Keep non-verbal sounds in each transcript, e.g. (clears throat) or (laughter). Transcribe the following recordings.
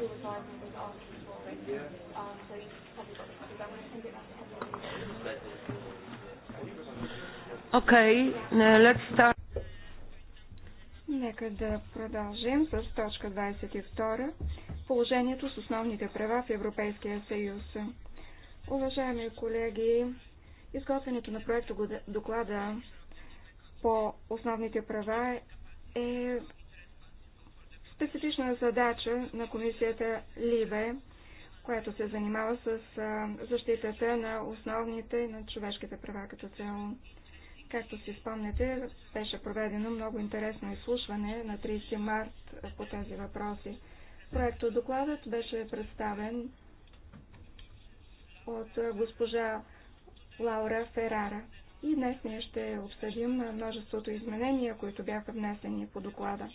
Um, okay, let's start. Нека да продължим с точка 22. Положението с основните права в Европейския съюз. Уважаеми колеги, изготвянето на проекта доклада по основните права е специфична задача на комисията ЛИБЕ, която се занимава с защитата на основните и на човешките права като цяло. Както си спомняте, беше проведено много интересно изслушване на 30 март по тези въпроси. Проекто докладът беше представен от госпожа Лаура Ферара. И днес ние ще обсъдим множеството изменения, които бяха внесени по доклада.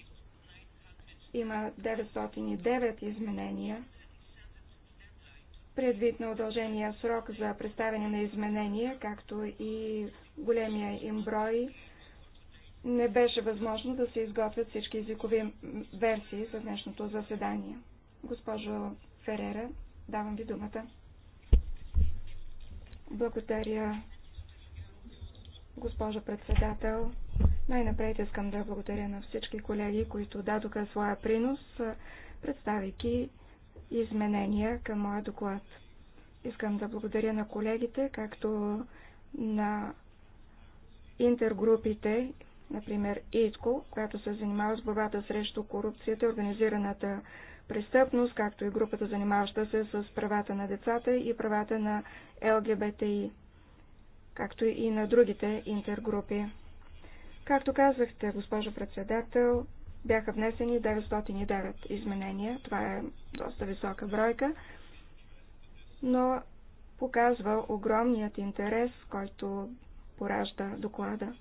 Има 909 изменения. Предвид на удължения срок за представяне на изменения, както и големия им брой, не беше възможно да се изготвят всички езикови версии за днешното заседание. Госпожо Ферера, давам ви думата. Благодаря, госпожо председател. Най-напред искам да благодаря на всички колеги, които дадоха своя принос, представяйки изменения към моя доклад. Искам да благодаря на колегите, както на интергрупите, например ИТКО, която се занимава с борбата срещу корупцията, организираната престъпност, както и групата занимаваща се с правата на децата и правата на ЛГБТИ, както и на другите интергрупи. Както казахте, госпожо председател, бяха внесени 909 изменения. Това е доста висока бройка, но показва огромният интерес, който поражда доклада.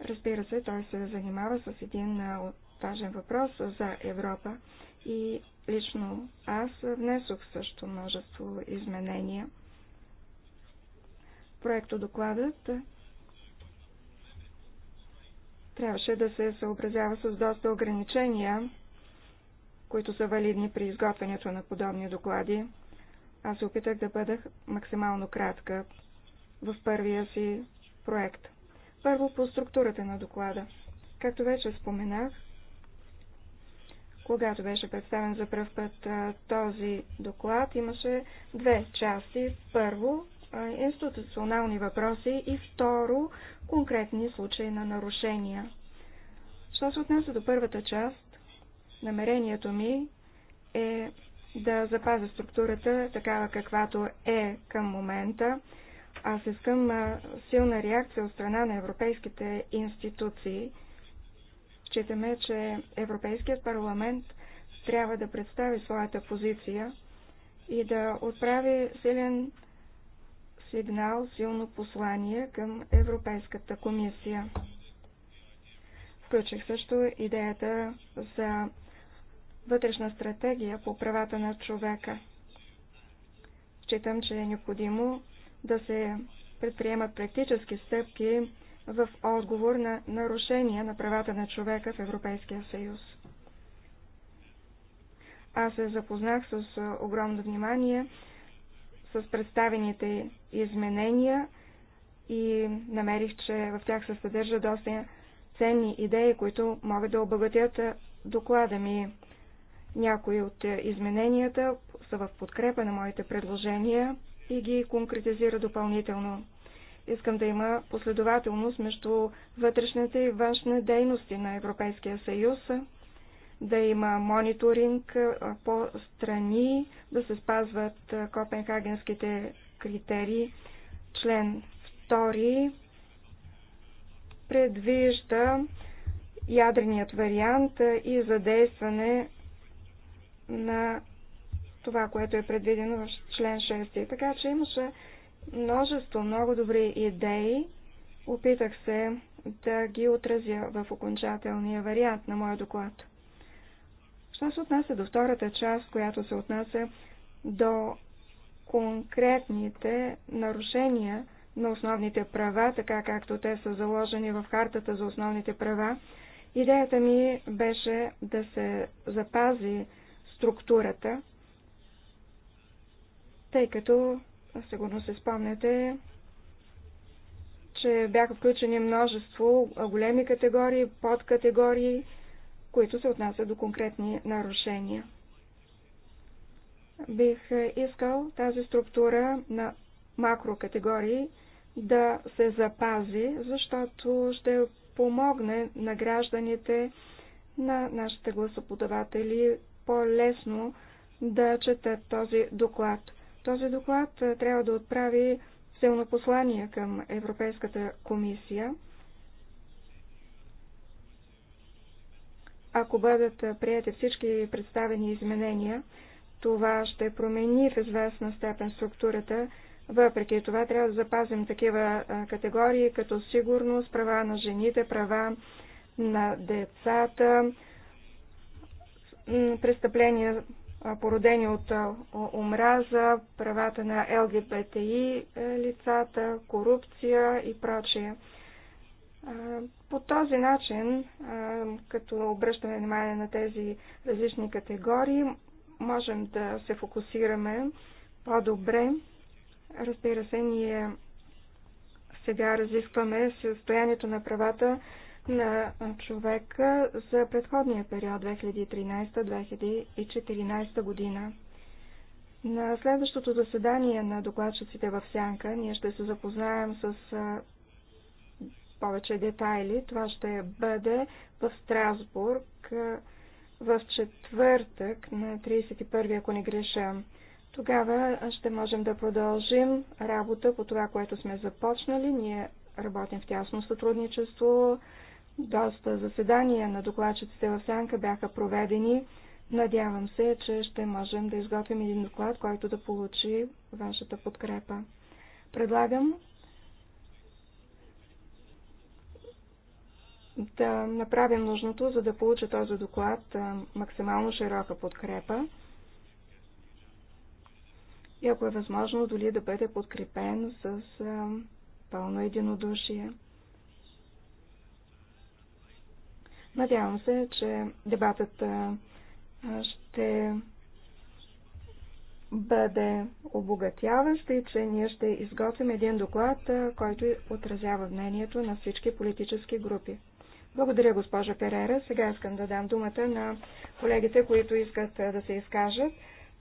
Разбира се, той се занимава с един важен въпрос за Европа и лично аз внесох също множество изменения. Проекто докладът трябваше да се съобразява с доста ограничения, които са валидни при изготвянето на подобни доклади. Аз се опитах да бъда максимално кратка в първия си проект. Първо по структурата на доклада. Както вече споменах, когато беше представен за пръв път този доклад, имаше две части. Първо, институционални въпроси и второ, конкретни случаи на нарушения. Що се отнася до първата част, намерението ми е да запазя структурата такава каквато е към момента. Аз искам силна реакция от страна на европейските институции. Считаме, че Европейският парламент трябва да представи своята позиция и да отправи силен сигнал, силно послание към Европейската комисия. Включих също идеята за вътрешна стратегия по правата на човека. Считам, че е необходимо да се предприемат практически стъпки в отговор на нарушения на правата на човека в Европейския съюз. Аз се запознах с огромно внимание с представените изменения и намерих, че в тях се съдържа доста ценни идеи, които могат да обогатят доклада ми. Някои от измененията са в подкрепа на моите предложения и ги конкретизира допълнително. Искам да има последователност между вътрешната и външна дейности на Европейския съюз, да има мониторинг по страни, да се спазват копенхагенските критерии. Член 2 предвижда ядреният вариант и задействане на това, което е предвидено в член 6. Така че имаше множество много добри идеи. Опитах се да ги отразя в окончателния вариант на моя доклад. Що се отнася до втората част, която се отнася до конкретните нарушения на основните права, така както те са заложени в Хартата за основните права, идеята ми беше да се запази структурата, тъй като, сигурно се спомняте, че бяха включени множество големи категории, подкатегории които се отнасят до конкретни нарушения. Бих искал тази структура на макрокатегории да се запази, защото ще помогне на гражданите, на нашите гласоподаватели по-лесно да четат този доклад. Този доклад трябва да отправи силно послание към Европейската комисия. Ако бъдат прияти всички представени изменения, това ще промени в известна степен структурата. Въпреки това трябва да запазим такива категории като сигурност, права на жените, права на децата, престъпления породени от омраза, правата на ЛГБТИ лицата, корупция и прочие. По този начин, като обръщаме внимание на тези различни категории, можем да се фокусираме по-добре. Разбира се, ние сега разискваме състоянието на правата на човека за предходния период 2013-2014 година. На следващото заседание на докладчиците в Сянка ние ще се запознаем с повече детайли. Това ще бъде в Страсбург в четвъртък на 31, ако не греша. Тогава ще можем да продължим работа по това, което сме започнали. Ние работим в тясно сътрудничество. Доста заседания на докладчиците в Сянка бяха проведени. Надявам се, че ще можем да изготвим един доклад, който да получи вашата подкрепа. Предлагам да направим нужното, за да получи този доклад максимално широка подкрепа и ако е възможно, дори да бъде подкрепен с пълно единодушие. Надявам се, че дебатът ще бъде обогатяващ и че ние ще изготвим един доклад, който отразява мнението на всички политически групи. Благодаря, госпожа Перера. Сега искам да дам думата на колегите, които искат да се изкажат,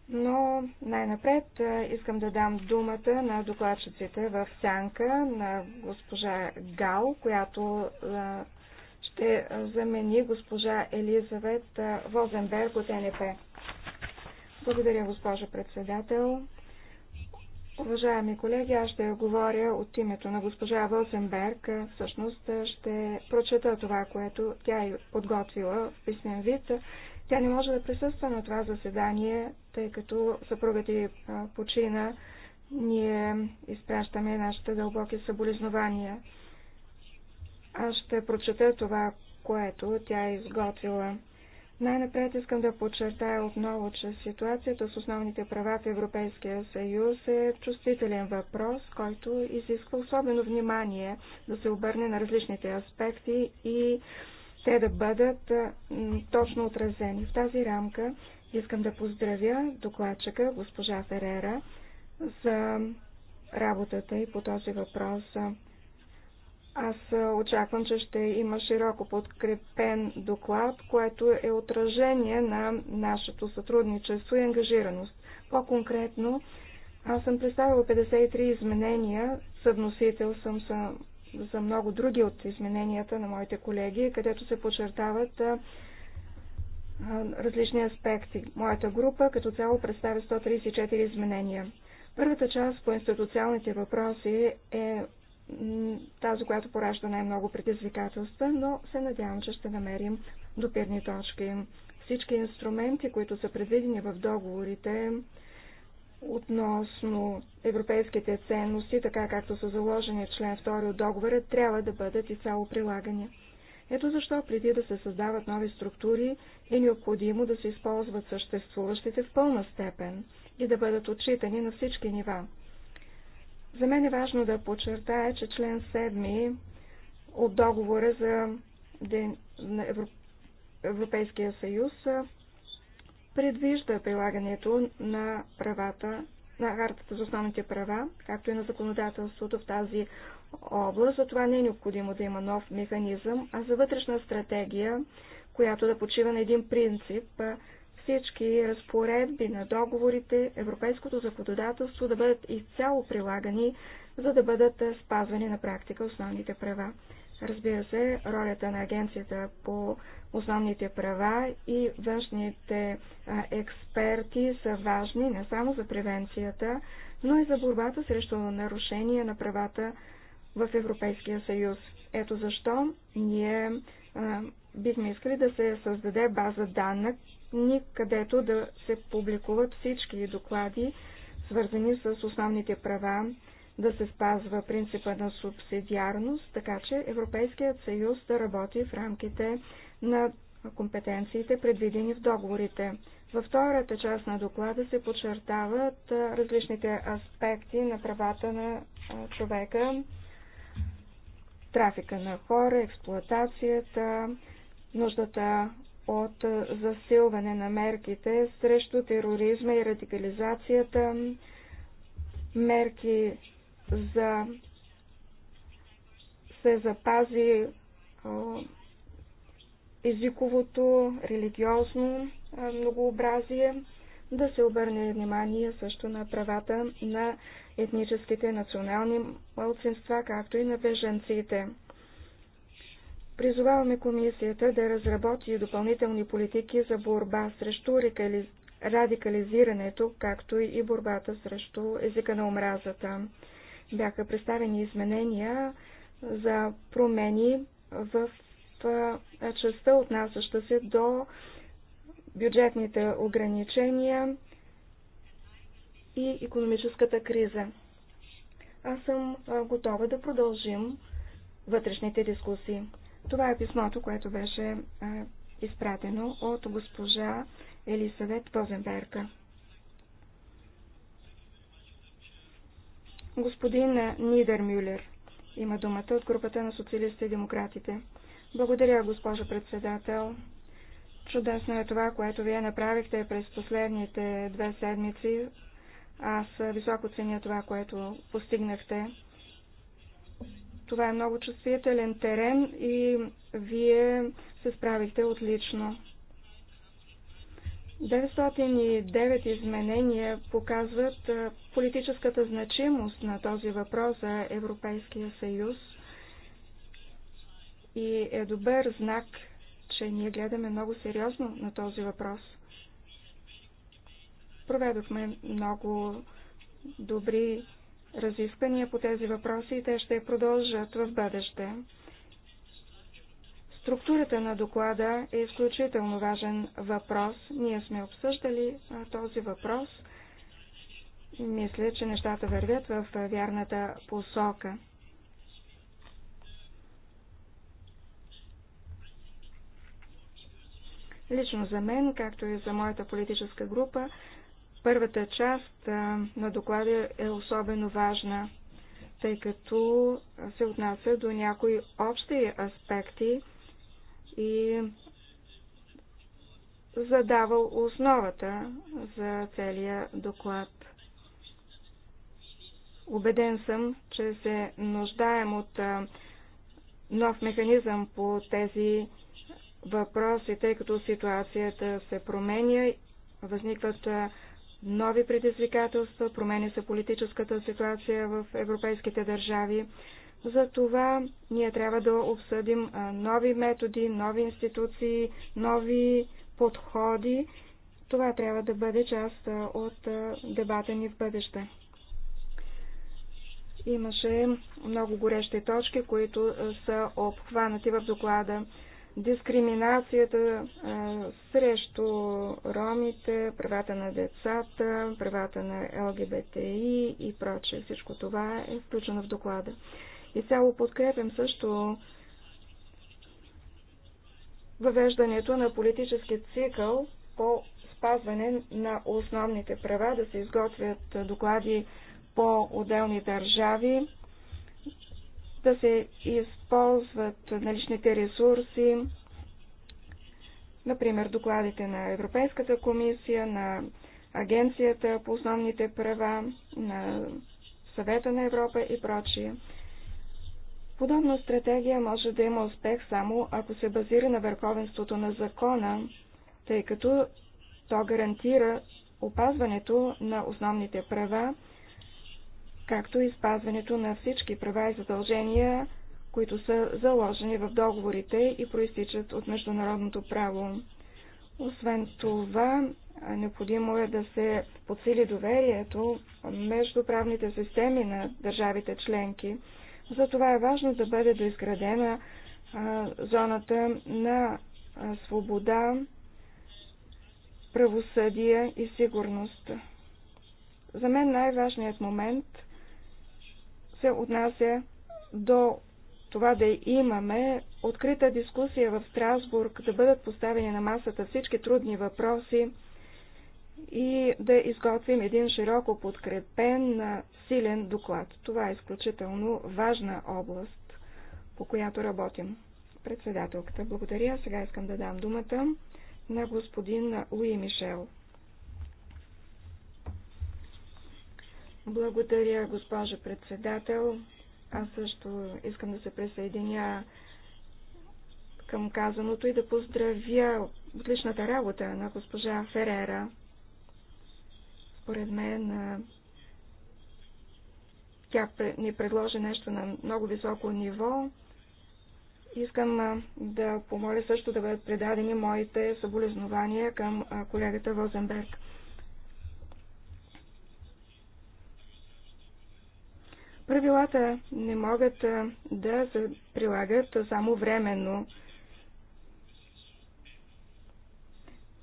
но най-напред искам да дам думата на докладчиците в сянка на госпожа Гал, която ще замени госпожа Елизавет Возенберг от НП. Благодаря, госпожа председател. Уважаеми колеги, аз ще говоря от името на госпожа Возенберг. Всъщност ще прочета това, което тя е подготвила в писмен вид. Тя не може да присъства на това заседание, тъй като съпругът й почина. Ние изпращаме нашите дълбоки съболезнования. Аз ще прочета това, което тя е изготвила. Най-напред искам да подчертая отново, че ситуацията с основните права в Европейския съюз е чувствителен въпрос, който изисква особено внимание да се обърне на различните аспекти и те да бъдат точно отразени. В тази рамка искам да поздравя докладчика госпожа Ферера за работата и по този въпрос. Аз е, очаквам, че ще има широко подкрепен доклад, което е отражение на нашето сътрудничество и ангажираност. По-конкретно, аз съм представила 53 изменения, съвносител съм за, за много други от измененията на моите колеги, където се подчертават а, е, а, е, различни аспекти. Моята група като цяло представя 134 изменения. Първата част по институционалните въпроси е тази, която поражда най-много предизвикателства, но се надявам, че ще намерим допирни точки. Всички инструменти, които са предвидени в договорите относно европейските ценности, така както са заложени в член 2 от договора, трябва да бъдат изцяло прилагани. Ето защо преди да се създават нови структури е необходимо да се използват съществуващите в пълна степен и да бъдат отчитани на всички нива. За мен е важно да подчертая, че член 7 от договора за на Европейския съюз предвижда прилагането на правата, на хартата за основните права, както и на законодателството в тази област. Затова не е необходимо да има нов механизъм, а за вътрешна стратегия, която да почива на един принцип, всички разпоредби на договорите, европейското законодателство да бъдат изцяло прилагани, за да бъдат спазвани на практика основните права. Разбира се, ролята на Агенцията по основните права и външните експерти са важни не само за превенцията, но и за борбата срещу нарушения на правата в Европейския съюз. Ето защо ние бихме искали да се създаде база данък, Никъдето където да се публикуват всички доклади, свързани с основните права, да се спазва принципа на субсидиарност, така че Европейският съюз да работи в рамките на компетенциите, предвидени в договорите. Във втората част на доклада се подчертават различните аспекти на правата на човека, трафика на хора, експлоатацията, нуждата от засилване на мерките срещу тероризма и радикализацията, мерки за се запази езиковото, религиозно многообразие, да се обърне внимание също на правата на етническите национални мълцинства, както и на беженците. Призоваваме комисията да разработи допълнителни политики за борба срещу радикализирането, както и борбата срещу езика на омразата. Бяха представени изменения за промени в частта, отнасяща се до бюджетните ограничения и економическата криза. Аз съм готова да продължим вътрешните дискусии. Това е писмото, което беше е, изпратено от госпожа Елисавет Позенберка. Господин е, Нидер Мюллер има думата от групата на социалистите и демократите. Благодаря, госпожа председател. Чудесно е това, което вие направихте през последните две седмици. Аз е, високо ценя това, което постигнахте. Това е много чувствителен терен и вие се справихте отлично. 909 изменения показват политическата значимост на този въпрос за Европейския съюз и е добър знак, че ние гледаме много сериозно на този въпрос. Проведохме много добри разисквания по тези въпроси и те ще продължат в бъдеще. Структурата на доклада е изключително важен въпрос. Ние сме обсъждали този въпрос. Мисля, че нещата вървят в вярната посока. Лично за мен, както и за моята политическа група, Първата част на доклада е особено важна, тъй като се отнася до някои общи аспекти и задава основата за целия доклад. Убеден съм, че се нуждаем от нов механизъм по тези въпроси, тъй като ситуацията се променя, възникват нови предизвикателства, променя се политическата ситуация в европейските държави. За това ние трябва да обсъдим нови методи, нови институции, нови подходи. Това трябва да бъде част от дебата ни в бъдеще. Имаше много горещи точки, които са обхванати в доклада дискриминацията срещу ромите, правата на децата, правата на ЛГБТИ и прочее. Всичко това е включено в доклада. И цяло подкрепям също въвеждането на политически цикъл по спазване на основните права, да се изготвят доклади по отделни държави, да се използват наличните ресурси, например докладите на Европейската комисия, на Агенцията по основните права, на Съвета на Европа и прочие. Подобна стратегия може да има успех само ако се базира на върховенството на закона, тъй като то гарантира опазването на основните права както и спазването на всички права и задължения, които са заложени в договорите и проистичат от международното право. Освен това, необходимо е да се подсили доверието между правните системи на държавите членки. Затова е важно да бъде доизградена зоната на свобода, правосъдие и сигурност. За мен най-важният момент се отнася до това да имаме открита дискусия в Страсбург, да бъдат поставени на масата всички трудни въпроси и да изготвим един широко подкрепен, силен доклад. Това е изключително важна област, по която работим. Председателката, благодаря. Сега искам да дам думата на господин Луи Мишел. Благодаря, госпожа председател. Аз също искам да се присъединя към казаното и да поздравя отличната работа на госпожа Ферера. Според мен тя ни предложи нещо на много високо ниво. Искам да помоля също да бъдат предадени моите съболезнования към колегата Возенберг. Правилата не могат да се прилагат само временно.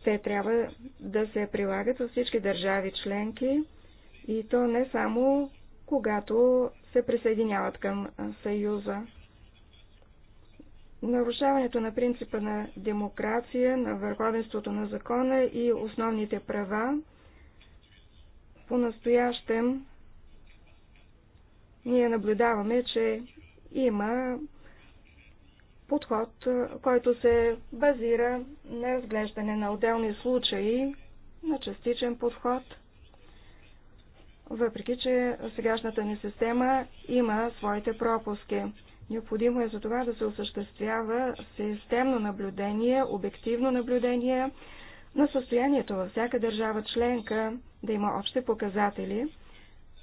Те трябва да се прилагат във всички държави членки и то не само когато се присъединяват към Съюза. Нарушаването на принципа на демокрация, на върховенството на закона и основните права по-настоящем ние наблюдаваме, че има подход, който се базира на разглеждане на отделни случаи, на частичен подход, въпреки че сегашната ни система има своите пропуски. Необходимо е за това да се осъществява системно наблюдение, обективно наблюдение на състоянието във всяка държава членка, да има общи показатели,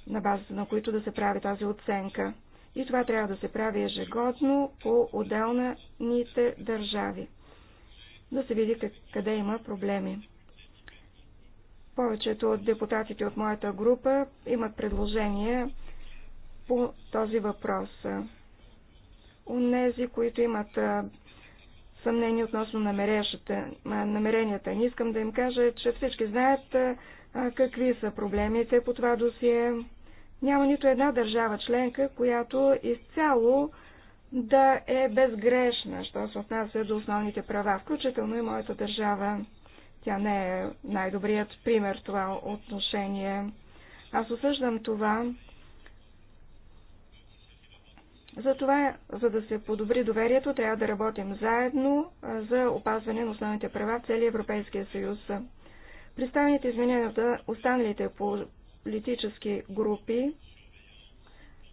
на базата на които да се прави тази оценка. И това трябва да се прави ежегодно по отделните държави. Да се види къде има проблеми. Повечето от депутатите от моята група имат предложения по този въпрос. Унези, които имат съмнение относно намеренията. Не искам да им кажа, че всички знаят какви са проблемите по това досие. Няма нито една държава членка, която изцяло да е безгрешна, що се отнася до основните права, включително и моята държава. Тя не е най-добрият пример това отношение. Аз осъждам това. Затова, за да се подобри доверието, трябва да работим заедно за опазване на основните права в целия Европейския съюз. Представените изменения от останалите политически групи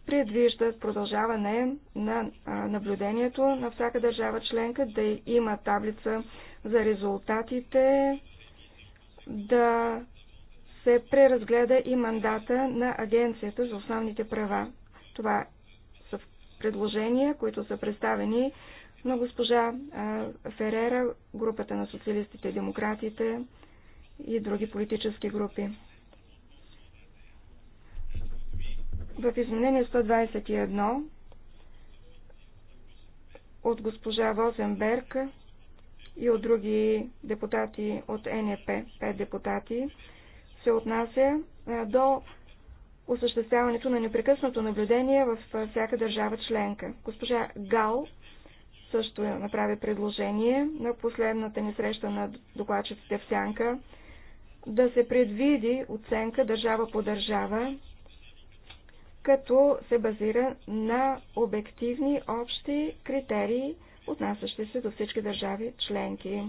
предвиждат продължаване на наблюдението на всяка държава членка, да има таблица за резултатите, да се преразгледа и мандата на Агенцията за основните права. Това са предложения, които са представени на госпожа Ферера, групата на социалистите и демократите, и други политически групи. В изменение 121 от госпожа Возенберг и от други депутати от НЕП, пет депутати, се отнася е, до осъществяването на непрекъснато наблюдение в е, всяка държава членка. Госпожа Гал също направи предложение на последната ни среща на докладчиците в Сянка да се предвиди оценка държава по държава, като се базира на обективни общи критерии, отнасящи се до всички държави членки.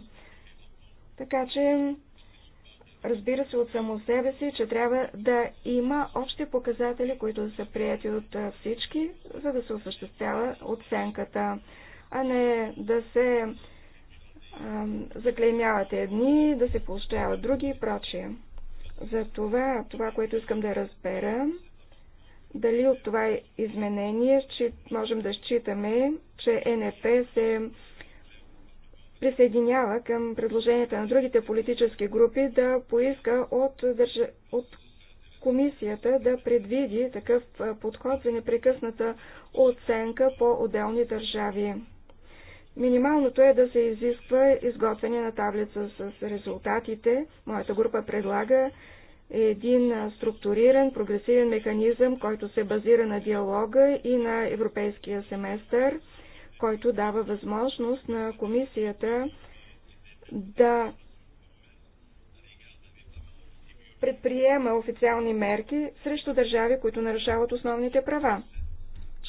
Така че, разбира се от само себе си, че трябва да има общи показатели, които да са прияти от всички, за да се осъществява оценката, а не да се заклеймявате едни, да се поощряват други и прочие. За това, това, което искам да разбера, дали от това изменение че можем да считаме, че НП се присъединява към предложенията на другите политически групи да поиска от, държа... от комисията да предвиди такъв подход за непрекъсната оценка по отделни държави. Минималното е да се изисква изготвяне на таблица с резултатите. Моята група предлага един структуриран, прогресивен механизъм, който се базира на диалога и на европейския семестър, който дава възможност на комисията да предприема официални мерки срещу държави, които нарушават основните права.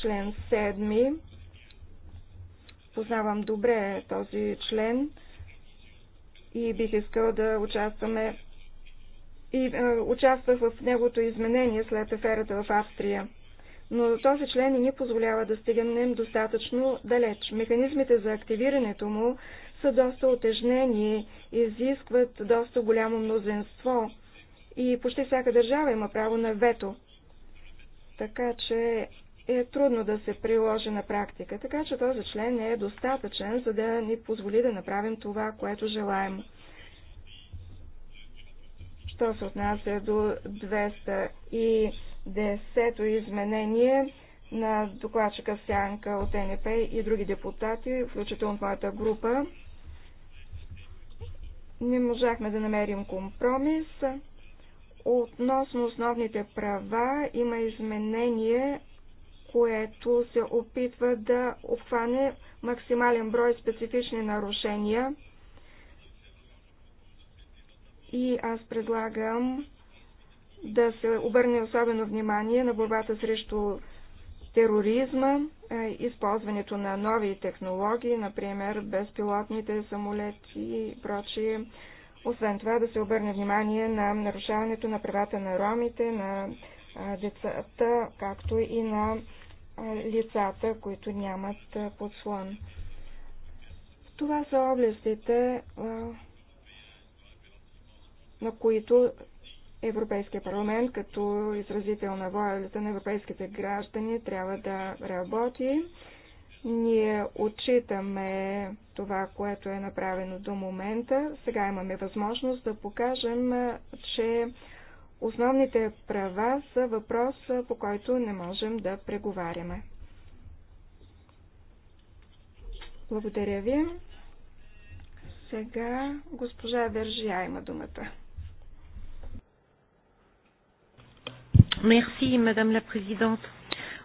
Член Познавам добре този член и бих искал да участваме и е, участвах в неговото изменение след аферата в Австрия. Но този член ни позволява да стигнем достатъчно далеч. Механизмите за активирането му са доста отежнени, изискват доста голямо мнозинство и почти всяка държава има право на вето. Така че е трудно да се приложи на практика, така че този член не е достатъчен, за да ни позволи да направим това, което желаем. Що се отнася до 210-то изменение на докладчика Сянка от НП и други депутати, включително от моята група, не можахме да намерим компромис. Относно основните права има изменение което се опитва да обхване максимален брой специфични нарушения. И аз предлагам да се обърне особено внимание на борбата срещу тероризма, е, използването на нови технологии, например безпилотните самолети и прочие. Освен това да се обърне внимание на нарушаването на правата на ромите, на децата, както и на е, лицата, които нямат е, подслон. Това са областите, е, на които Европейския парламент, като изразител на волята на европейските граждани, трябва да работи. Ние отчитаме това, което е направено до момента. Сега имаме възможност да покажем, че Основните права са въпрос, по който не можем да преговаряме. Благодаря ви. Сега госпожа Вержия има думата. Мерси, мадам ла президент.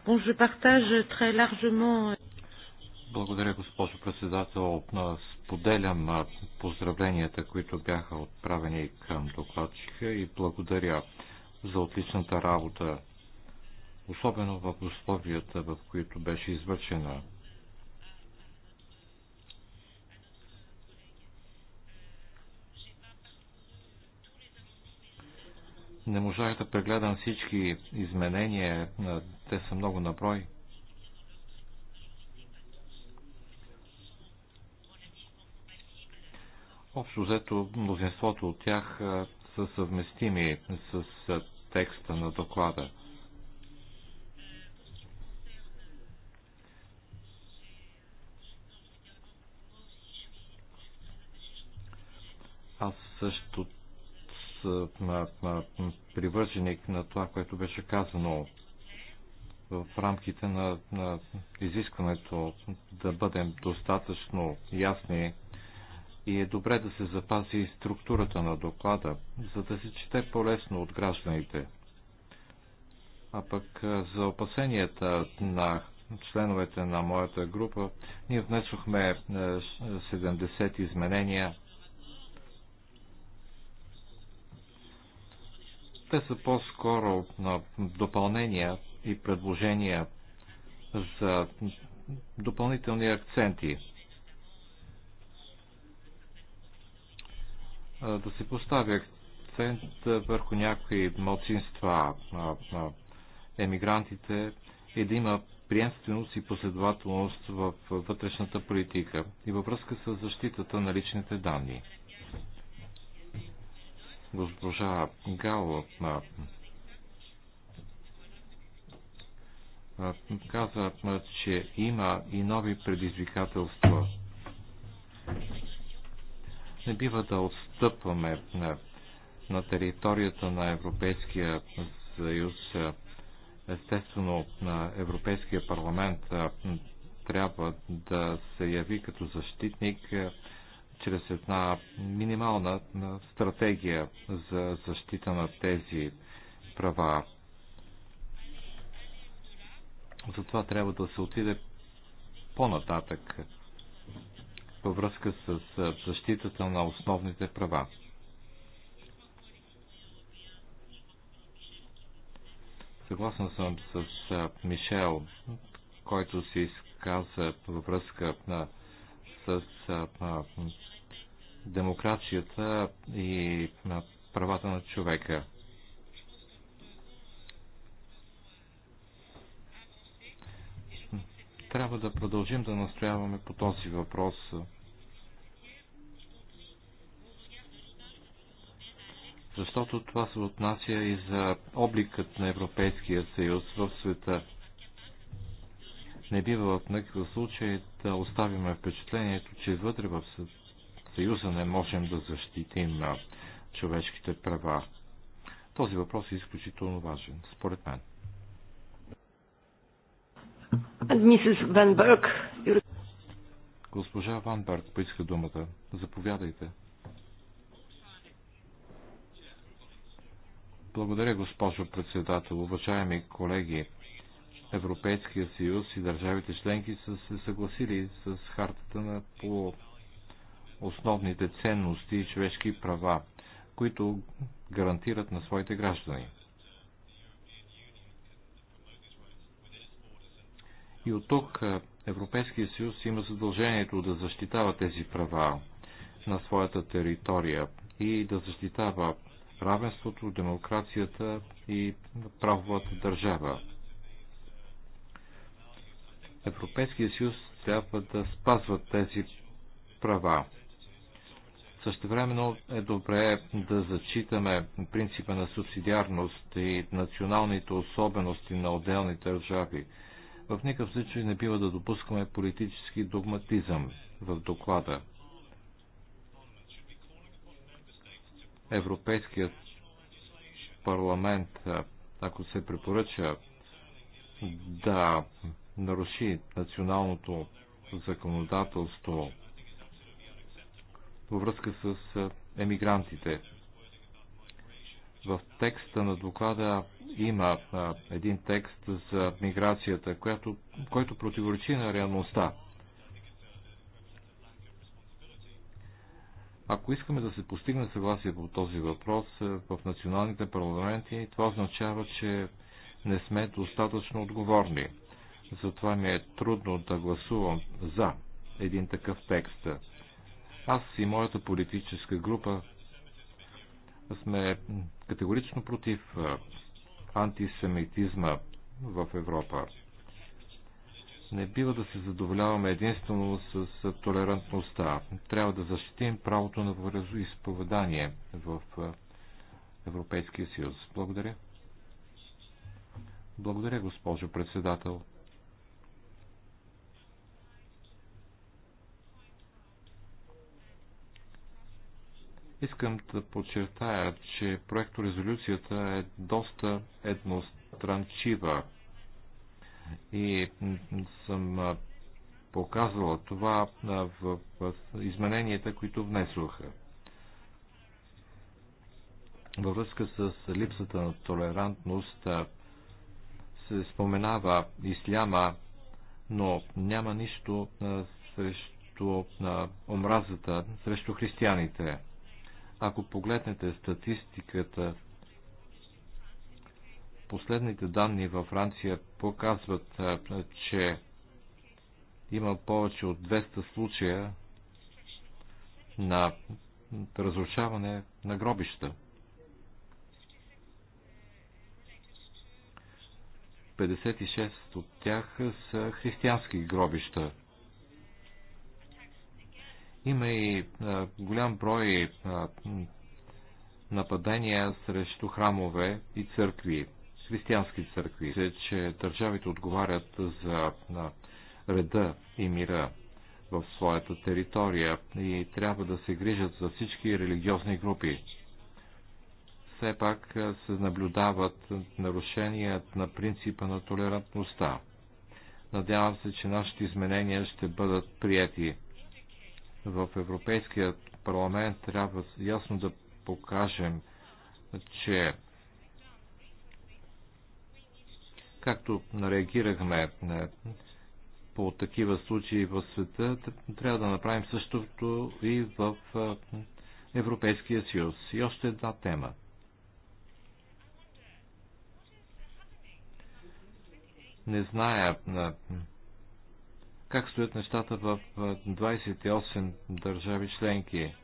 Bon, je partage très largement благодаря, госпожо председател. Споделям поздравленията, които бяха отправени към докладчика и благодаря за отличната работа, особено в условията, в които беше извършена. Не можах да прегледам всички изменения, те са много наброй. Общо взето, мнозинството от тях са съвместими с текста на доклада. Аз също привърженик на това, което беше казано в рамките на, на изискването да бъдем достатъчно ясни и е добре да се запази и структурата на доклада, за да се чете по-лесно от гражданите. А пък за опасенията на членовете на моята група, ние внесохме 70 е, изменения. Те са по-скоро допълнения и предложения за допълнителни акценти да се поставя акцент върху някои младсинства, емигрантите и да има приемственост и последователност в вътрешната политика и във връзка с защитата на личните данни. Госпожа Гало каза, че има и нови предизвикателства не бива да отстъпваме на, на територията на Европейския съюз. Естествено, на Европейския парламент трябва да се яви като защитник чрез една минимална стратегия за защита на тези права. Затова трябва да се отиде по-нататък във връзка с защитата на основните права. Съгласна съм с Мишел, който се изказа във връзка на, с демокрацията и правата на човека. трябва да продължим да настояваме по този въпрос. Защото това се отнася и за обликът на Европейския съюз в света. Не бива в никакъв случай да оставим впечатлението, че вътре в Съюза не можем да защитим човешките права. Този въпрос е изключително важен, според мен. Госпожа Ван Берг поиска думата. Заповядайте. Благодаря, госпожо председател. Уважаеми колеги, Европейския съюз и държавите членки са се съгласили с хартата на по основните ценности и човешки права, които гарантират на своите граждани. И от тук е, Европейския съюз има задължението да защитава тези права на своята територия и да защитава равенството, демокрацията и правовата държава. Европейския съюз трябва да спазва тези права. Същевременно е добре да зачитаме принципа на субсидиарност и националните особености на отделни държави. В никакъв случай не бива да допускаме политически догматизъм в доклада. Европейският парламент, ако се препоръча да наруши националното законодателство във връзка с емигрантите. В текста на доклада има един текст за миграцията, която, който противоречи на реалността. Ако искаме да се постигне съгласие по този въпрос в националните парламенти, това означава, че не сме достатъчно отговорни. Затова ми е трудно да гласувам за един такъв текст. Аз и моята политическа група сме категорично против антисемитизма в Европа. Не бива да се задоволяваме единствено с толерантността. Трябва да защитим правото на изповедание в Европейския съюз. Благодаря. Благодаря, госпожо председател. Искам да подчертая, че проекторезолюцията е доста едностранчива и съм показала това в измененията, които внесоха. Във връзка с липсата на толерантност се споменава исляма, но няма нищо срещу омразата срещу християните. Ако погледнете статистиката, последните данни във Франция показват, че има повече от 200 случая на разрушаване на гробища. 56 от тях са християнски гробища. Има и а, голям брой а, нападения срещу храмове и църкви, християнски църкви. че държавите отговарят за а, реда и мира в своята територия и трябва да се грижат за всички религиозни групи. Все пак се наблюдават нарушения на принципа на толерантността. Надявам се, че нашите изменения ще бъдат прияти в Европейския парламент трябва ясно да покажем, че както нареагирахме е, по такива случаи в света, трябва да направим същото и в е, Европейския съюз. И още една тема. Не зная е, как стоят нещата в 28 държави членки,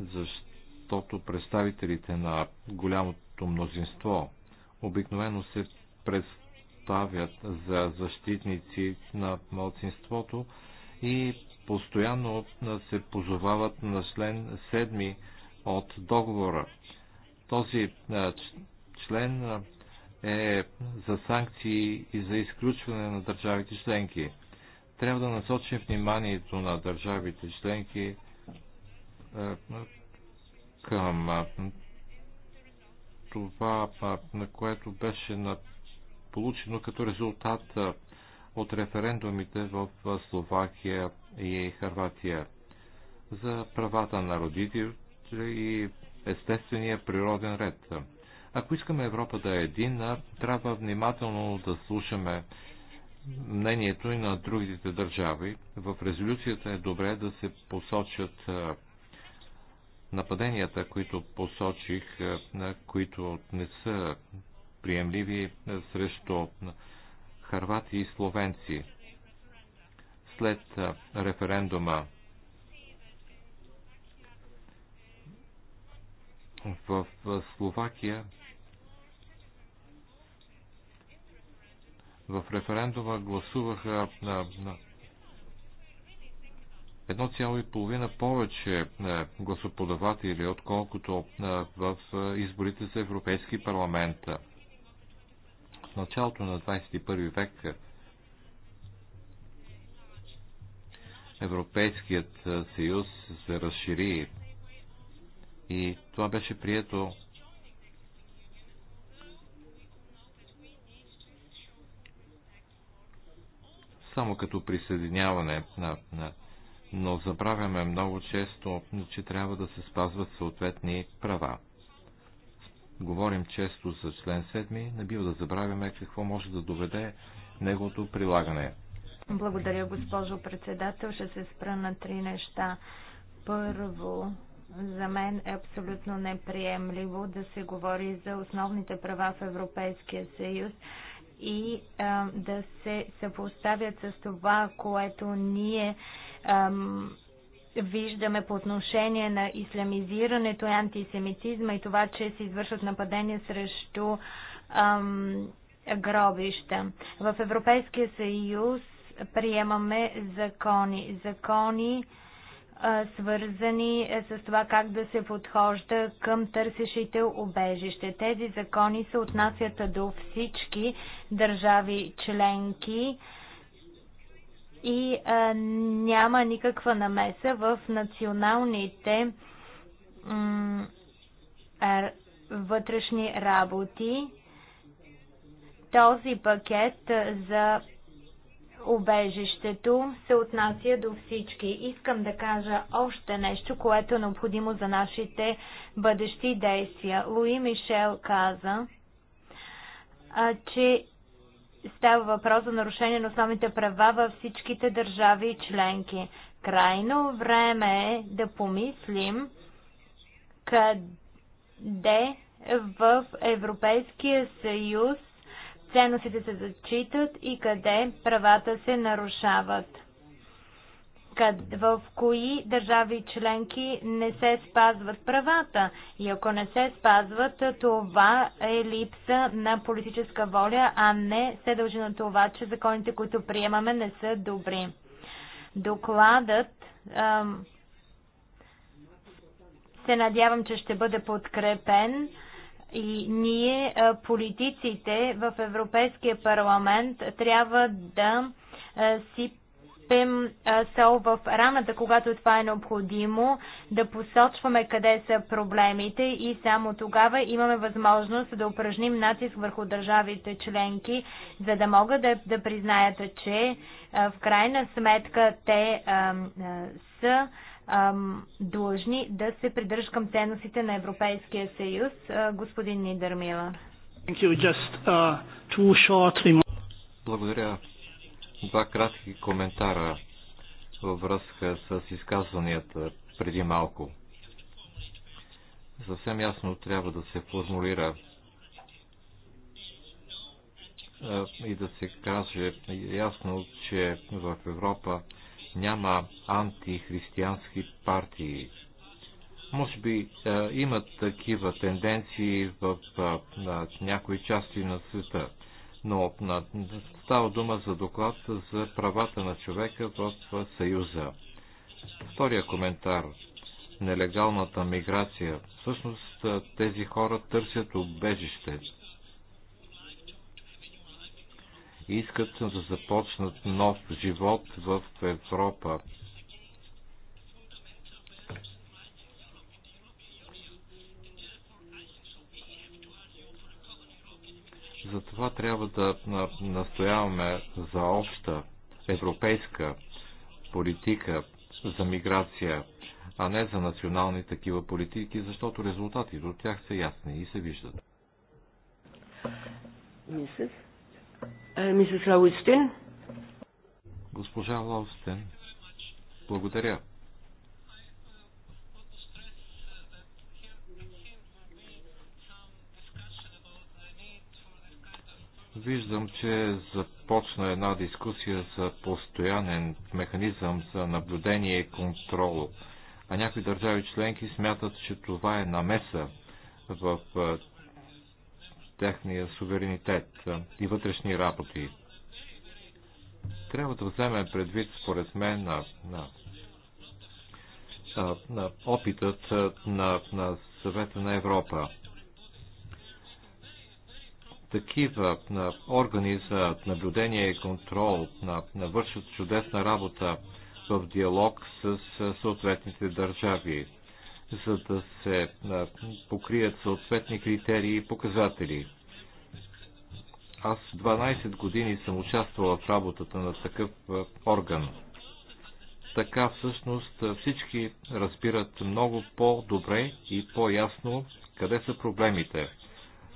защото представителите на голямото мнозинство обикновено се представят за защитници на малцинството и постоянно се позовават на член 7 от договора. Този член е за санкции и за изключване на държавите членки. Трябва да насочим вниманието на държавите членки е, към е, това, е, на което беше получено като резултат от референдумите в Словакия и Харватия за правата на родители и естествения природен ред. Ако искаме Европа да е единна, трябва внимателно да слушаме мнението и на другите държави. В резолюцията е добре да се посочат нападенията, които посочих, които не са приемливи срещу харвати и словенци. След референдума в Словакия в референдума гласуваха на, на 1,5 повече е, гласоподаватели, отколкото е, в изборите за Европейски парламент. В началото на 21 век е, Европейският съюз се разшири и това беше прието само като присъединяване, на, на, но забравяме много често, че трябва да се спазват съответни права. Говорим често за член 7, не бива да забравяме какво може да доведе неговото прилагане. Благодаря, госпожо председател. Ще се спра на три неща. Първо, за мен е абсолютно неприемливо да се говори за основните права в Европейския съюз и а, да се съпоставят с това, което ние а, виждаме по отношение на исламизирането и антисемитизма и това, че се извършват нападения срещу а, гробища. В Европейския съюз приемаме закони. Закони, свързани е, с това как да се подхожда към търсещите обежище. Тези закони се отнасят до всички държави членки и а, няма никаква намеса в националните вътрешни работи. Този пакет за Обежището се отнася до всички. Искам да кажа още нещо, което е необходимо за нашите бъдещи действия. Луи Мишел каза, че става въпрос за нарушение на основните права във всичките държави и членки. Крайно време е да помислим къде в Европейския съюз ценностите се зачитат и къде правата се нарушават. В кои държави членки не се спазват правата и ако не се спазват, това е липса на политическа воля, а не се дължи на това, че законите, които приемаме, не са добри. Докладът се надявам, че ще бъде подкрепен и ние, политиците в Европейския парламент, трябва да си сипем сол в раната, когато това е необходимо, да посочваме къде са проблемите и само тогава имаме възможност да упражним натиск върху държавите членки, за да могат да, да признаят, че в крайна сметка те а, а, са длъжни да се придържат към ценностите на Европейския съюз. Господин Нидермилър. Uh, Благодаря. Два кратки коментара във връзка с изказванията преди малко. Съвсем ясно трябва да се формулира и да се каже ясно, че в Европа няма антихристиянски партии. Може би е, имат такива тенденции в в, е, в някои части на света, но на, става дума за доклад за правата на човека в е, Съюза. Втория коментар. Нелегалната миграция. Всъщност е, тези хора търсят убежище искат да започнат нов живот в Европа. Затова трябва да настояваме за обща европейска политика за миграция, а не за национални такива политики, защото резултатите от тях са ясни и се виждат. Мисля. Е, Мисис Лаустин. Госпожа Лаустин, благодаря. Виждам, че започна една дискусия за постоянен механизъм за наблюдение и контрол. А някои държави членки смятат, че това е намеса в техния суверенитет и вътрешни работи. Трябва да вземем предвид, според мен, на, на, на опитът на, на съвета на Европа. Такива на органи за наблюдение и контрол на, на вършат чудесна работа в диалог с съответните държави за да се покрият съответни критерии и показатели. Аз 12 години съм участвала в работата на такъв орган. Така всъщност всички разбират много по-добре и по-ясно къде са проблемите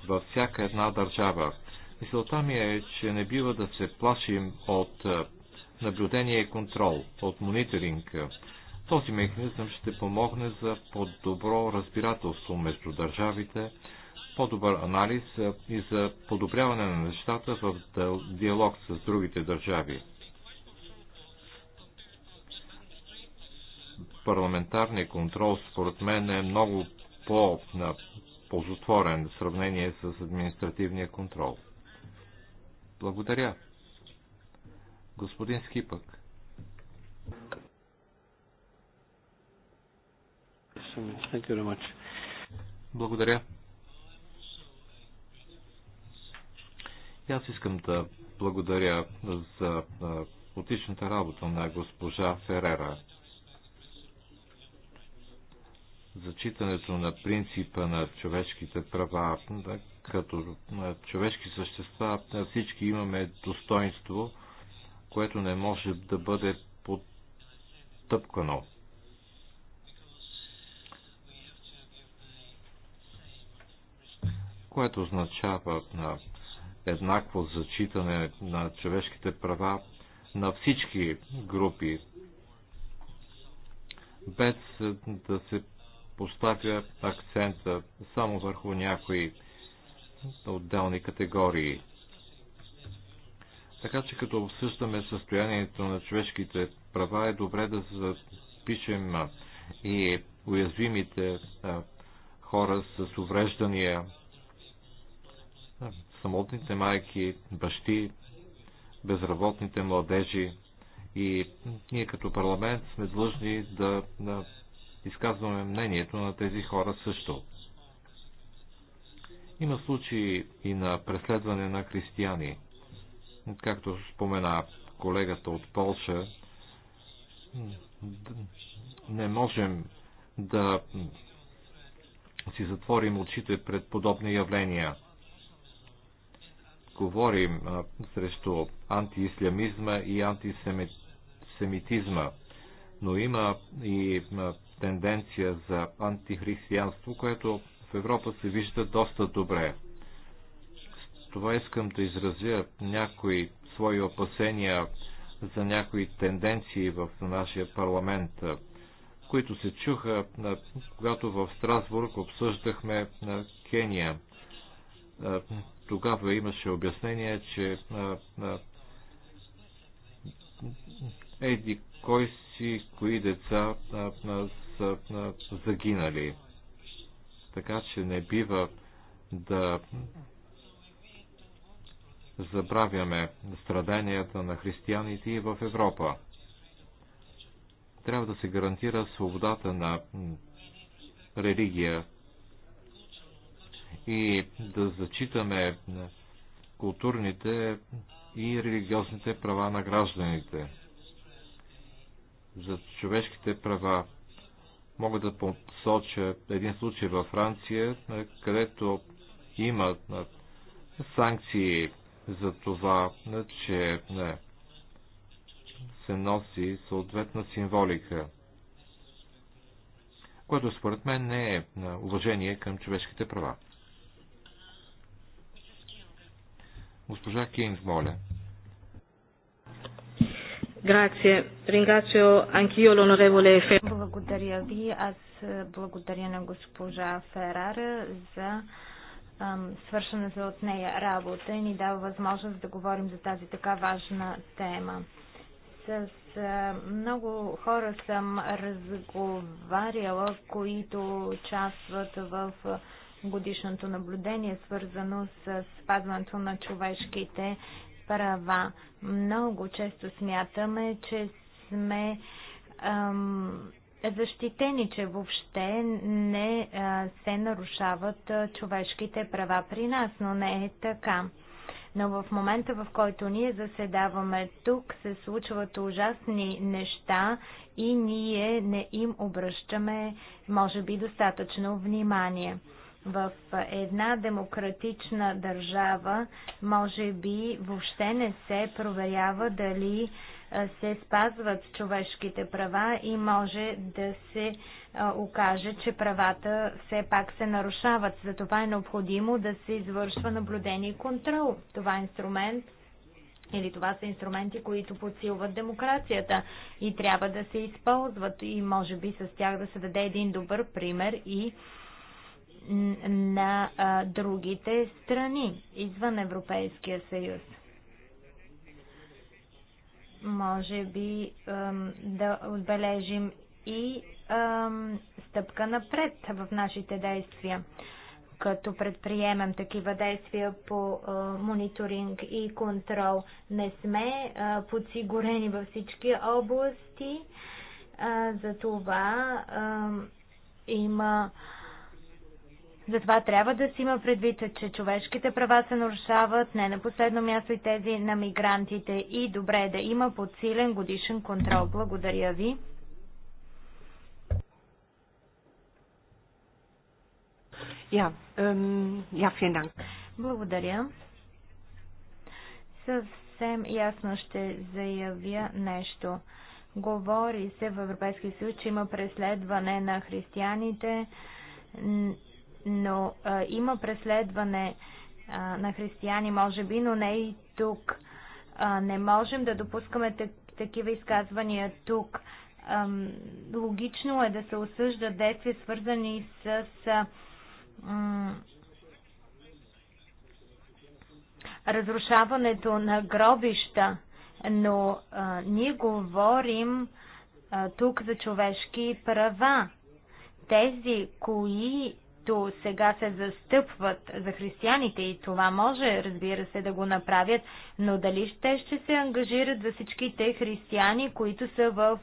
във всяка една държава. Мисълта ми е, че не бива да се плашим от наблюдение и контрол, от мониторинг. Този механизъм ще помогне за по-добро разбирателство между държавите, по-добър анализ и за подобряване на нещата в диалог с другите държави. Парламентарният контрол, според мен, е много по-позотворен в сравнение с административния контрол. Благодаря. Господин Скипък. Thank you very much. Благодаря. И аз искам да благодаря за отличната работа на госпожа Ферера. Зачитането на принципа на човешките права, да, като човешки същества, всички имаме достоинство, което не може да бъде подтъпкано. което означава на еднакво зачитане на човешките права на всички групи, без да се поставя акцента само върху някои отделни категории. Така че като обсъждаме състоянието на човешките права, е добре да запишем и уязвимите хора с увреждания самотните майки, бащи, безработните младежи. И ние като парламент сме длъжни да, изказваме мнението на тези хора също. Има случаи и на преследване на християни. Както спомена колегата от Полша, не можем да си затворим очите пред подобни явления – говорим срещу антиислямизма и антисемитизма, но има и тенденция за антихристиянство, което в Европа се вижда доста добре. С това искам да изразя някои свои опасения за някои тенденции в нашия парламент, които се чуха, когато в Страсбург обсъждахме Кения. Тогава имаше обяснение, че а, а, еди кой си, кои деца а, а, са а, загинали. Така че не бива да забравяме страданията на християните и в Европа. Трябва да се гарантира свободата на религия и да зачитаме културните и религиозните права на гражданите. За човешките права мога да посоча един случай във Франция, където има санкции за това, че се носи съответна символика, което според мен не е уважение към човешките права. Госпожа Кейнс, моля. Благодаря ви. Аз благодаря на госпожа Ферара за свършена за от нея работа и ни дава възможност да говорим за тази така важна тема. С много хора съм разговаряла, които участват в годишното наблюдение, свързано с спазването на човешките права. Много често смятаме, че сме ам, защитени, че въобще не а, се нарушават а, човешките права при нас, но не е така. Но в момента, в който ние заседаваме тук, се случват ужасни неща и ние не им обръщаме, може би, достатъчно внимание в една демократична държава може би въобще не се проверява дали е, се спазват човешките права и може да се е, окаже, че правата все пак се нарушават. Затова е необходимо да се извършва наблюдение и контрол. Това е инструмент или това са инструменти, които подсилват демокрацията и трябва да се използват и може би с тях да се даде един добър пример и на а, другите страни извън Европейския съюз. Може би ам, да отбележим и ам, стъпка напред в нашите действия, като предприемем такива действия по а, мониторинг и контрол. Не сме а, подсигурени във всички области, а, за това а, има а, затова трябва да си има предвид, че човешките права се нарушават не на последно място и тези на мигрантите и добре е да има подсилен годишен контрол. Благодаря ви. Ja, ähm, ja, vielen Dank. Благодаря. Съвсем ясно ще заявя нещо. Говори се в Европейския съюз, че има преследване на християните но а, има преследване а, на християни, може би, но не и тук. А, не можем да допускаме так такива изказвания тук. А, логично е да се осъждат действия, свързани с. А, разрушаването на гробища, но а, ние говорим а, тук за човешки права. Тези, кои, които сега се застъпват за християните и това може, разбира се, да го направят, но дали ще, ще се ангажират за всичките християни, които са в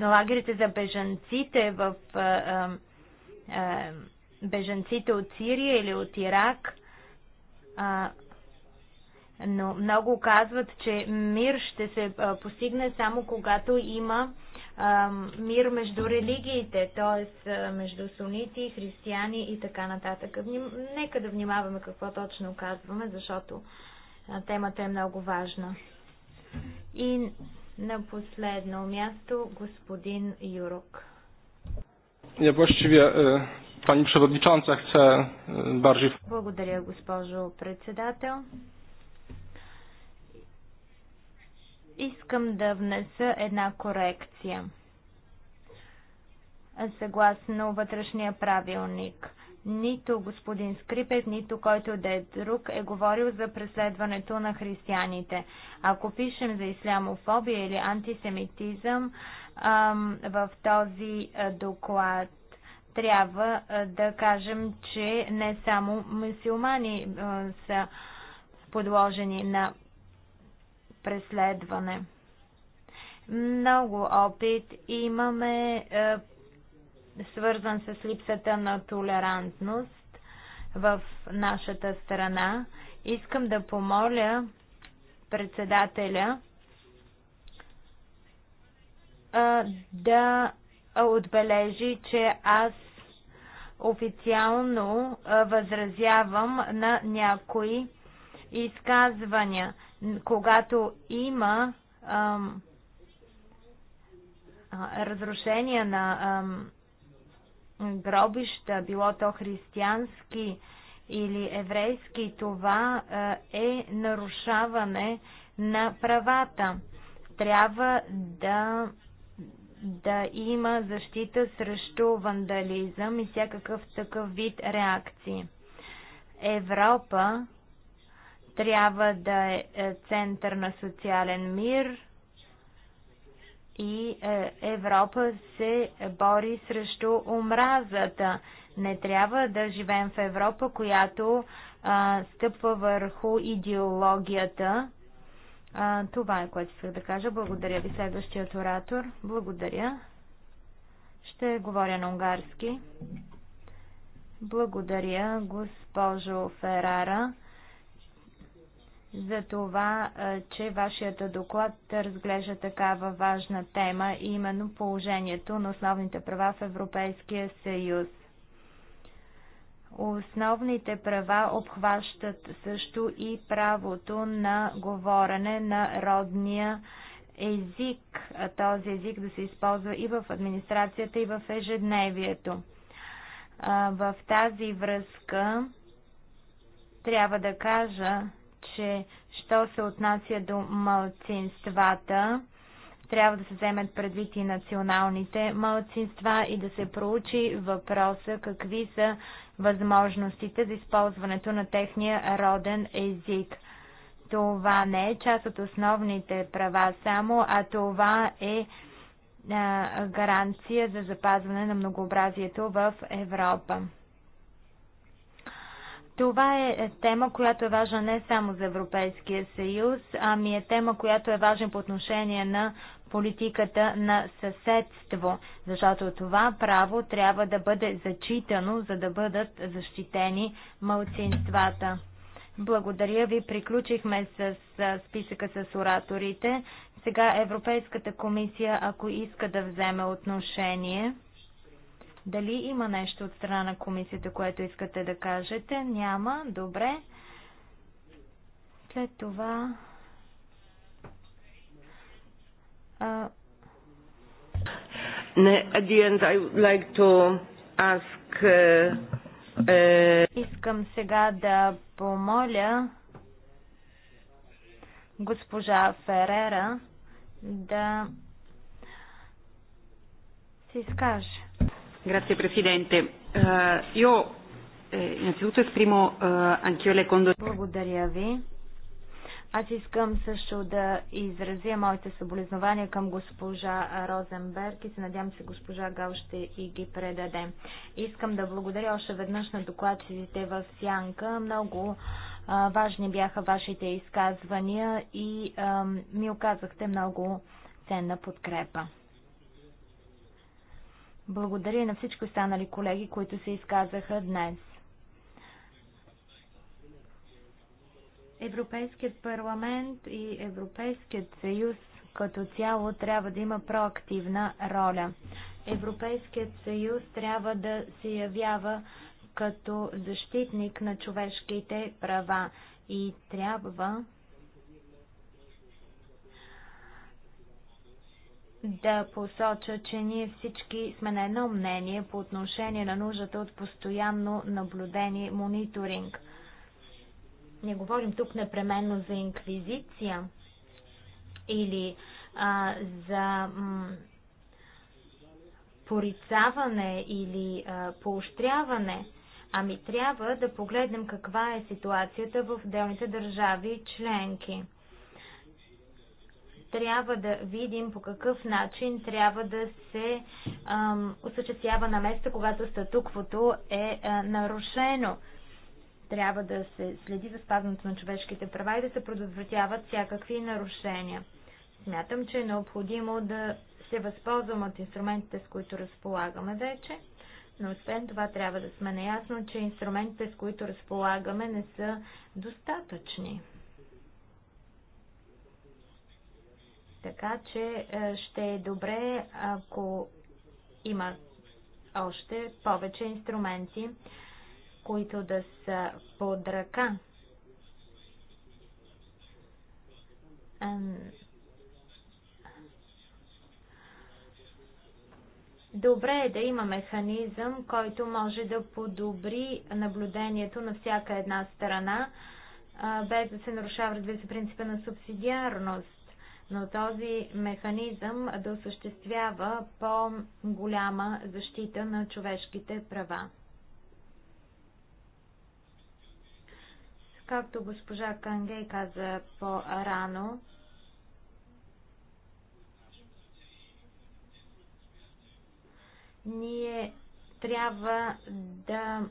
лагерите за бежанците, в а, а, бежанците от Сирия или от Ирак? А, но много казват, че мир ще се постигне само когато има мир между религиите, т.е. между сунити, християни и така нататък. Нека да внимаваме какво точно казваме, защото темата е много важна. И на последно място господин Юрок. Я właściwie e, pani e, Благодаря, госпожо председател. искам да внеса една корекция. Съгласно вътрешния правилник. Нито господин Скрипет, нито който да е друг е говорил за преследването на християните. Ако пишем за ислямофобия или антисемитизъм в този доклад, трябва да кажем, че не само мусулмани са подложени на преследване. Много опит имаме е, свързан с липсата на толерантност в нашата страна. Искам да помоля председателя е, да отбележи, че аз официално е, възразявам на някои изказвания. Когато има ам, разрушения на ам, гробища, било то християнски или еврейски, това е нарушаване на правата. Трябва да, да има защита срещу вандализъм и всякакъв такъв вид реакции. Европа трябва да е, е център на социален мир и е, Европа се бори срещу омразата. Не трябва да живеем в Европа, която а, стъпва върху идеологията. А, това е което исках да кажа. Благодаря ви, следващият оратор. Благодаря. Ще говоря на унгарски. Благодаря, госпожо Ферара за това, че вашият доклад разглежда такава важна тема, именно положението на основните права в Европейския съюз. Основните права обхващат също и правото на говорене на родния език. Този език да се използва и в администрацията, и в ежедневието. В тази връзка трябва да кажа, че що се отнася до малцинствата, трябва да се вземат предвид и националните малцинства и да се проучи въпроса какви са възможностите за използването на техния роден език. Това не е част от основните права само, а това е гаранция за запазване на многообразието в Европа. Това е тема, която е важна не само за Европейския съюз, ами е тема, която е важна по отношение на политиката на съседство, защото това право трябва да бъде зачитано, за да бъдат защитени малцинствата. Благодаря ви. Приключихме с списъка с ораторите. Сега Европейската комисия, ако иска да вземе отношение. Дали има нещо от страна на комисията, което искате да кажете? Няма. Добре. След това... Uh, uh, искам сега да помоля госпожа Ферера да се изкаже. Grazie Presidente. Uh, io eh, innanzitutto esprimo uh, anch'io le condoglianze. Благодаря ви. Аз искам също да изразя моите съболезнования към госпожа Розенберг и се надявам се госпожа Гал ще и ги предаде. Искам да благодаря още веднъж на докладчиците в Сянка. Много а, важни бяха вашите изказвания и а, ми оказахте много ценна подкрепа. Благодаря на всички останали колеги, които се изказаха днес. Европейският парламент и Европейският съюз като цяло трябва да има проактивна роля. Европейският съюз трябва да се явява като защитник на човешките права и трябва да посоча, че ние всички сме на едно мнение по отношение на нуждата от постоянно наблюдение, мониторинг. Не говорим тук непременно за инквизиция или а, за м, порицаване или а, поощряване. Ами трябва да погледнем каква е ситуацията в отделните държави членки трябва да видим по какъв начин трябва да се ам, осъществява на место, когато статуквото е а, нарушено. Трябва да се следи за спазването на човешките права и да се предотвратяват всякакви нарушения. Смятам, че е необходимо да се възползвам от инструментите, с които разполагаме вече, но освен това трябва да сме наясно, че инструментите, с които разполагаме, не са достатъчни. Така че е, ще е добре, ако има още повече инструменти, които да са под ръка. Добре е да има механизъм, който може да подобри наблюдението на всяка една страна, без да се нарушава, разбира се, принципа на субсидиарност но този механизъм да осъществява по-голяма защита на човешките права. Както госпожа Кангей каза по-рано, ние трябва да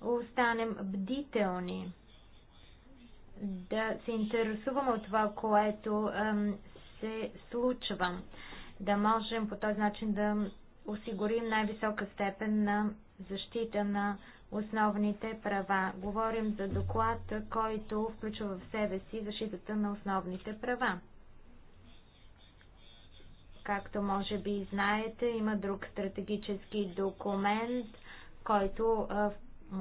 останем бдителни да се интересуваме от това, което се случва. Да можем по този начин да осигурим най-висока степен на защита на основните права. Говорим за доклад, който включва в себе си защитата на основните права. Както може би знаете, има друг стратегически документ, който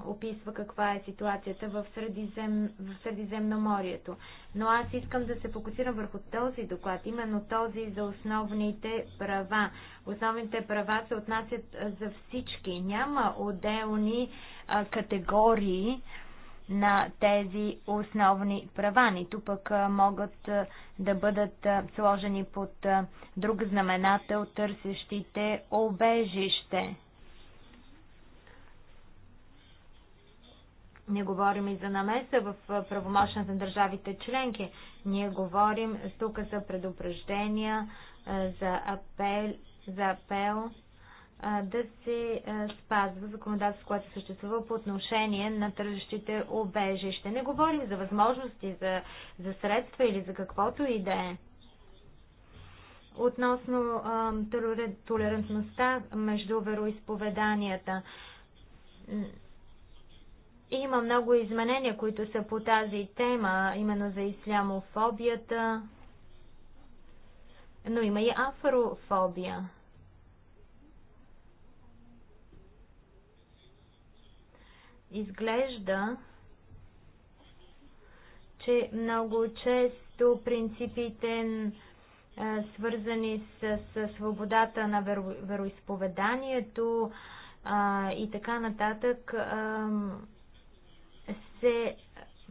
описва каква е ситуацията в, Средизем, в Средиземноморието. Но аз искам да се фокусирам върху този доклад, именно този за основните права. Основните права се отнасят за всички. Няма отделни а, категории на тези основни права, нито пък а, могат а, да бъдат а, сложени под друг знаменател търсещите обежище Не говорим и за намеса в правомощната на държавите членки. Ние говорим тук за предупреждения, за апел, за апел да се спазва законодателство, което съществува по отношение на тържащите обежище. Не говорим за възможности, за, за средства или за каквото и да е. Относно а, толерантността между вероисповеданията, има много изменения, които са по тази тема, именно за ислямофобията, но има и афрофобия. Изглежда, че много често принципите, свързани с, с свободата на веро, вероисповеданието а, и така нататък, а, се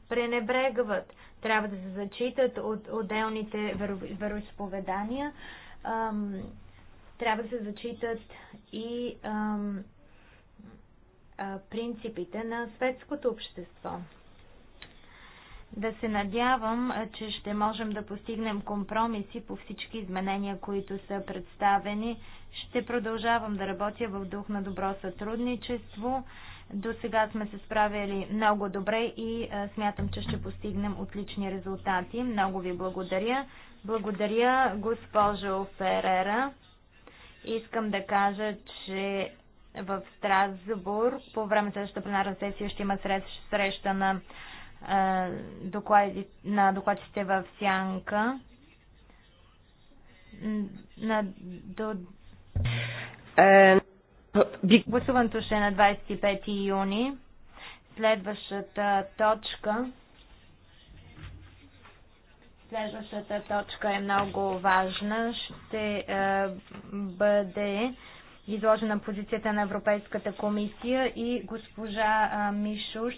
пренебрегват. Трябва да се зачитат от отделните вероисповедания. Трябва да се зачитат и принципите на светското общество. Да се надявам, че ще можем да постигнем компромиси по всички изменения, които са представени. Ще продължавам да работя в дух на добро сътрудничество. До сега сме се справили много добре и смятам, че ще постигнем отлични резултати. Много ви благодаря. Благодаря, госпожо Ферера. Искам да кажа, че в Страсбург по време следващата пленарна сесия ще има среща на доклади, на докладчите в Сянка. На, до... Е, гласуването ще е на 25 юни. Следващата точка Следващата точка е много важна. Ще е, бъде изложена позицията на Европейската комисия и госпожа Мишуш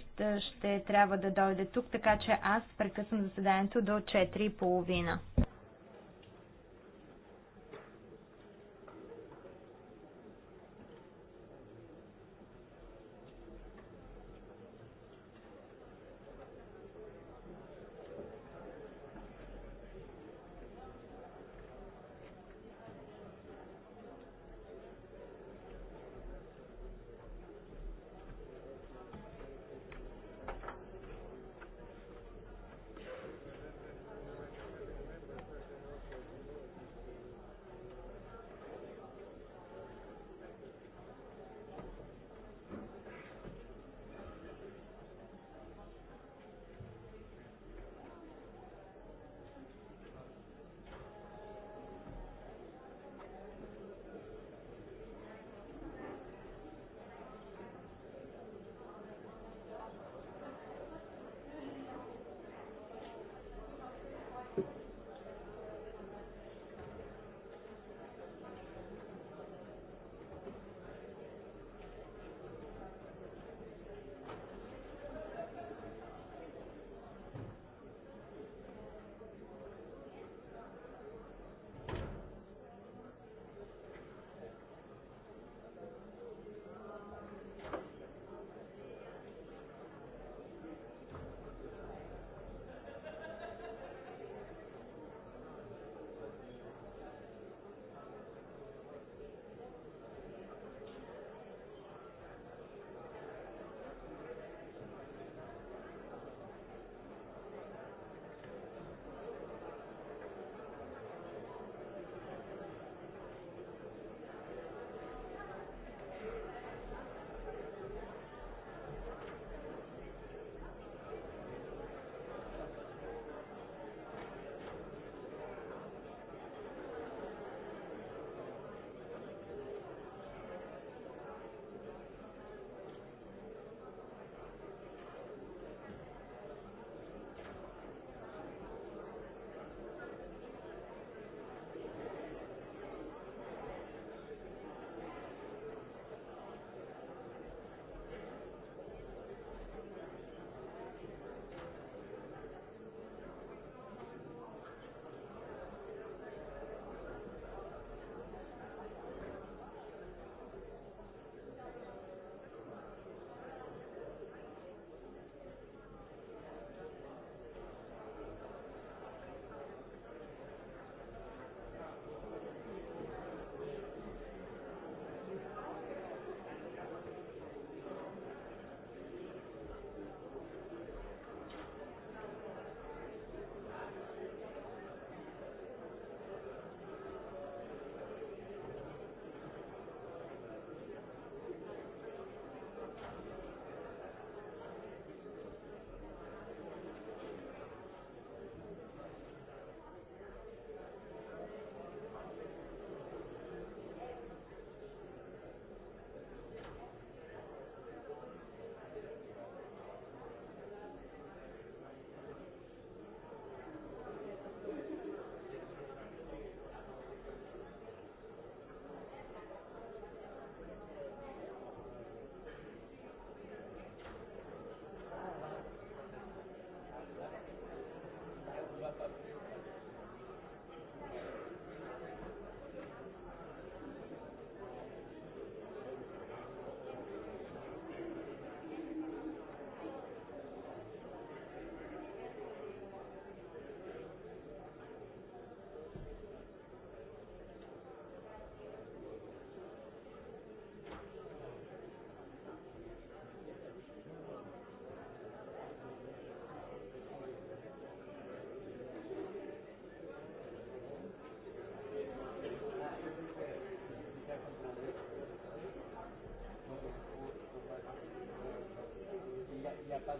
ще трябва да дойде тук, така че аз прекъсвам заседанието до 4.30. il n'y a pas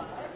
required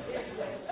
Thank you.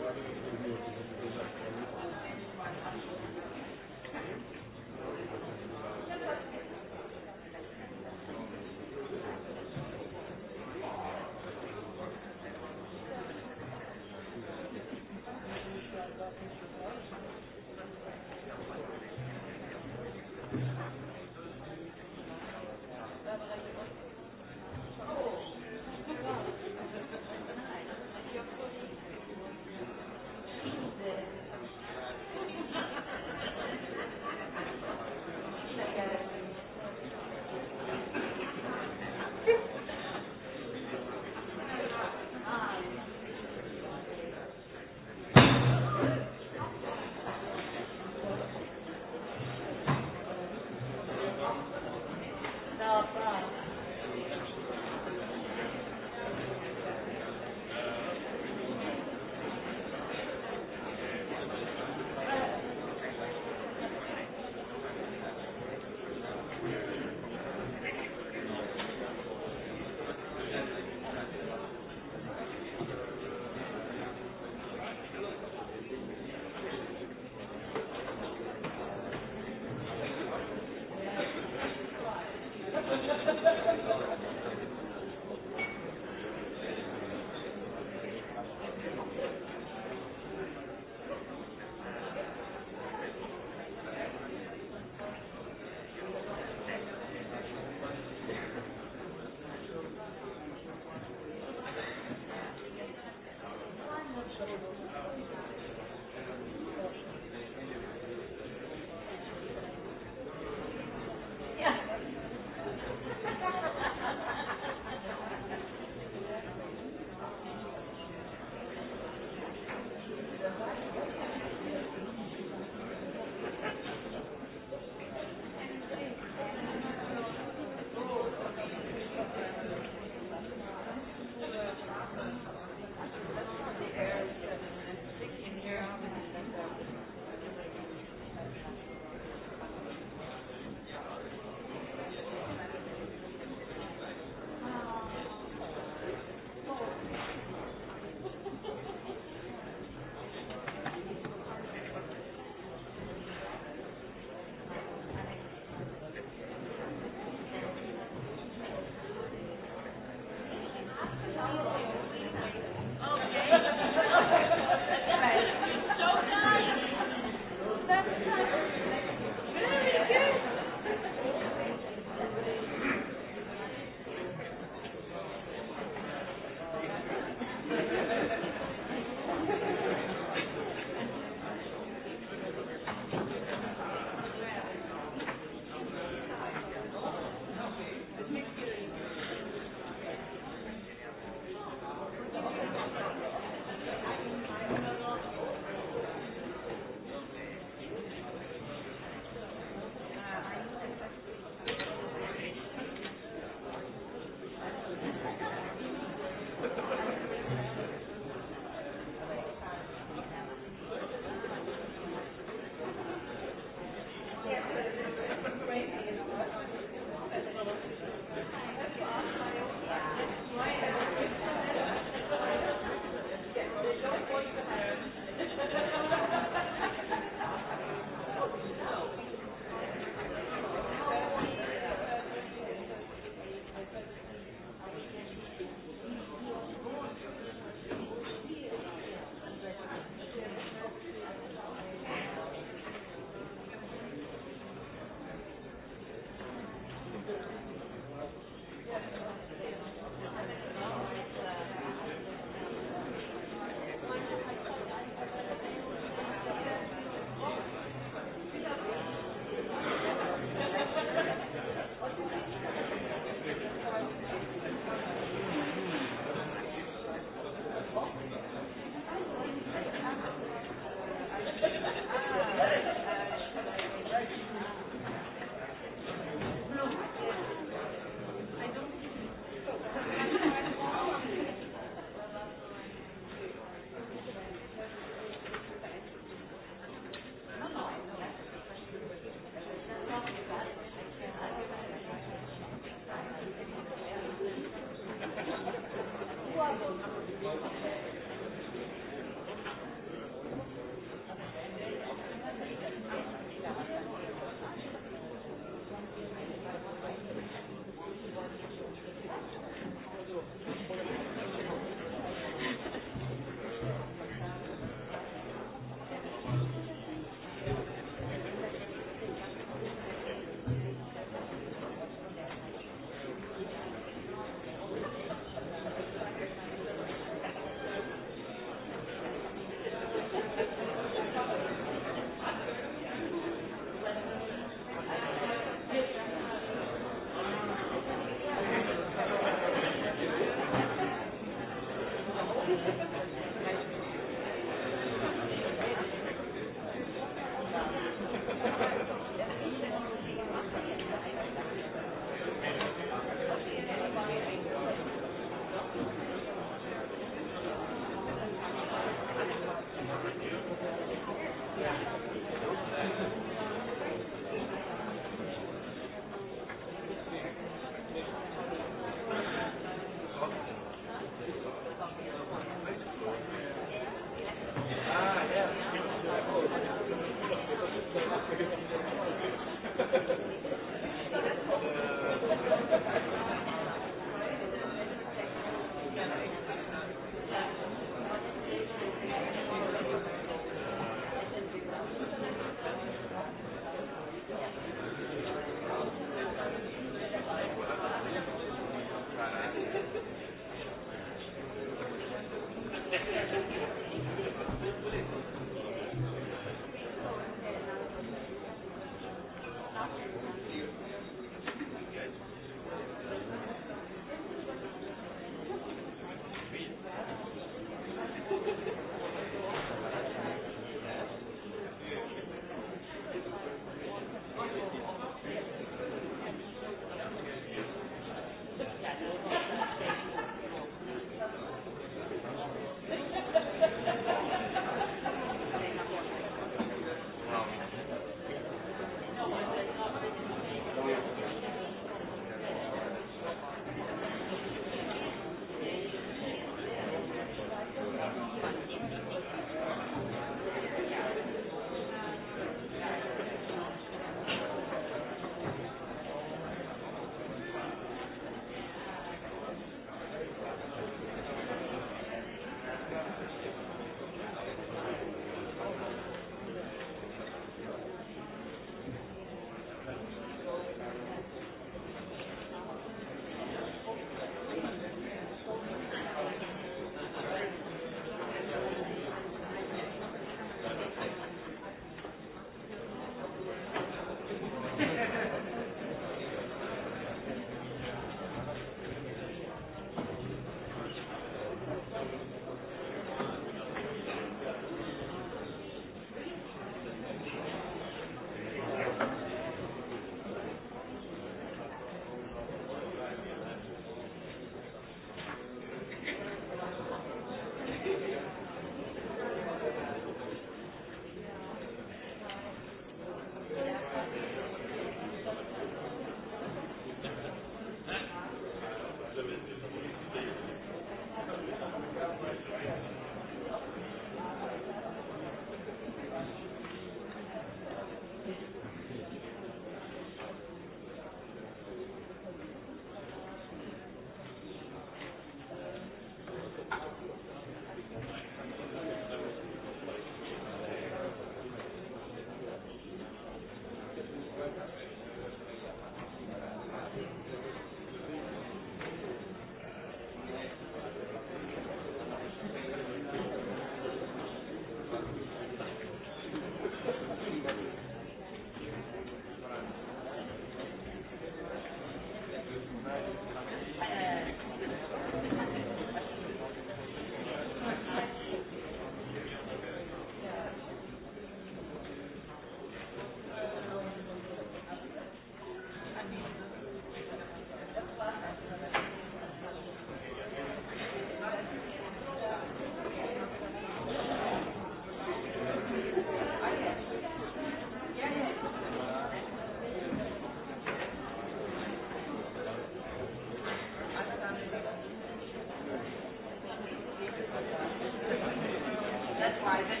private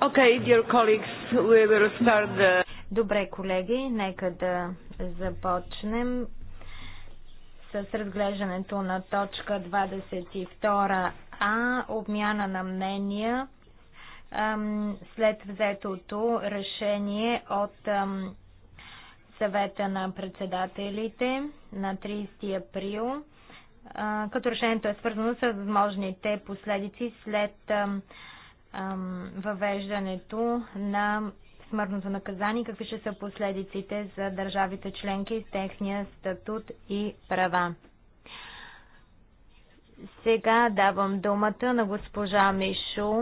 Okay, dear colleagues, we will start the... Добре, колеги, нека да започнем с разглеждането на точка 22а, обмяна на мнения след взетото решение от съвета на председателите на 30 април, като решението е свързано с възможните последици след въвеждането на смъртното наказание, какви ще са последиците за държавите членки, техния статут и права. Сега давам думата на госпожа Мишу,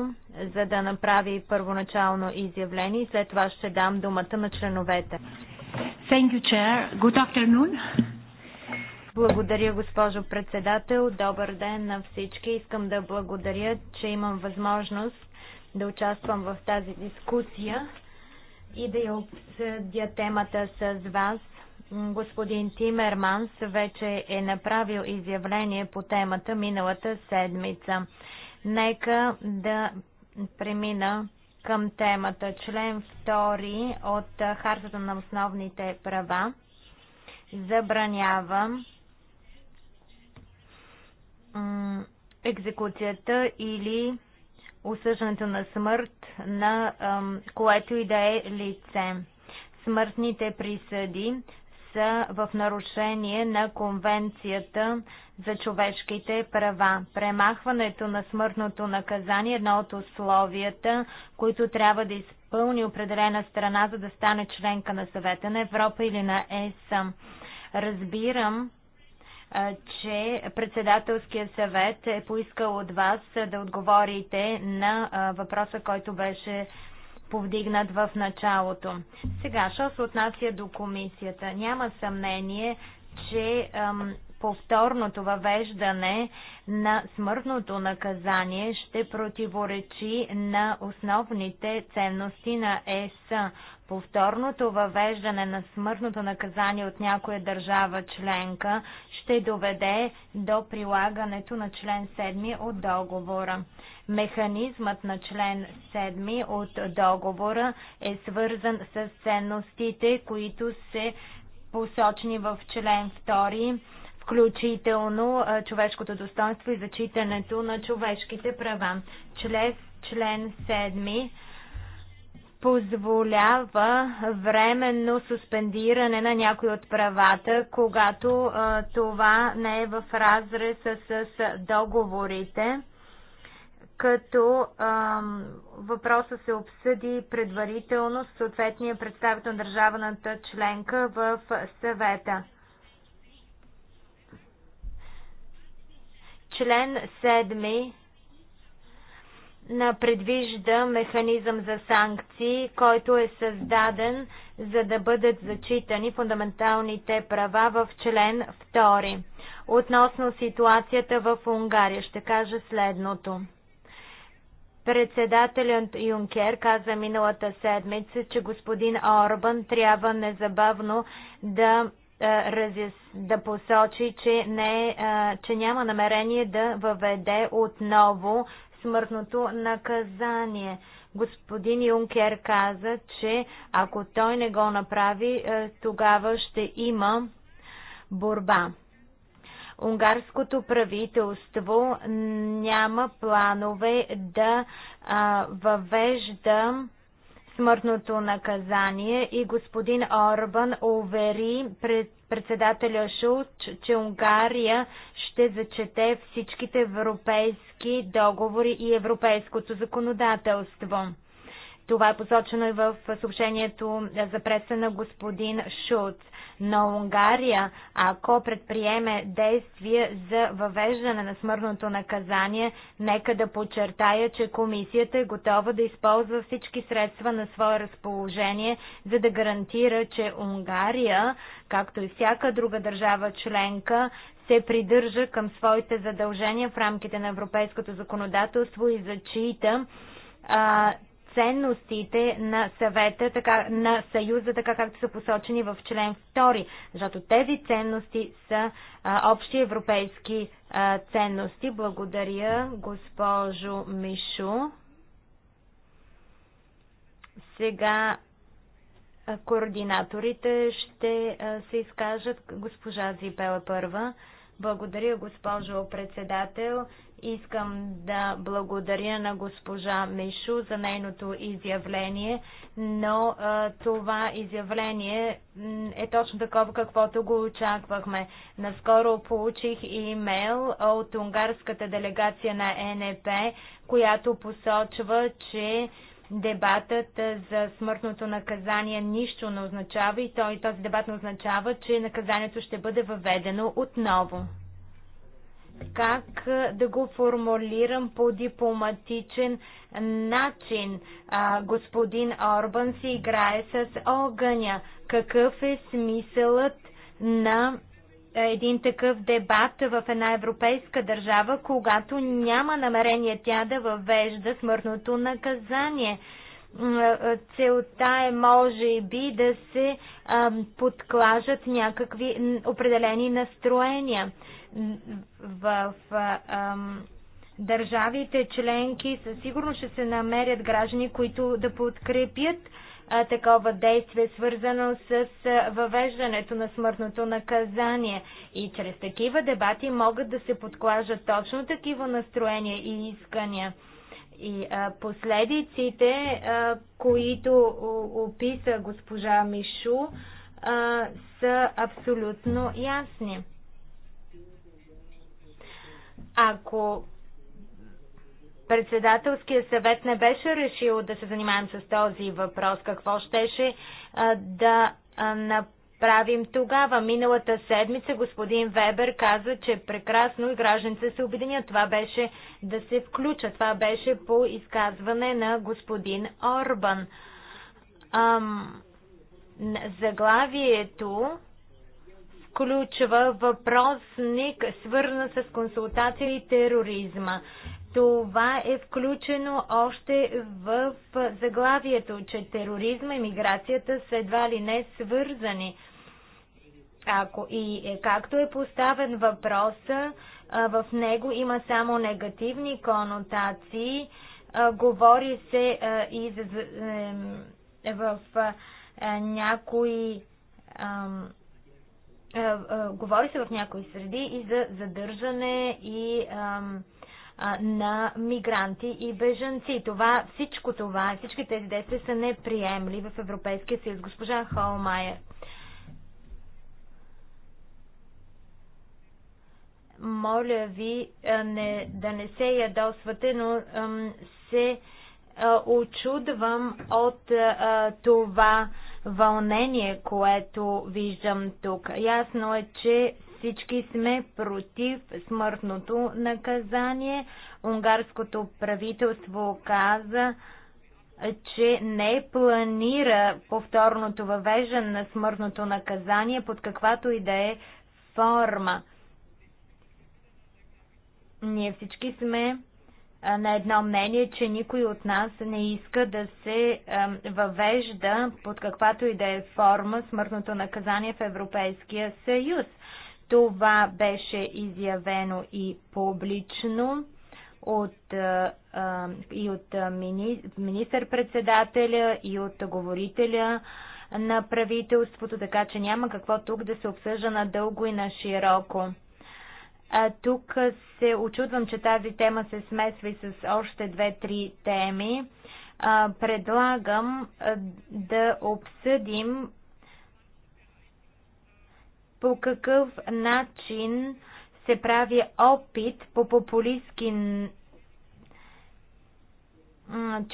за да направи първоначално изявление и след това ще дам думата на членовете. Thank you, Chair. Good afternoon. Благодаря, госпожо председател. Добър ден на всички. Искам да благодаря, че имам възможност да участвам в тази дискусия и да я обсъдя темата с вас. Господин Тимерманс вече е направил изявление по темата миналата седмица. Нека да премина към темата член 2 от Хартата на основните права забранява екзекуцията или осъждането на смърт на което и да е лице. Смъртните присъди са в нарушение на Конвенцията за човешките права. Премахването на смъртното наказание е едно от условията, които трябва да изпълни определена страна, за да стане членка на съвета на Европа или на ЕС. Разбирам, че председателския съвет е поискал от вас да отговорите на въпроса, който беше повдигнат в началото. Сега, що се отнася до комисията? Няма съмнение, че ам, повторното въвеждане на смъртното наказание ще противоречи на основните ценности на ЕС. Повторното въвеждане на смъртното наказание от някоя държава членка ще доведе до прилагането на член 7 от договора. Механизмът на член 7 от договора е свързан с ценностите, които се посочни в член 2 включително човешкото достоинство и зачитането на човешките права. Чрез член 7 позволява временно суспендиране на някои от правата, когато а, това не е в разрез с, с договорите, като а, въпроса се обсъди предварително с съответния представител на държавната членка в съвета. Член 7 на предвижда механизъм за санкции, който е създаден за да бъдат зачитани фундаменталните права в член 2. Относно ситуацията в Унгария ще кажа следното. Председателят Юнкер каза миналата седмица, че господин Орбан трябва незабавно да е, да посочи, че, не, е, е, че няма намерение да въведе отново смъртното наказание. Господин Юнкер каза, че ако той не го направи, е, тогава ще има борба. Унгарското правителство няма планове да а, въвежда смъртното наказание и господин Орбан увери пред председателя Шулт, че Унгария ще зачете всичките европейски договори и европейското законодателство. Това е посочено и в съобщението за преса на господин Шуц. Но Унгария, ако предприеме действие за въвеждане на смъртното наказание, нека да подчертая, че комисията е готова да използва всички средства на свое разположение, за да гарантира, че Унгария, както и всяка друга държава членка, се придържа към своите задължения в рамките на европейското законодателство и зачита ценностите на съвета, така, на съюза, така както са посочени в член 2, защото тези ценности са а, общи европейски а, ценности. Благодаря, госпожо Мишу. Сега координаторите ще се изкажат. Госпожа Зипела първа. Благодаря, госпожо председател. Искам да благодаря на госпожа Мишу за нейното изявление, но а, това изявление е точно такова, каквото го очаквахме. Наскоро получих имейл от унгарската делегация на НП, която посочва, че а, Дебатът за смъртното наказание нищо не означава и той, този дебат не означава, че наказанието ще бъде въведено отново. Как да го формулирам по дипломатичен начин? А, господин Орбан си играе с огъня. Какъв е смисълът на един такъв дебат в една европейска държава, когато няма намерение тя да въвежда смъртното наказание. Целта е, може би, да се подклажат някакви определени настроения в държавите членки. Със сигурност ще се намерят граждани, които да подкрепят а, такова действие, свързано с а, въвеждането на смъртното наказание. И чрез такива дебати могат да се подклажат точно такива настроения и искания. И а, последиците, а, които описа госпожа Мишу, а, са абсолютно ясни. Ако Председателския съвет не беше решил да се занимаем с този въпрос. Какво щеше да направим тогава? Миналата седмица господин Вебер каза, че прекрасно и гражданите се обединят. Това беше да се включат. Това беше по изказване на господин Орбан. Ам, заглавието включва въпросник, свързан с консултации и тероризма. Това е включено още в заглавието, че тероризма и миграцията са едва ли не свързани. Ако и е, както е поставен въпроса, в него има само негативни конотации. Говори се и в някои говори се в някои среди и за задържане и ам, на мигранти и бежанци. Това, всичко това, всички тези действия са неприемли в Европейския съюз. Госпожа Холмайер. Моля ви не, да не се ядосвате, но се очудвам от а, това вълнение, което виждам тук. Ясно е, че всички сме против смъртното наказание. Унгарското правителство каза, че не планира повторното въвеждане на смъртното наказание под каквато и да е форма. Ние всички сме на едно мнение, че никой от нас не иска да се въвежда под каквато и да е форма смъртното наказание в Европейския съюз. Това беше изявено и публично от, и от министър-председателя, и от говорителя на правителството, така че няма какво тук да се обсъжда надълго и на широко. А, тук се очудвам, че тази тема се смесва и с още две-три теми. А, предлагам да обсъдим по какъв начин се прави опит по популистски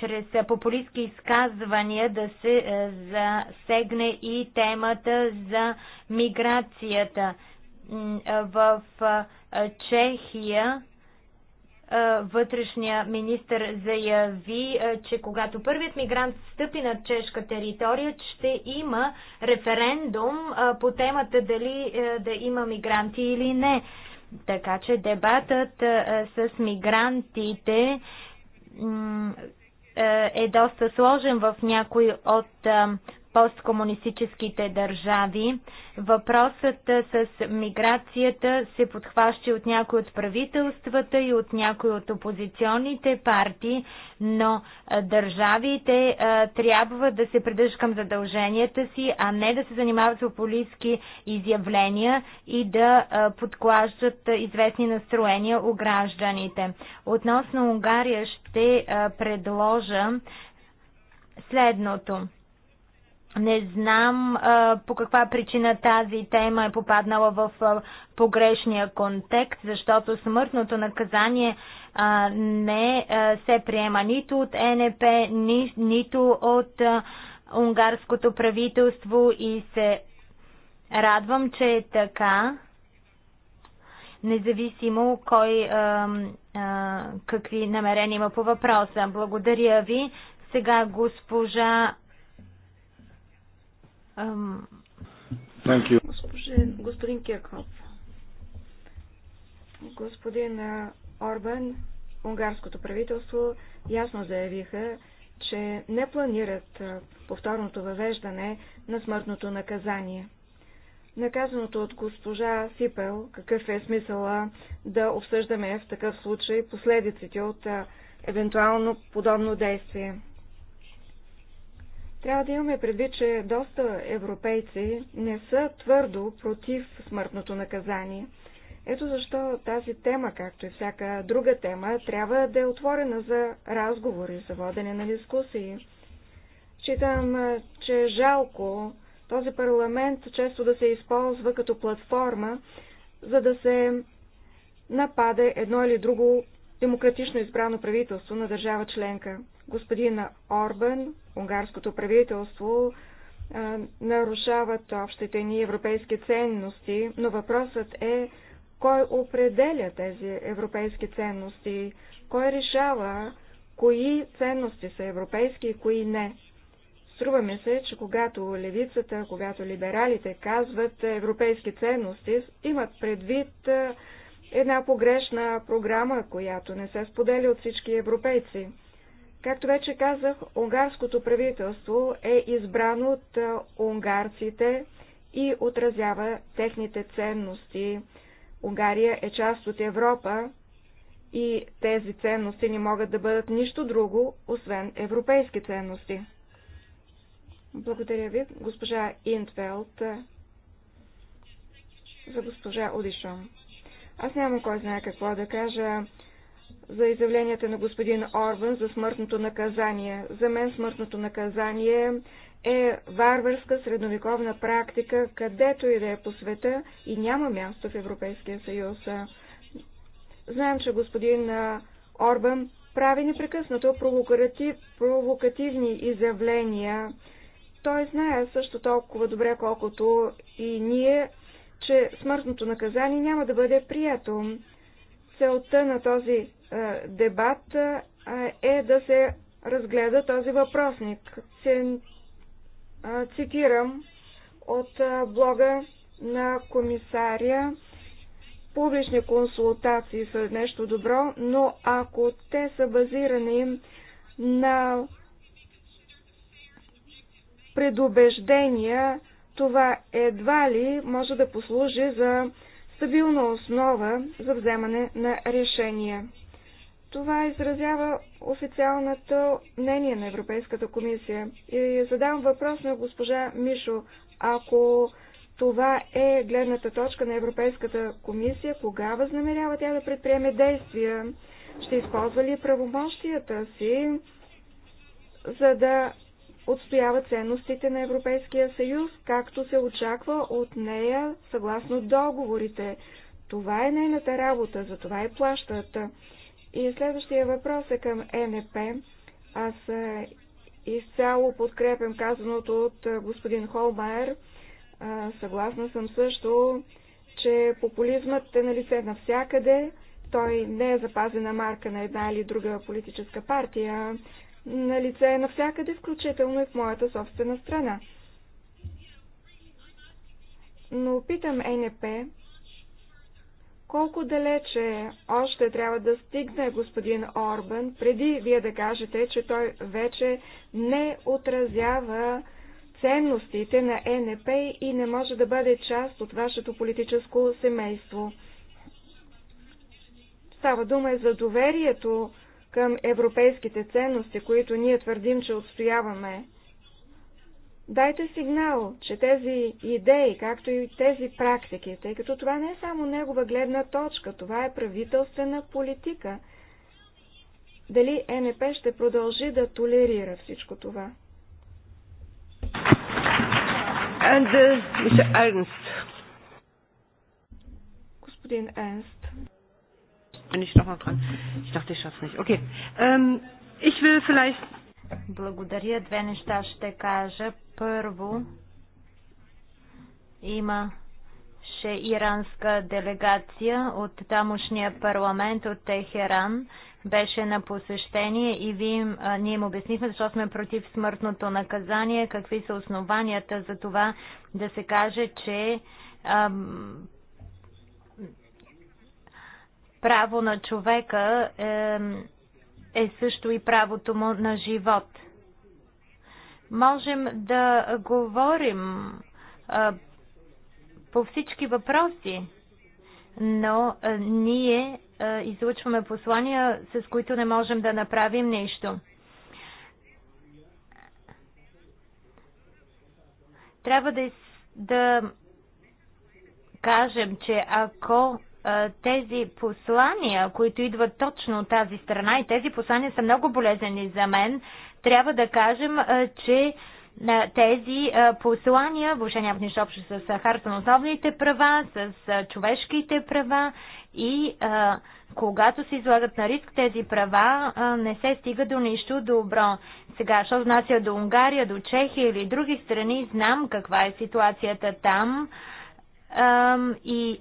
чрез популистски изказвания да се засегне и темата за миграцията. В Чехия вътрешния министр заяви, че когато първият мигрант стъпи на чешка територия, ще има референдум по темата дали да има мигранти или не. Така че дебатът с мигрантите е доста сложен в някои от посткомунистическите държави. Въпросът с миграцията се подхваща от някои от правителствата и от някои от опозиционните партии, но държавите трябва да се придържат към задълженията си, а не да се занимават с популистски изявления и да подклаждат известни настроения у гражданите. Относно Унгария ще предложа следното. Не знам а, по каква причина тази тема е попаднала в а, погрешния контекст, защото смъртното наказание а, не а, се приема нито от НП, ни, нито от а, унгарското правителство и се радвам, че е така, независимо кой а, а, какви намерения има по въпроса. Благодаря ви. Сега госпожа Господин, господин Кирков, господин Орбан, унгарското правителство ясно заявиха, че не планират повторното въвеждане на смъртното наказание. Наказаното от госпожа Сипел, какъв е смисъла да обсъждаме в такъв случай последиците от евентуално подобно действие? Трябва да имаме предвид, че доста европейци не са твърдо против смъртното наказание. Ето защо тази тема, както и всяка друга тема, трябва да е отворена за разговори, за водене на дискусии. Читам, че е жалко този парламент често да се използва като платформа, за да се нападе едно или друго демократично избрано правителство на държава членка господин Орбан, унгарското правителство, нарушават общите ни европейски ценности, но въпросът е кой определя тези европейски ценности, кой решава кои ценности са европейски и кои не. Струва ми се, че когато левицата, когато либералите казват е, европейски ценности, имат предвид е, една погрешна програма, която не се споделя от всички европейци. Както вече казах, унгарското правителство е избрано от унгарците и отразява техните ценности. Унгария е част от Европа и тези ценности не могат да бъдат нищо друго, освен европейски ценности. Благодаря ви, госпожа Интфелд, за госпожа Одишон. Аз нямам кой знае какво да кажа за изявленията на господин Орбан за смъртното наказание. За мен смъртното наказание е варварска средновековна практика, където и да е по света и няма място в Европейския съюз. Знаем, че господин Орбан прави непрекъснато провокатив, провокативни изявления. Той знае също толкова добре, колкото и ние, че смъртното наказание няма да бъде прието. Целта на този е, дебат е, е да се разгледа този въпросник. Е, цитирам от блога на комисаря публични консултации са нещо добро, но ако те са базирани на предубеждения, това едва ли може да послужи за стабилна основа за вземане на решения. Това изразява официалното мнение на Европейската комисия. И задавам въпрос на госпожа Мишо. Ако това е гледната точка на Европейската комисия, кога възнамерява тя да предприеме действия? Ще използва ли правомощията си, за да отстоява ценностите на Европейския съюз, както се очаква от нея съгласно договорите. Това е нейната работа, за това е плащат. И следващия въпрос е към НП. Аз е, изцяло подкрепям казаното от е, господин Холмайер. Е, съгласна съм също, че популизмът е на лице навсякъде. Той не е запазена марка на една или друга политическа партия на лице е навсякъде, включително и в моята собствена страна. Но питам НП, колко далече още трябва да стигне господин Орбан, преди вие да кажете, че той вече не отразява ценностите на НП и не може да бъде част от вашето политическо семейство. Става дума е за доверието към европейските ценности, които ние твърдим, че отстояваме. Дайте сигнал, че тези идеи, както и тези практики, тъй като това не е само негова гледна точка, това е правителствена политика. Дали НП ще продължи да толерира всичко това? And, uh, Mr. Ernst. Господин Енст. Bin ich nochmal dran? Ich dachte, ich schaff's nicht. Okay. Ähm, ich will vielleicht... Благодаря. Две неща ще кажа. Първо, имаше иранска делегация от тамошния парламент от Техеран. Беше на посещение и ви, а, ние им обяснихме, защо сме против смъртното наказание, какви са основанията за това да се каже, че а, Право на човека е, е също и правото му на живот. Можем да говорим е, по всички въпроси, но е, ние е, излучваме послания, с които не можем да направим нещо. Трябва да, да кажем, че ако тези послания, които идват точно от тази страна и тези послания са много болезнени за мен, трябва да кажем, че тези послания въобще нямат нищо общо с харта на основните права, с човешките права и когато се излагат на риск тези права, не се стига до нищо добро. Сега, що знася до Унгария, до Чехия или други страни, знам каква е ситуацията там и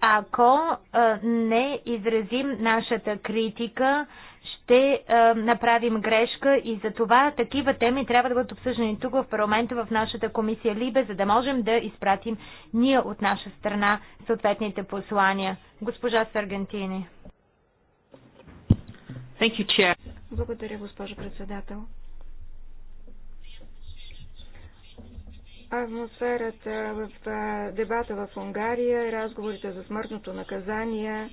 ако не изразим нашата критика, ще направим грешка и за това такива теми трябва да бъдат обсъждани тук в парламента, в нашата комисия Либе, за да можем да изпратим ние от наша страна съответните послания. Госпожа Саргентини. Благодаря, госпожо председател. Атмосферата в дебата в Унгария и разговорите за смъртното наказание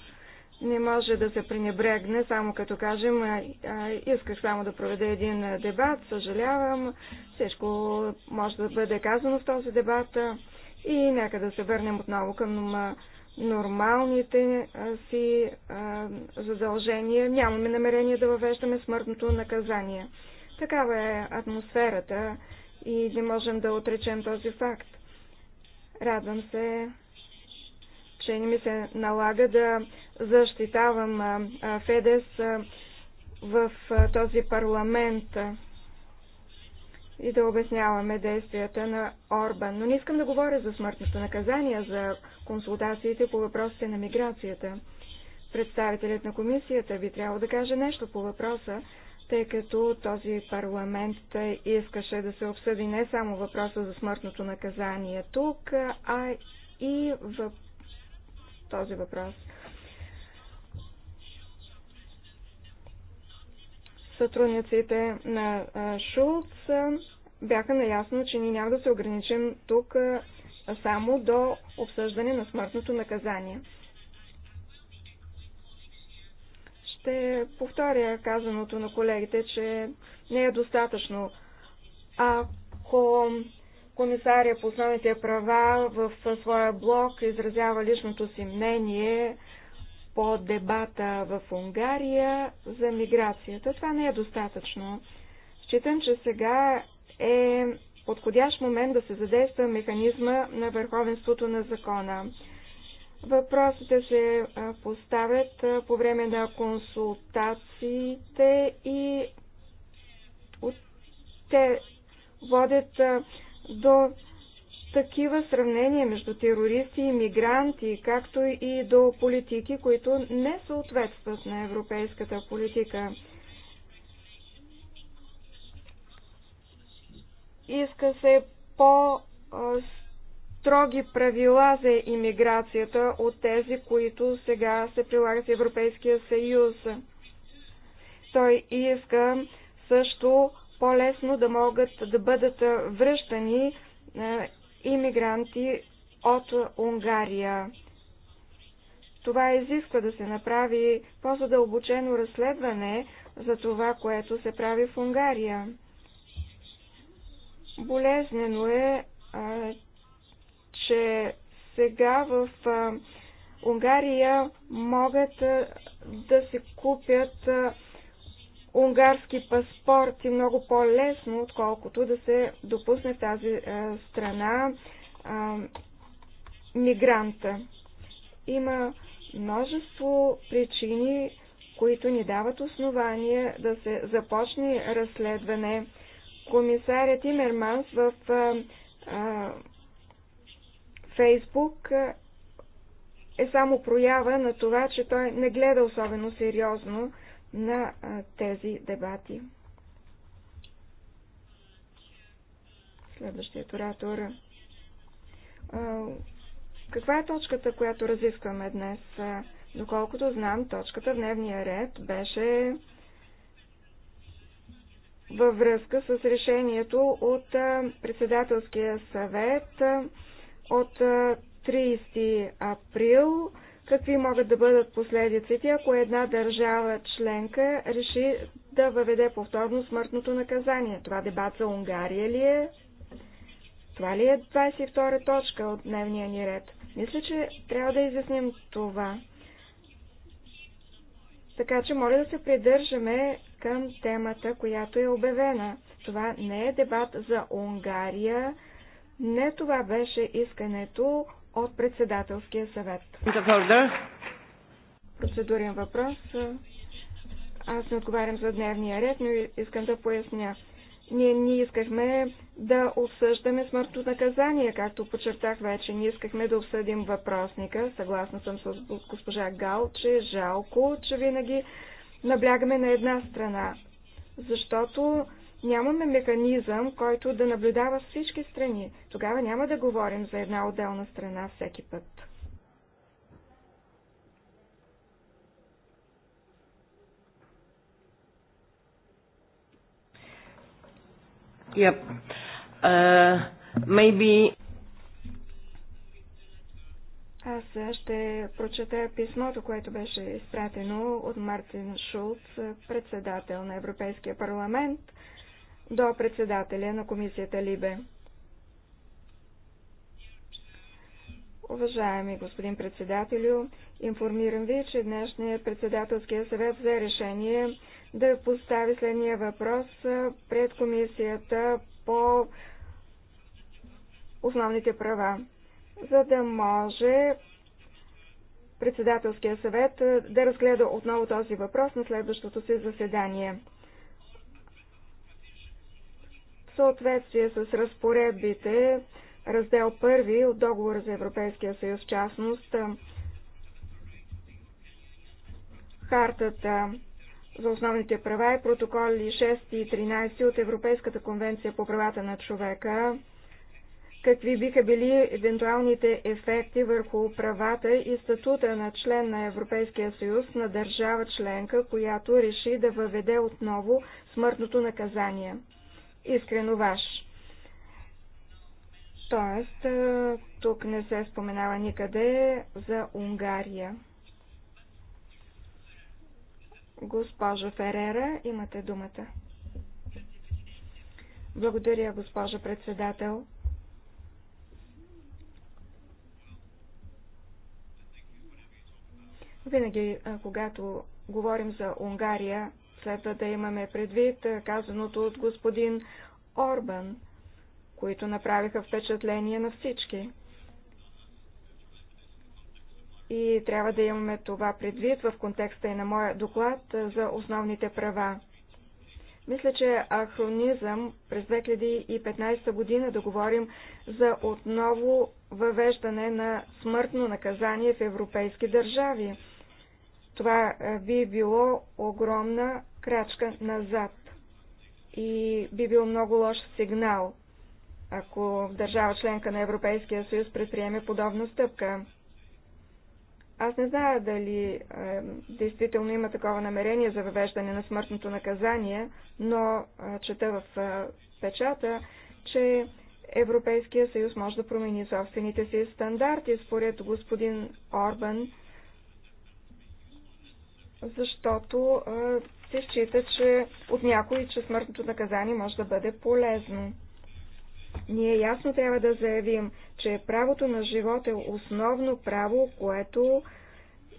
не може да се пренебрегне, само като кажем, исках само да проведа един дебат, съжалявам, всичко може да бъде казано в този дебат и нека да се върнем отново към нормалните си задължения. Нямаме намерение да въвеждаме смъртното наказание. Такава е атмосферата и не можем да отречем този факт. Радвам се, че не ми се налага да защитавам Федес в този парламент и да обясняваме действията на Орбан. Но не искам да говоря за смъртното наказание, за консултациите по въпросите на миграцията. Представителят на комисията би трябвало да каже нещо по въпроса, тъй като този парламент искаше да се обсъди не само въпроса за смъртното наказание тук, а и в този въпрос. Сътрудниците на Шулц бяха наясно, че ние няма да се ограничим тук само до обсъждане на смъртното наказание. ще повторя казаното на колегите, че не е достатъчно. Ако комисаря по основните права в своя блог изразява личното си мнение по дебата в Унгария за миграцията, това не е достатъчно. Считам, че сега е подходящ момент да се задейства механизма на върховенството на закона. Въпросите се поставят по време на консултациите и те водят до такива сравнения между терористи и мигранти, както и до политики, които не съответстват на европейската политика. Иска се по строги правила за иммиграцията от тези, които сега се прилагат в Европейския съюз. Той иска също по-лесно да могат да бъдат връщани иммигранти от Унгария. Това изисква да се направи по-задълбочено разследване за това, което се прави в Унгария. Болезнено е, че сега в Унгария могат да се купят унгарски паспорти много по-лесно, отколкото да се допусне в тази страна мигранта. Има множество причини, които ни дават основание да се започне разследване. Комисарят Имерманс в Фейсбук е само проява на това, че той не гледа особено сериозно на тези дебати. Следващият оратор. Каква е точката, която разискваме днес? Доколкото знам, точката в дневния ред беше във връзка с решението от председателския съвет от 30 е, април. Какви могат да бъдат последиците, ако една държава членка реши да въведе повторно смъртното наказание? Това дебат за Унгария ли е? Това ли е 22 точка от дневния ни ред? Мисля, че трябва да изясним това. Така че моля да се придържаме към темата, която е обявена. Това не е дебат за Унгария, не това беше искането от председателския съвет. Процедурен въпрос. Аз не отговарям за дневния ред, но искам да поясня. Ние не искахме да обсъждаме смъртно наказание, както подчертах вече. Ние искахме да обсъдим въпросника. Съгласна съм с госпожа Гал, че е жалко, че винаги наблягаме на една страна. Защото нямаме механизъм, който да наблюдава всички страни. Тогава няма да говорим за една отделна страна всеки път. Yep. Uh, maybe... Аз ще прочета писмото, което беше изпратено от Мартин Шулц, председател на Европейския парламент, до председателя на комисията Либе. Уважаеми господин председателю, информирам ви, че днешният председателския съвет взе решение да постави следния въпрос пред комисията по основните права, за да може председателския съвет да разгледа отново този въпрос на следващото си заседание съответствие с разпоредбите, раздел 1 от договора за Европейския съюз, частност, хартата за основните права и протоколи 6 и 13 от Европейската конвенция по правата на човека, какви биха били евентуалните ефекти върху правата и статута на член на Европейския съюз на държава членка, която реши да въведе отново смъртното наказание искрено ваш. Тоест, тук не се споменава никъде за Унгария. Госпожо Ферера, имате думата. Благодаря, госпожо председател. Винаги, когато говорим за Унгария, Следва да имаме предвид е, казаното от господин Орбан, които направиха впечатление на всички. И трябва да имаме това предвид в контекста и на моя доклад е, за основните права. Мисля, че ахронизъм през 2015 година да говорим за отново въвеждане на смъртно наказание в европейски държави. Това е, би било огромна крачка назад и би бил много лош сигнал, ако държава членка на Европейския съюз предприеме подобна стъпка. Аз не зная дали е, действително има такова намерение за въвеждане на смъртното наказание, но е, чета в е, печата, че Европейския съюз може да промени собствените си стандарти, според господин Орбан, защото е, се счита, че от някои, че смъртното наказание може да бъде полезно. Ние ясно трябва да заявим, че правото на живот е основно право, което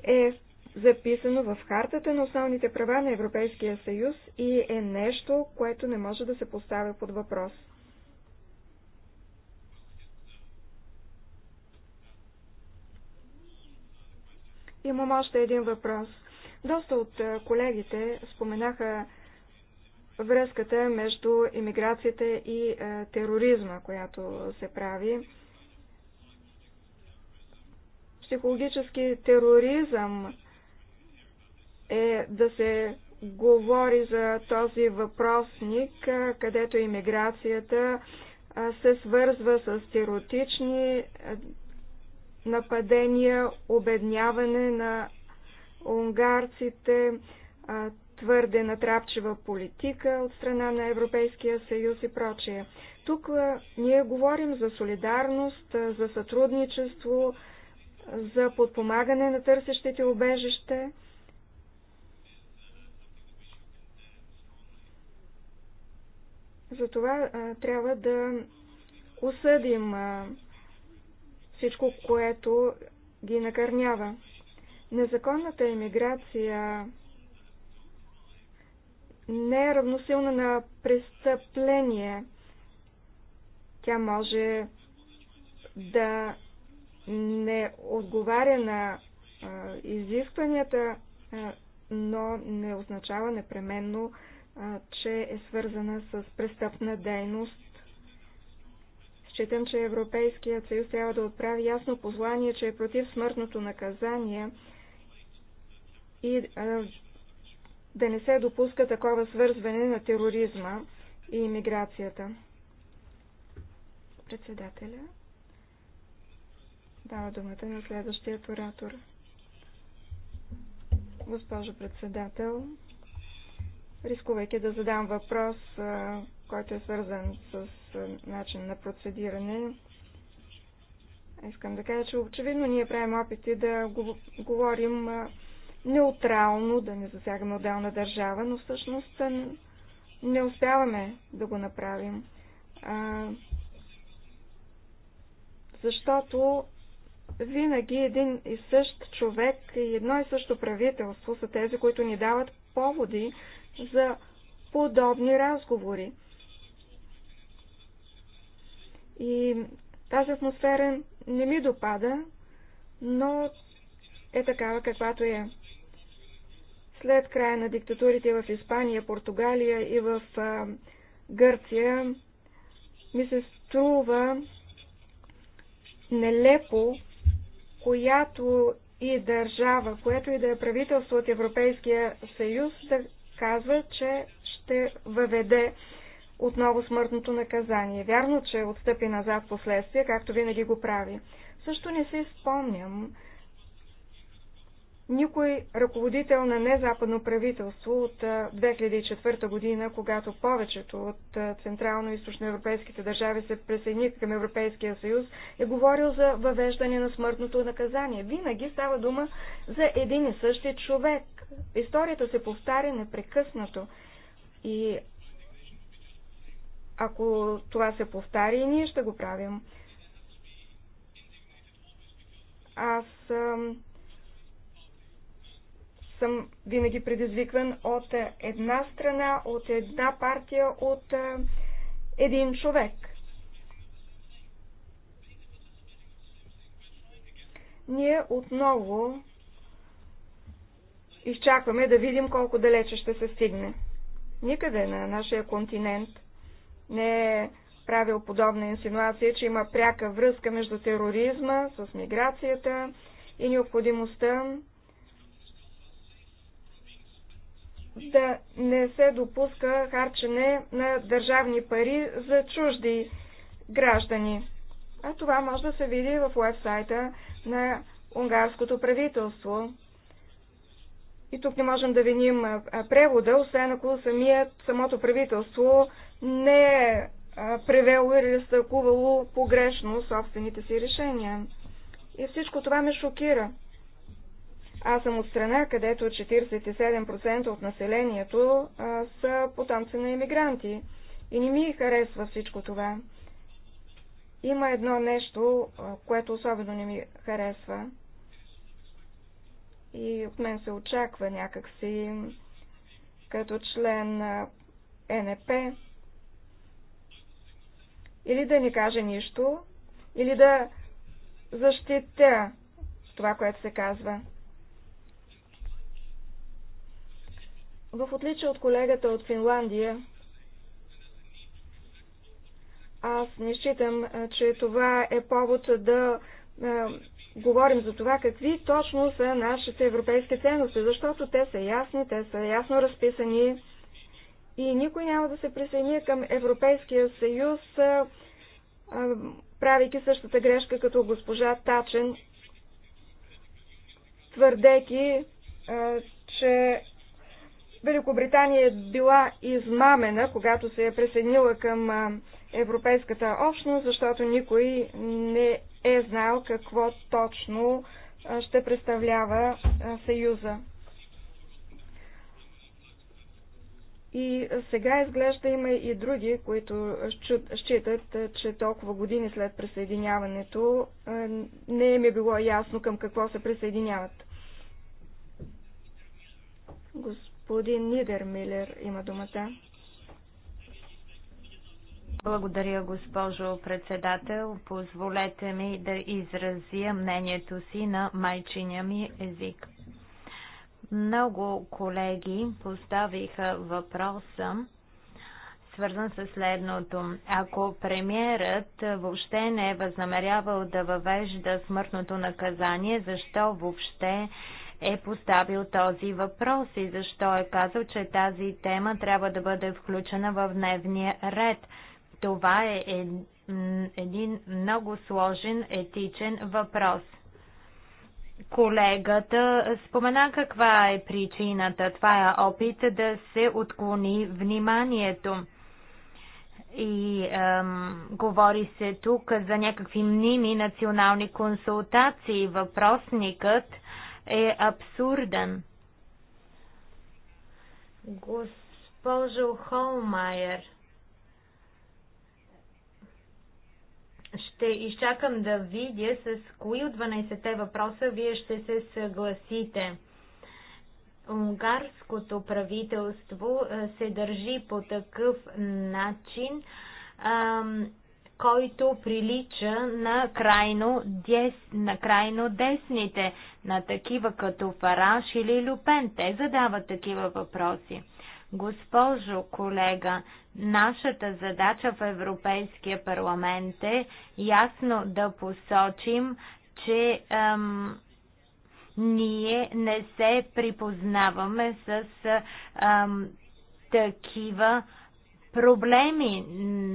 е записано в Хартата на основните права на Европейския съюз и е нещо, което не може да се поставя под въпрос. Имам още един въпрос – доста от е, колегите споменаха връзката между иммиграцията и е, тероризма, която се прави. Психологически тероризъм е да се говори за този въпросник, е, където иммиграцията се свързва с теротични нападения, обедняване на унгарците, твърде натрапчива политика от страна на Европейския съюз и прочее. Тук ние говорим за солидарност, за сътрудничество, за подпомагане на търсещите убежище. Затова а, трябва да осъдим а, всичко, което ги накърнява. Незаконната емиграция не е равносилна на престъпление. Тя може да не отговаря на а, изискванията, а, но не означава непременно, а, че е свързана с престъпна дейност. Считам, че Европейският съюз трябва да отправи ясно послание, че е против смъртното наказание и е, да не се допуска такова свързване на тероризма и иммиграцията. Председателя дава думата на следващия оратор. Госпожо председател, рискувайки да задам въпрос, е, който е свързан с е, начин на процедиране, искам да кажа, че очевидно ние правим опити да говорим неутрално, да не засягаме отделна държава, но всъщност не успяваме да го направим. А, защото винаги един и същ човек и едно и също правителство са тези, които ни дават поводи за подобни разговори. И тази атмосфера не ми допада, но е такава каквато е. След края на диктатурите в Испания, Португалия и в Гърция ми се струва нелепо, която и държава, което и да е правителство от Европейския съюз, да казва, че ще въведе отново смъртното наказание. Вярно, че отстъпи назад последствия, както винаги го прави. Също не се спомням никой ръководител на незападно правителство от 2004 година, когато повечето от централно и източноевропейските държави се присъединиха към Европейския съюз, е говорил за въвеждане на смъртното наказание. Винаги става дума за един и същи човек. Историята се повтаря непрекъснато. И ако това се повтаря, и ние ще го правим. Аз съм винаги предизвикван от една страна, от една партия, от един човек. Ние отново изчакваме да видим колко далече ще се стигне. Никъде на нашия континент не е правил подобна инсинуация, че има пряка връзка между тероризма с миграцията и необходимостта да не се допуска харчене на държавни пари за чужди граждани. А това може да се види в уебсайта на унгарското правителство. И тук не можем да виним превода, освен ако самият, самото правителство не е превело или е разтълкувало погрешно собствените си решения. И всичко това ме шокира. Аз съм от страна, където 47% от населението а, са потомци на иммигранти. И не ми харесва всичко това. Има едно нещо, а, което особено не ми харесва. И от мен се очаква някакси, като член на НП, или да не каже нищо, или да защитя това, което се казва. В отличие от колегата от Финландия, аз не считам, че това е повод да е, говорим за това какви точно са нашите европейски ценности, защото те са ясни, те са ясно разписани и никой няма да се присъедини към Европейския съюз, е, е, правейки същата грешка като госпожа Тачен, твърдейки, че Великобритания е била измамена, когато се е присъединила към Европейската общност, защото никой не е знал какво точно ще представлява Съюза. И сега изглежда има и други, които считат, че толкова години след присъединяването не е било ясно към какво се присъединяват. Господин Господин Нидермилер има думата. Благодаря, госпожо председател. Позволете ми да изразя мнението си на майчиня ми език. Много колеги поставиха въпроса, свързан с следното. Ако премиерът въобще не е възнамерявал да въвежда смъртното наказание, защо въобще е поставил този въпрос и защо е казал, че тази тема трябва да бъде включена в дневния ред. Това е един много сложен етичен въпрос. Колегата спомена каква е причината. Това е опит да се отклони вниманието. И ем, говори се тук за някакви мними национални консултации. Въпросникът е абсурден. Госпожо Холмайер, ще изчакам да видя с кои от 12-те въпроса вие ще се съгласите. Унгарското правителство се държи по такъв начин, който прилича на крайно, дес, на крайно десните, на такива като Фараш или Люпен. Те задават такива въпроси. Госпожо колега, нашата задача в Европейския парламент е ясно да посочим, че ем, ние не се припознаваме с ем, такива проблеми.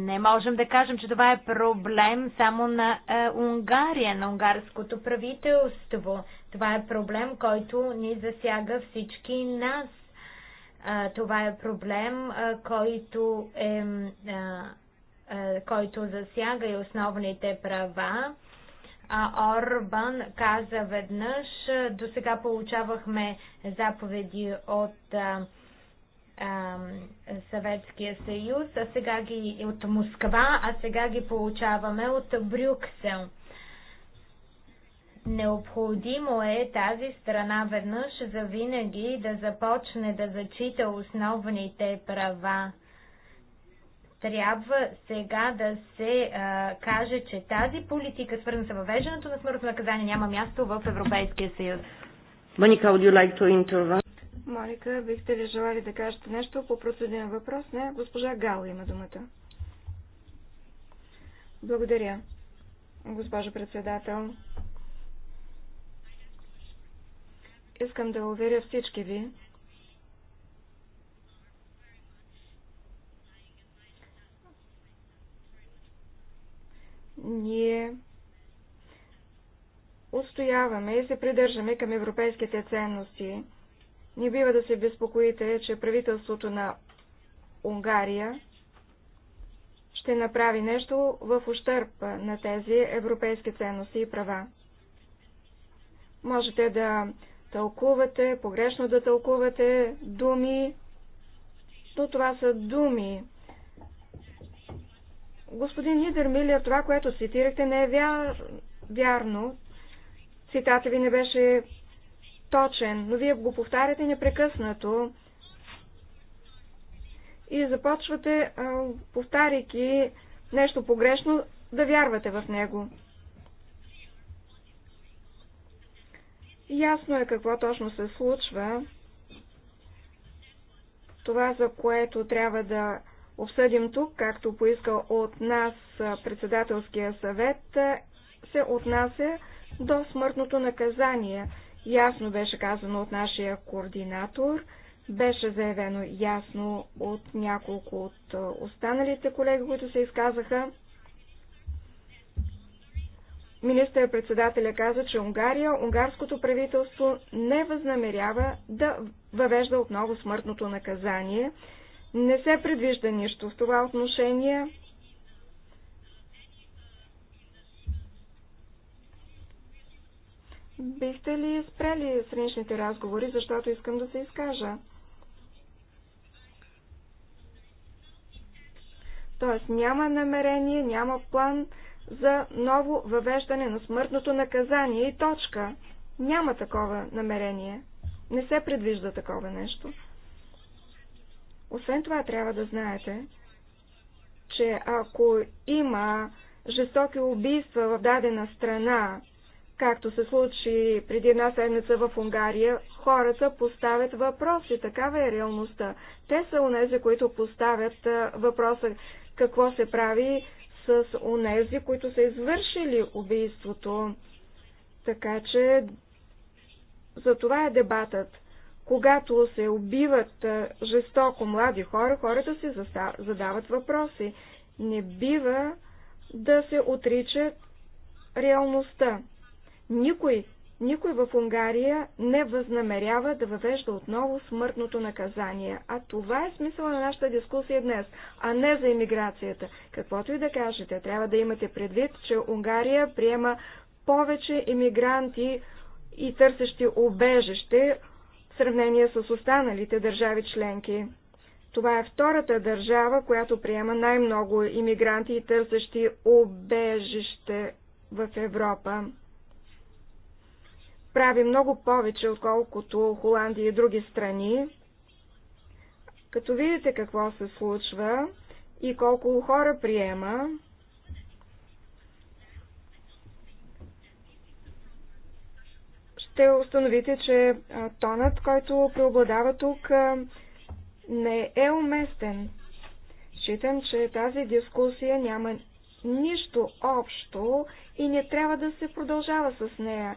Не можем да кажем, че това е проблем само на е, Унгария, на унгарското правителство. Това е проблем, който ни засяга всички нас. Е, това е проблем, е, който, е, е, е който засяга и основните права. А Орбан каза веднъж, е, до сега получавахме заповеди от е, Съветския съюз, а сега ги от Москва, а сега ги получаваме от Брюксел. Необходимо е тази страна веднъж за винаги да започне да зачита основните права. Трябва сега да се а, каже, че тази политика, свързана с въвеждането на смъртно наказание, няма място в Европейския съюз. Моника, would you like to intervene? Моника, бихте ли желали да кажете нещо по процедурен въпрос? Не, госпожа Гала има думата. Благодаря, госпожо председател. Искам да уверя всички ви, ние устояваме и се придържаме към европейските ценности. Не бива да се безпокоите, че правителството на Унгария ще направи нещо в ущърп на тези европейски ценности и права. Можете да тълкувате, погрешно да тълкувате думи, но това са думи. Господин Нидермилер, това, което цитирахте, не е вярно. Цитата ви не беше точен, но вие го повтаряте непрекъснато и започвате, повтаряйки нещо погрешно, да вярвате в него. Ясно е какво точно се случва. Това, за което трябва да обсъдим тук, както поиска от нас председателския съвет, се отнася до смъртното наказание. Ясно беше казано от нашия координатор, беше заявено ясно от няколко от останалите колеги, които се изказаха. Министър-председателя каза, че Унгария, унгарското правителство не възнамерява да въвежда отново смъртното наказание. Не се предвижда нищо в това отношение. Бихте ли спрели страничните разговори, защото искам да се изкажа? Тоест няма намерение, няма план за ново въвеждане на смъртното наказание и точка. Няма такова намерение. Не се предвижда такова нещо. Освен това трябва да знаете, че ако има жестоки убийства в дадена страна Както се случи преди една седмица в Унгария, хората поставят въпроси. Такава е реалността. Те са онези, които поставят въпроса какво се прави с онези, които са извършили убийството. Така че за това е дебатът. Когато се убиват жестоко млади хора, хората си задават въпроси. Не бива да се отричат реалността. Никой, никой в Унгария не възнамерява да въвежда отново смъртното наказание. А това е смисъл на нашата дискусия днес, а не за иммиграцията. Каквото и да кажете, трябва да имате предвид, че Унгария приема повече иммигранти и търсещи обежище в сравнение с останалите държави членки. Това е втората държава, която приема най-много иммигранти и търсещи обежище в Европа прави много повече, отколкото Холандия и други страни. Като видите какво се случва и колко хора приема, ще установите, че тонът, който преобладава тук, не е уместен. Считам, че тази дискусия няма нищо общо и не трябва да се продължава с нея.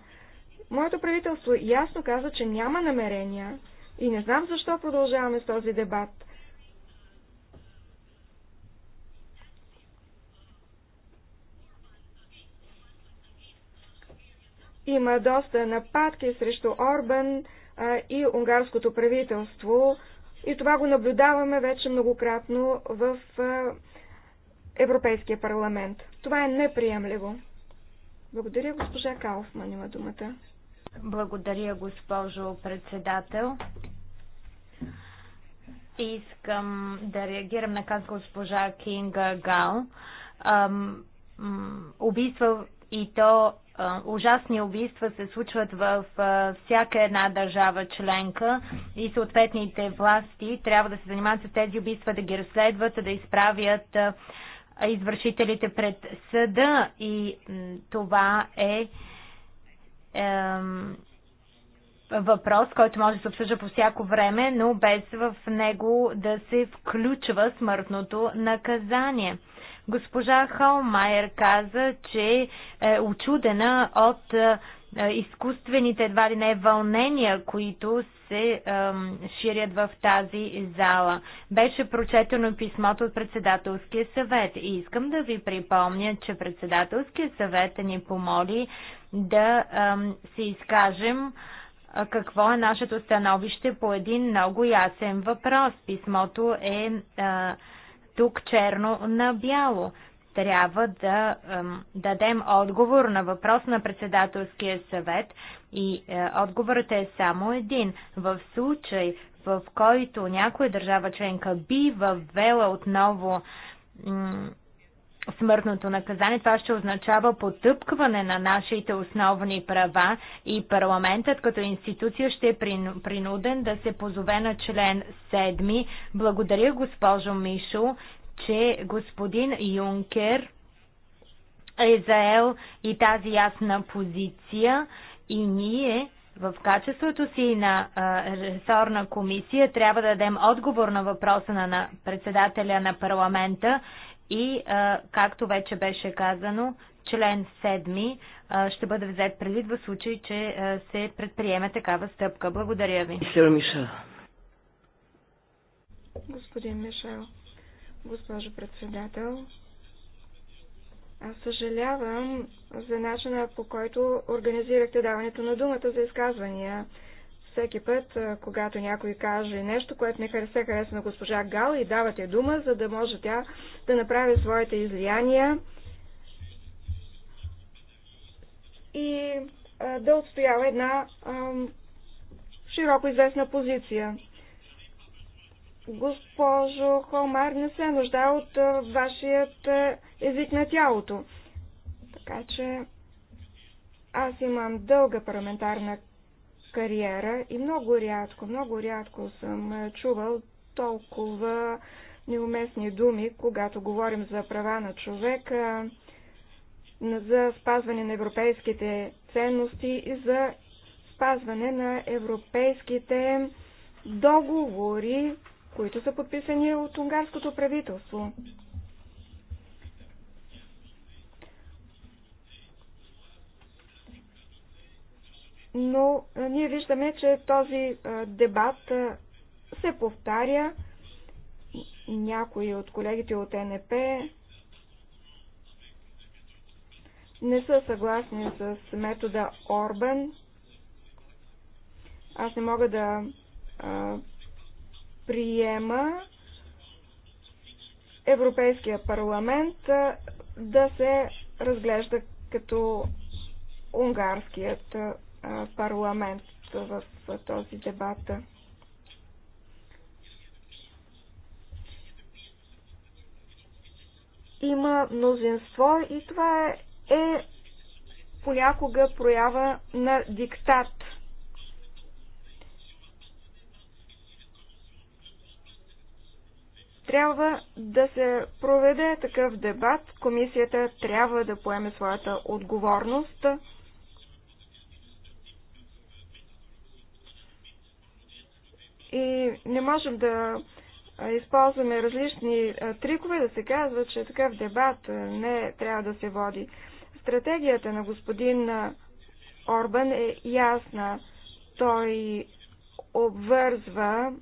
Моето правителство ясно каза, че няма намерения и не знам защо продължаваме с този дебат. Има доста нападки срещу Орбан а, и унгарското правителство и това го наблюдаваме вече многократно в а, Европейския парламент. Това е неприемливо. Благодаря, госпожа Кауфман има думата. Благодаря, госпожо председател. Искам да реагирам на как госпожа Кинга Гал. Убийства и то ужасни убийства се случват в всяка една държава членка и съответните власти трябва да се занимават с тези убийства, да ги разследват, да изправят извършителите пред съда и това е въпрос, който може да се обсъжда по всяко време, но без в него да се включва смъртното наказание. Госпожа Холмайер каза, че е очудена от е, изкуствените едва ли не вълнения, които се е, ширят в тази зала. Беше прочетено писмото от председателския съвет и искам да ви припомня, че председателския съвет ни помоли да се изкажем какво е нашето становище по един много ясен въпрос. Писмото е тук черно на бяло. Трябва да дадем отговор на въпрос на председателския съвет и е, отговорът е само един. В случай, в който някоя държава членка би въвела отново смъртното наказание. Това ще означава потъпкване на нашите основни права и парламентът като институция ще е принуден да се позове на член 7. Благодаря, госпожо Мишо, че господин Юнкер е заел и тази ясна позиция и ние в качеството си на ресорна комисия трябва да дадем отговор на въпроса на председателя на парламента и, както вече беше казано, член 7 ще бъде взет предвид в случай, че се предприеме такава стъпка. Благодаря ви. Господин Мишел, госпожо председател, аз съжалявам за начина по който организирахте даването на думата за изказвания всеки път, когато някой каже нещо, което не хареса, хареса на госпожа Гал и давате дума, за да може тя да направи своите излияния и да отстоява една широко известна позиция. Госпожо Холмар, не се нужда от вашият език на тялото. Така че аз имам дълга парламентарна кариера и много рядко, много рядко съм е, чувал толкова неуместни думи, когато говорим за права на човека, за спазване на европейските ценности и за спазване на европейските договори, които са подписани от унгарското правителство. но ние виждаме, че този дебат се повтаря. Някои от колегите от НП не са съгласни с метода Орбан. Аз не мога да а, приема Европейския парламент а, да се разглежда като унгарският парламент в този дебат. Има мнозинство и това е, е понякога проява на диктат. трябва да се проведе такъв дебат. Комисията трябва да поеме своята отговорност. И не можем да използваме различни трикове, да се казва, че такъв дебат не трябва да се води. Стратегията на господин Орбан е ясна. Той обвързва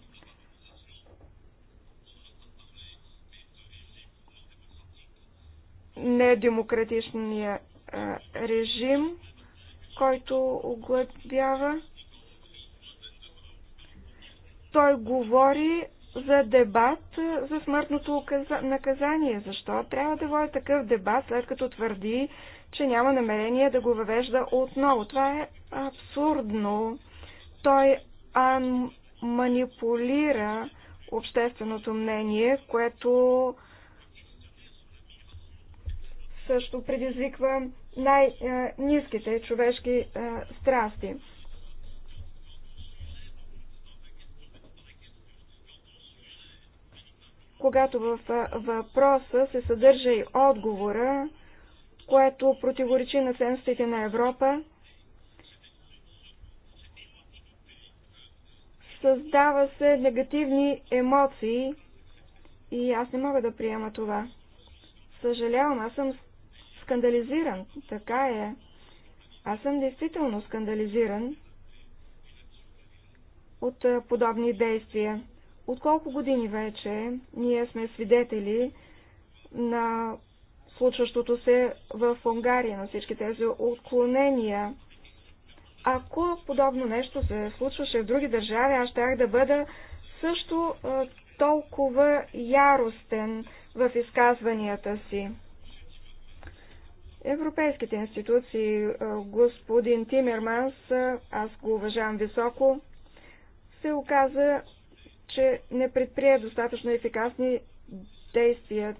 недемократичния режим, който оглъбява той говори за дебат за смъртното наказание. Защо трябва да води такъв дебат, след като твърди, че няма намерение да го въвежда отново? Това е абсурдно. Той ан... манипулира общественото мнение, което също предизвиква най-низките е, човешки е, страсти. когато в въпроса се съдържа и отговора, което противоречи на ценностите на Европа, създава се негативни емоции и аз не мога да приема това. Съжалявам, аз съм скандализиран. Така е. Аз съм действително скандализиран от подобни действия. От колко години вече ние сме свидетели на случващото се в Унгария, на всички тези отклонения. Ако подобно нещо се случваше в други държави, аз щях да бъда също толкова яростен в изказванията си. Европейските институции, господин Тимерманс, аз го уважавам високо, се оказа че не предприе достатъчно ефикасни действия.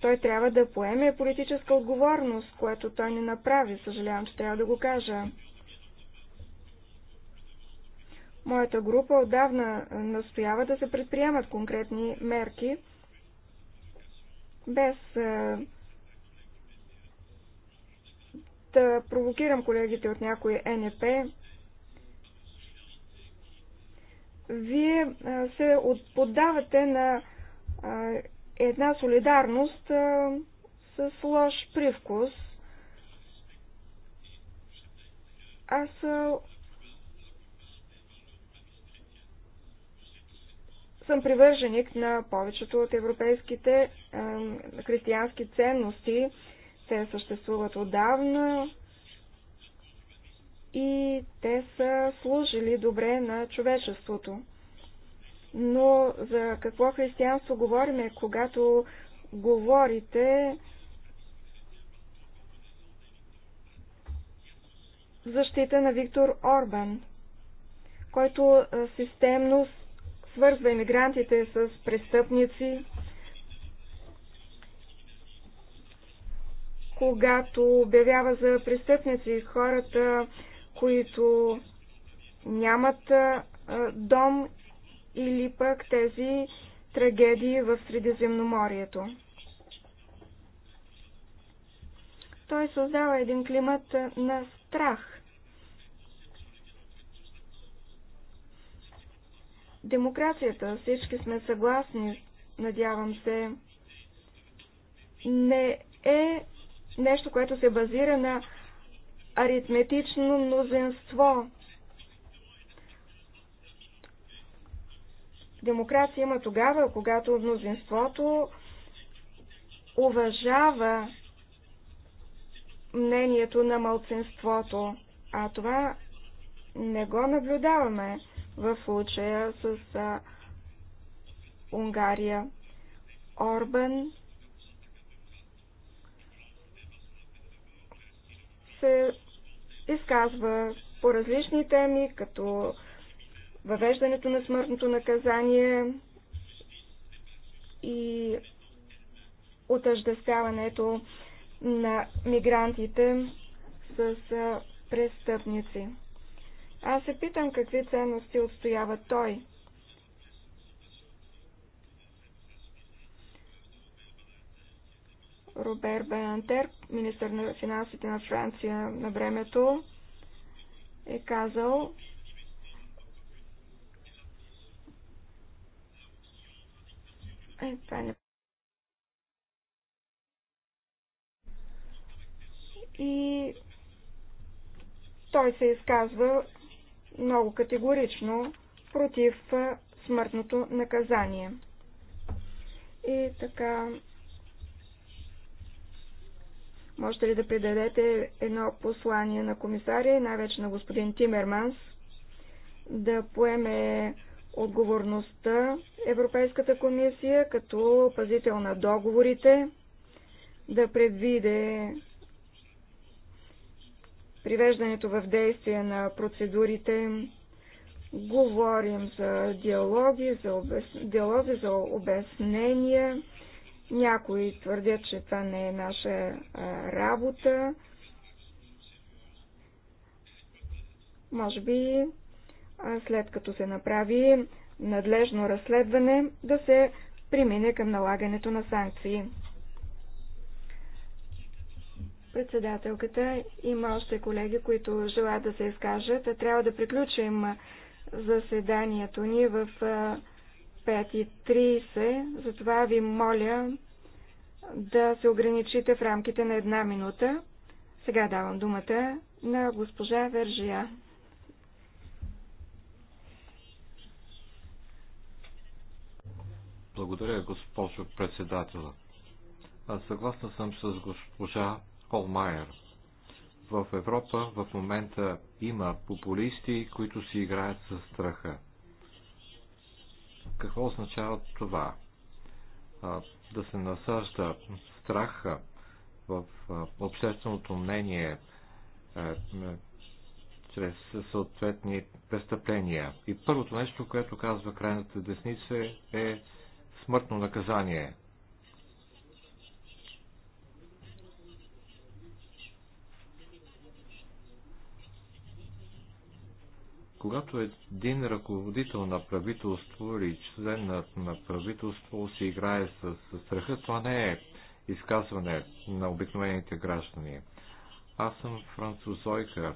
Той трябва да поеме политическа отговорност, което той не направи. Съжалявам, че трябва да го кажа. Моята група отдавна настоява да се предприемат конкретни мерки, без да провокирам колегите от някои НП, вие се поддавате на една солидарност с лош привкус. Аз съм привърженик на повечето от европейските християнски ценности. Те съществуват отдавна, и те са служили добре на човечеството. Но за какво християнство говорим, когато говорите защита на Виктор Орбан, който системно свързва иммигрантите с престъпници, когато обявява за престъпници хората, които нямат дом или пък тези трагедии в Средиземноморието. Той създава един климат на страх. Демокрацията, всички сме съгласни, надявам се, не е нещо, което се базира на аритметично мнозинство. Демокрация има тогава, когато мнозинството уважава мнението на мълцинството, а това не го наблюдаваме в случая с Унгария. Орбан се изказва по различни теми, като въвеждането на смъртното наказание и отъждествяването на мигрантите с престъпници. Аз се питам какви ценности отстоява той. Робер Бенантер, министър на финансите на Франция на времето, е казал, е, е И той се изказва много категорично против смъртното наказание. И така, Можете ли да предадете едно послание на комисаря и най-вече на господин Тимерманс да поеме отговорността Европейската комисия като пазител на договорите, да предвиде привеждането в действие на процедурите. Говорим за диалоги, за, обяснения. Обес... за обяснения някои твърдят, че това не е наша работа. Може би, след като се направи надлежно разследване, да се премине към налагането на санкции. Председателката има още колеги, които желаят да се изкажат. Трябва да приключим заседанието ни в 5.30, затова ви моля да се ограничите в рамките на една минута. Сега давам думата на госпожа Вержия. Благодаря, госпожо председател. Аз съгласна съм с госпожа Холмайер. В Европа в момента има популисти, които си играят със страха. Какво означава това? Да се насъжда страха в общественото мнение е, чрез съответни престъпления. И първото нещо, което казва крайната десница е смъртно наказание. Когато един ръководител на правителство или член на правителство си играе с, с страха, това не е изказване на обикновените граждани. Аз съм французойка,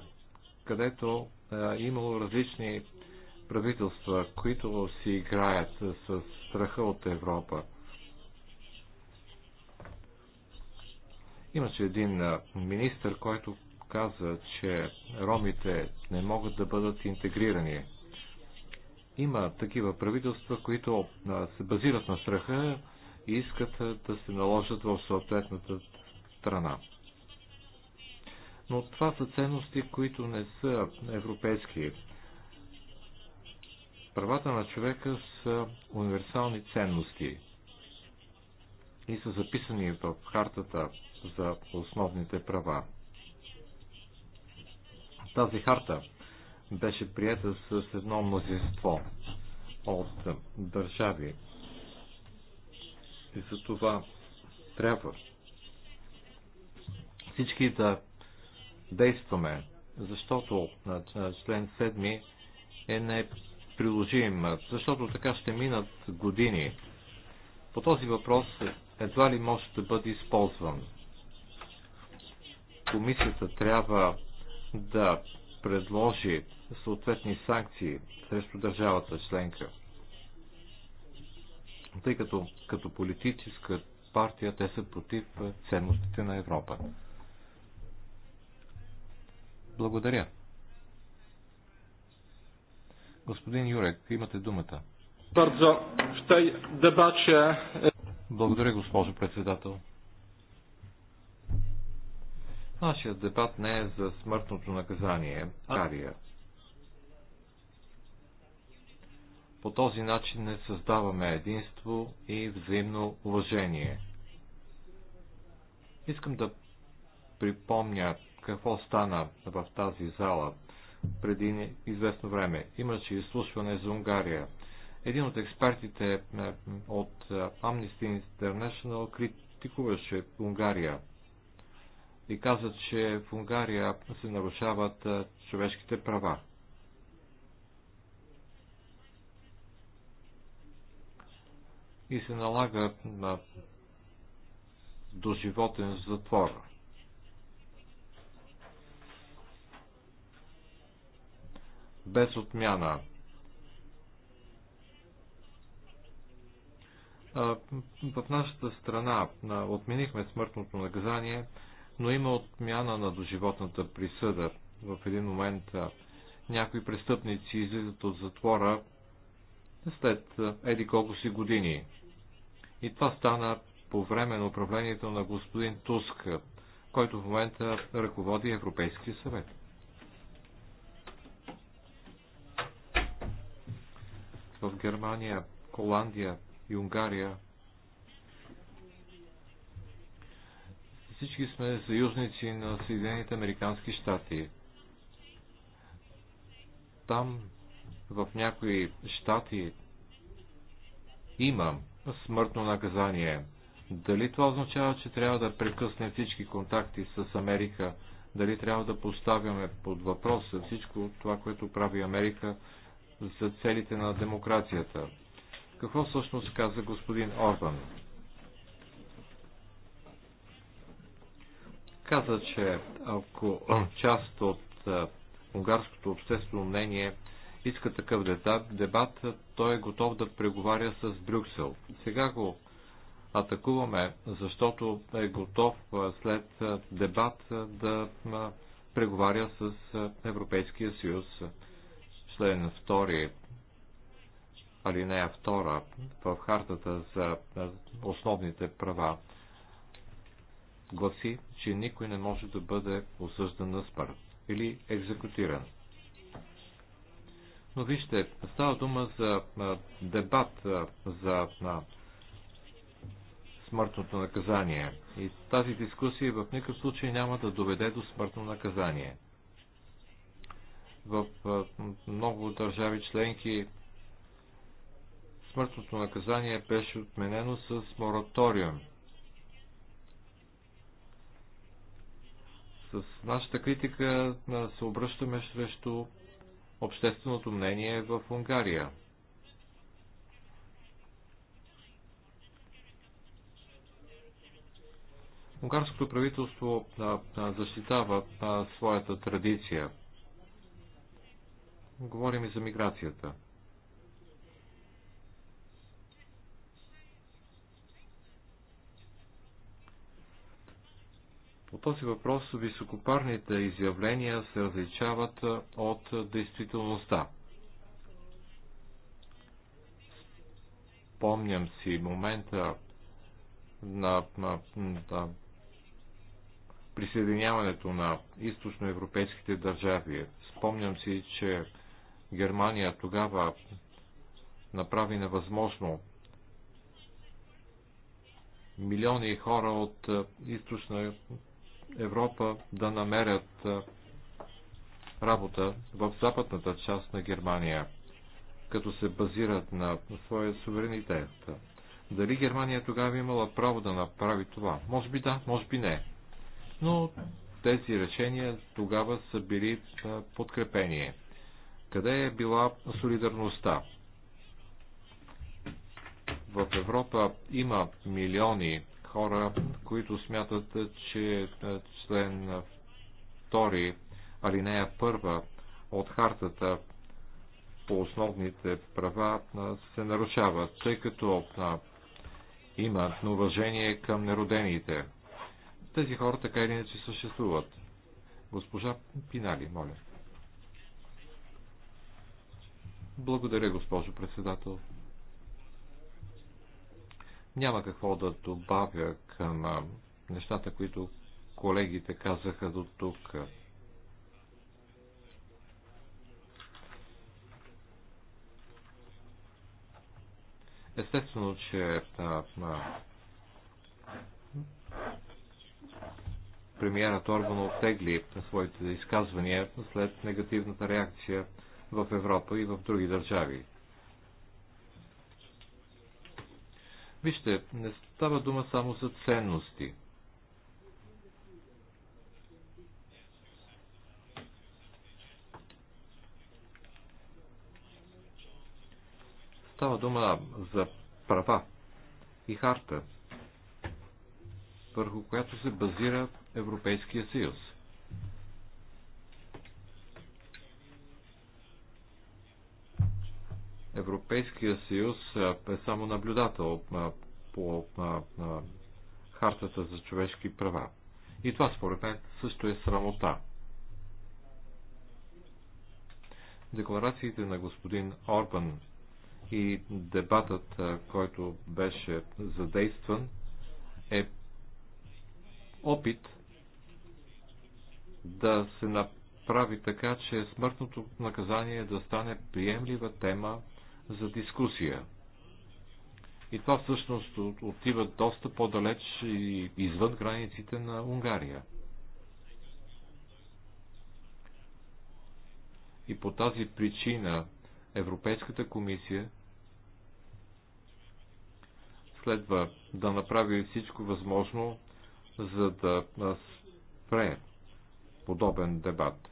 където е, имало различни правителства, които си играят с страха от Европа. Имаше един е, министр, който каза, че ромите не могат да бъдат интегрирани. Има такива правителства, които се базират на страха и искат да се наложат в съответната страна. Но това са ценности, които не са европейски. Правата на човека са универсални ценности и са записани в хартата за основните права. Тази харта беше приета с едно мнозинство от държави. И за това трябва всички да действаме, защото член 7 е неприложим, защото така ще минат години. По този въпрос едва ли може да бъде използван. Комисията трябва да предложи съответни санкции срещу държавата членка. Тъй като като политическа партия те са против ценностите на Европа. Благодаря. Господин Юрек, имате думата. Е- Благодаря, госпожо председател. Нашият дебат не е за смъртното наказание, Ария. По този начин не създаваме единство и взаимно уважение. Искам да припомня какво стана в тази зала преди известно време. Имаше изслушване за Унгария. Един от експертите от Amnesty International критикуваше Унгария и каза, че в Унгария се нарушават човешките права. И се налага на доживотен затвор. Без отмяна. В нашата страна отменихме смъртното наказание, но има отмяна на доживотната присъда. В един момент някои престъпници излизат от затвора след еди колко си години. И това стана по време на управлението на господин Туск, който в момента ръководи Европейския съвет. В Германия, Холандия и Унгария Всички сме съюзници на Съединените Американски щати. Там в някои щати има смъртно наказание. Дали това означава, че трябва да прекъснем всички контакти с Америка? Дали трябва да поставяме под въпрос всичко това, което прави Америка за целите на демокрацията? Какво всъщност каза господин Орбан? каза, че ако част от унгарското обществено мнение иска такъв дебат, той е готов да преговаря с Брюксел. Сега го атакуваме, защото е готов след дебат да преговаря с Европейския съюз. Член 2, алинея 2 в Хартата за основните права гласи, че никой не може да бъде осъждан на смърт или екзекутиран. Но вижте, става дума за дебат за смъртното наказание. И тази дискусия в никакъв случай няма да доведе до смъртно наказание. В много държави членки смъртното наказание беше отменено с мораториум – С нашата критика се обръщаме срещу общественото мнение в Унгария. Унгарското правителство защитава своята традиция. Говорим и за миграцията. По този въпрос високопарните изявления се различават от действителността. Спомням си момента на, на, на присъединяването на източноевропейските държави. Спомням си, че Германия тогава направи невъзможно милиони хора от източна Европа да намерят работа в западната част на Германия, като се базират на своя суверенитет. Дали Германия тогава имала право да направи това? Може би да, може би не. Но тези решения тогава са били подкрепени. Къде е била солидарността? В Европа има милиони хора, които смятат, че е, член 2, алинея 1 от хартата по основните права се нарушава, тъй като имат уважение към неродените. Тези хора така или иначе съществуват. Госпожа Пинали, моля. Благодаря, госпожо председател. Няма какво да добавя към нещата, които колегите казаха до тук. Естествено, че а, а, премиерът Орбан оттегли своите изказвания след негативната реакция в Европа и в други държави. Вижте, не става дума само за ценности. Става дума за права и харта, върху която се базира Европейския съюз. Европейския съюз е само наблюдател по хартата за човешки права. И това според мен също е срамота. Декларациите на господин Орбан и дебатът, който беше задействан, е опит да се направи така, че смъртното наказание да стане приемлива тема за дискусия. И това всъщност отива доста по-далеч и извън границите на Унгария. И по тази причина Европейската комисия следва да направи всичко възможно, за да спре подобен дебат.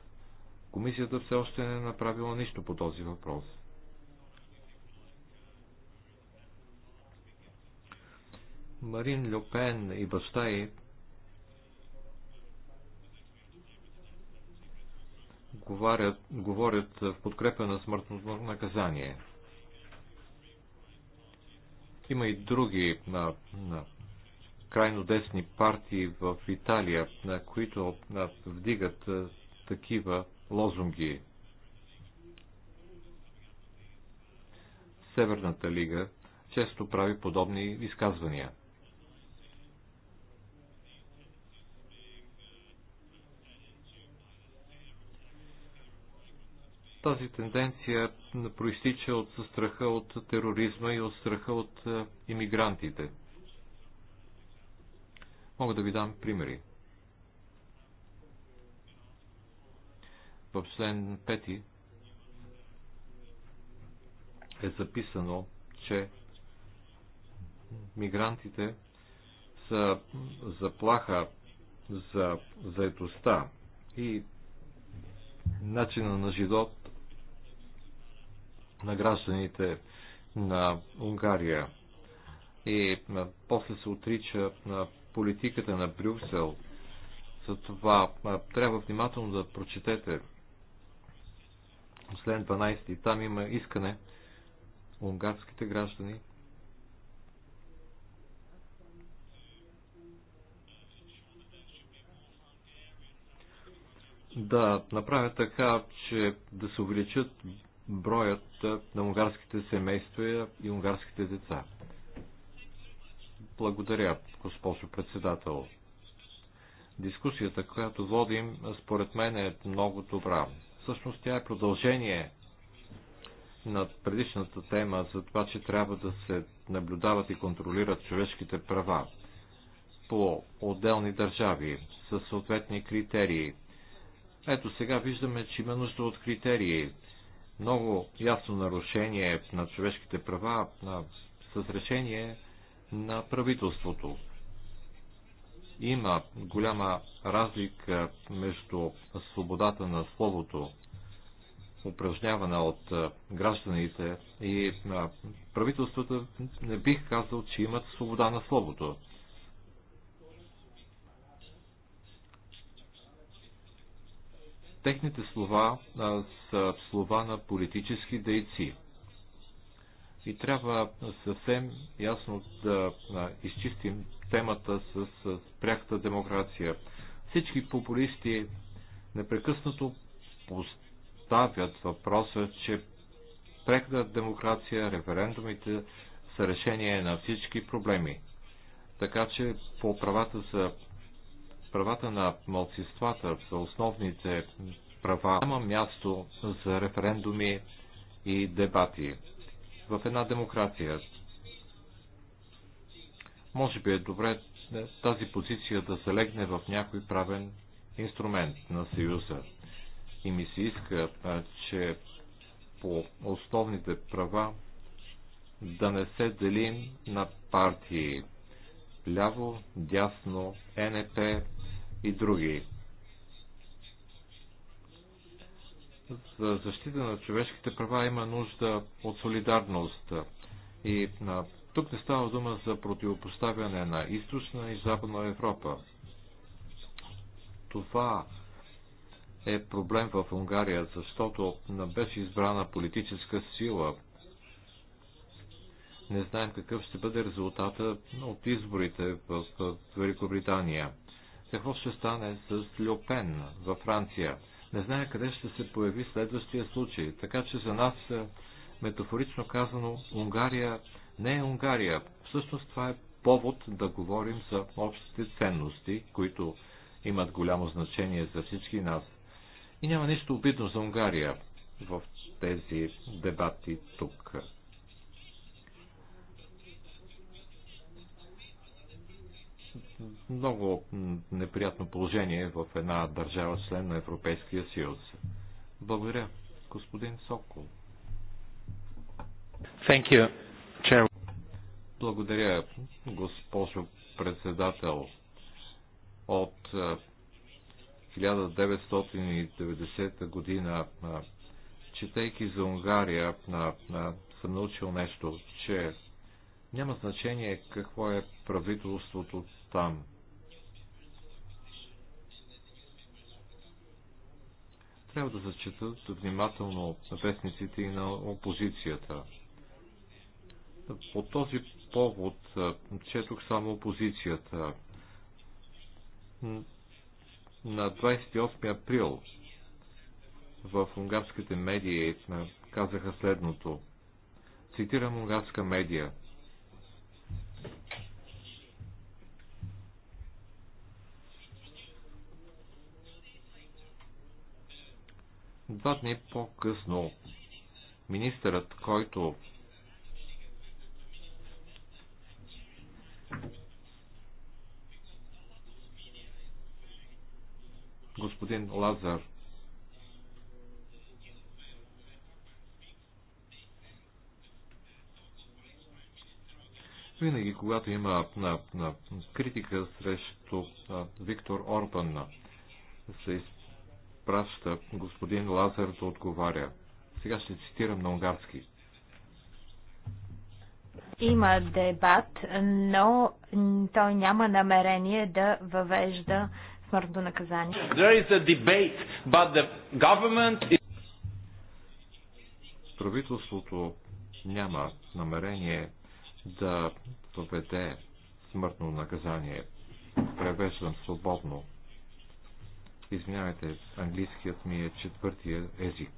Комисията все още не е направила нищо по този въпрос – Марин Люпен и баща й говорят, говорят в подкрепа на смъртното наказание. Има и други на, на крайно десни партии в Италия, на които на, вдигат а, такива лозунги. Северната лига често прави подобни изказвания – Тази тенденция проистича от страха от тероризма и от страха от е, иммигрантите. Мога да ви дам примери. В член 5 е записано, че мигрантите са заплаха за заедостта и начина на живот на гражданите на Унгария. И после се отрича на политиката на Брюксел. Затова трябва внимателно да прочетете член 12. Там има искане унгарските граждани да направят така, че да се увеличат броят на унгарските семейства и унгарските деца. Благодаря, госпожо председател. Дискусията, която водим, според мен е много добра. Всъщност тя е продължение на предишната тема за това, че трябва да се наблюдават и контролират човешките права по отделни държави със съответни критерии. Ето сега виждаме, че има нужда от критерии много ясно нарушение на човешките права на, с решение на правителството. Има голяма разлика между свободата на словото, упражнявана от гражданите и правителствата не бих казал, че имат свобода на словото. Техните слова а, са слова на политически дейци. И трябва съвсем ясно да изчистим темата с, с пряката демокрация. Всички популисти непрекъснато поставят въпроса, че пряката демокрация, референдумите са решение на всички проблеми. Така че по правата за правата на младсинствата, за основните права, няма място за референдуми и дебати в една демокрация. Може би е добре тази позиция да залегне в някой правен инструмент на Съюза. И ми се иска, че по основните права да не се делим на партии. Ляво, дясно, НП, и други. За защита на човешките права има нужда от солидарност. И на... тук не става дума за противопоставяне на източна и западна Европа. Това е проблем в Унгария, защото беше избрана политическа сила. Не знаем какъв ще бъде резултата от изборите в Великобритания какво ще стане с Люпен във Франция. Не знае къде ще се появи следващия случай. Така че за нас, е, метафорично казано, Унгария не е Унгария. Всъщност това е повод да говорим за общите ценности, които имат голямо значение за всички нас. И няма нищо обидно за Унгария в тези дебати тук. много неприятно положение в една държава член на Европейския съюз. Благодаря, господин Сокол. Thank you, Chair. Благодаря, госпожо председател. От 1990 година, четейки за Унгария, съм научил нещо, че няма значение какво е правителството там. Трябва да зачитат внимателно вестниците и на опозицията. По този повод четох само опозицията. На 28 април в унгарските медии казаха следното. Цитирам унгарска медия – Два дни по-късно министърът, който господин Лазар винаги, когато има на, на критика срещу а, Виктор Орбан, се праща, господин Лазар да отговаря. Сега ще цитирам на унгарски. Има дебат, но той няма намерение да въвежда смъртно наказание. Debate, is... Правителството няма намерение да въведе смъртно наказание. Превеждам свободно Извинявайте, английският ми е четвъртия език.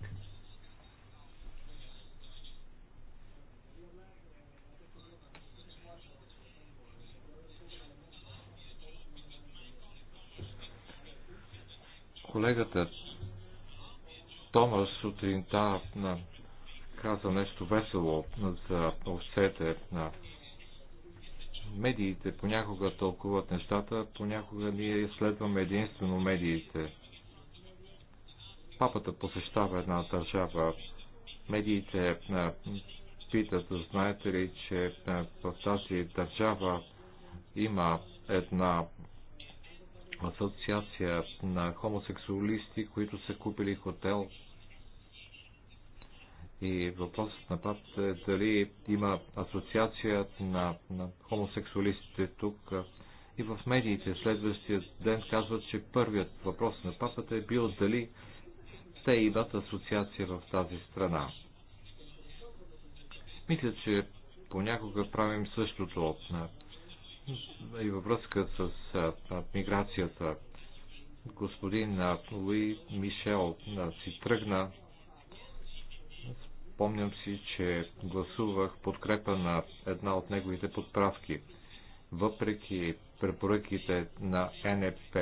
колегата Томас сутринта на, каза нещо весело за овцете. На, Медиите понякога тълкуват нещата, понякога ние следваме единствено медиите. Папата посещава една държава. Медиите питат, знаете ли, че в тази държава има една асоциация на хомосексуалисти, които са купили хотел и въпросът на пат е дали има асоциация на, на хомосексуалистите тук и в медиите. Следващия ден казват, че първият въпрос на папата е бил дали те имат асоциация в тази страна. Мисля, че понякога правим същото и във връзка с миграцията. Господин Луи Мишел си тръгна Спомням си, че гласувах подкрепа на една от неговите подправки, въпреки препоръките на НП.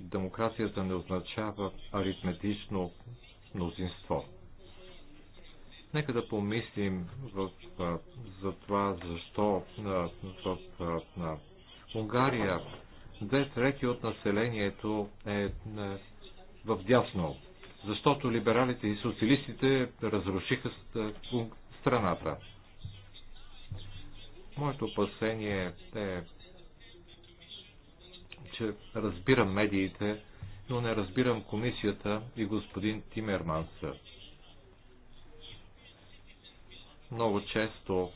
Демокрацията не означава аритметично мнозинство. Нека да помислим в, за това, защо на в, на, Унгария две трети от населението е, е в дясно защото либералите и социалистите разрушиха страната. Моето опасение е, че разбирам медиите, но не разбирам комисията и господин Тимерманс. Много често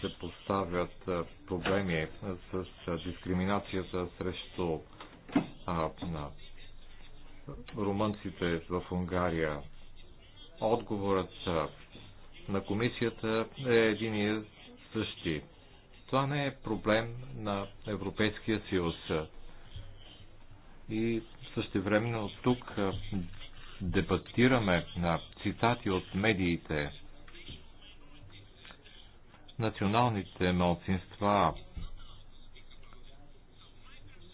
се поставят проблеми с дискриминацията срещу румънците в Унгария. Отговорът на комисията е един и същи. Това не е проблем на Европейския съюз. И същевременно тук дебатираме на цитати от медиите. Националните малцинства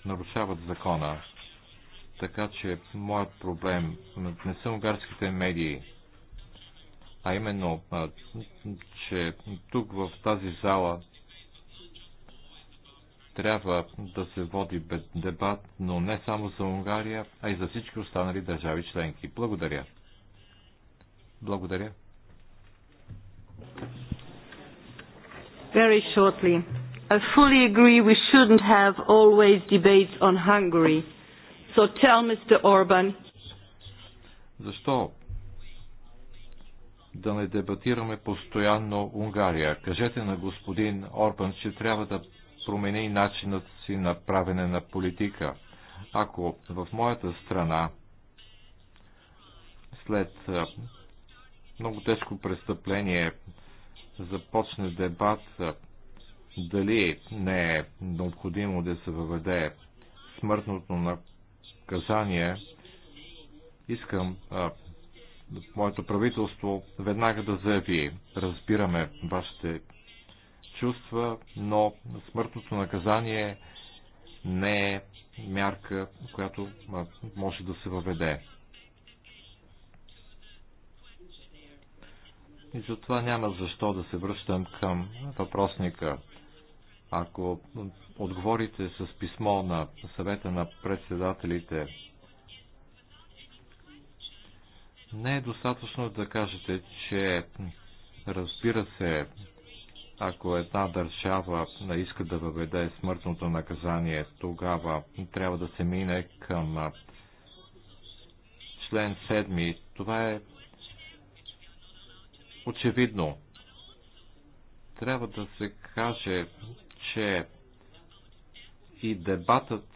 нарушават закона. Така че моят проблем не са унгарските медии, а именно, че тук в тази зала трябва да се води дебат, но не само за Унгария, а и за всички останали държави членки. Благодаря. Благодаря. Very shortly. I fully agree we shouldn't have always debates on Hungary. So tell Mr. Orban. Защо да не дебатираме постоянно Унгария? Кажете на господин Орбан, че трябва да промени начинът си на правене на политика. Ако в моята страна след много тежко престъпление започне дебат дали не е необходимо да се въведе смъртното на казание, Искам а, моето правителство веднага да заяви, разбираме вашите чувства, но смъртното наказание не е мярка, която може да се въведе. И затова няма защо да се връщам към въпросника. Ако отговорите с писмо на съвета на председателите, не е достатъчно да кажете, че разбира се, ако една държава иска да въведе смъртното наказание, тогава трябва да се мине към член 7. Това е очевидно. Трябва да се каже, че и дебатът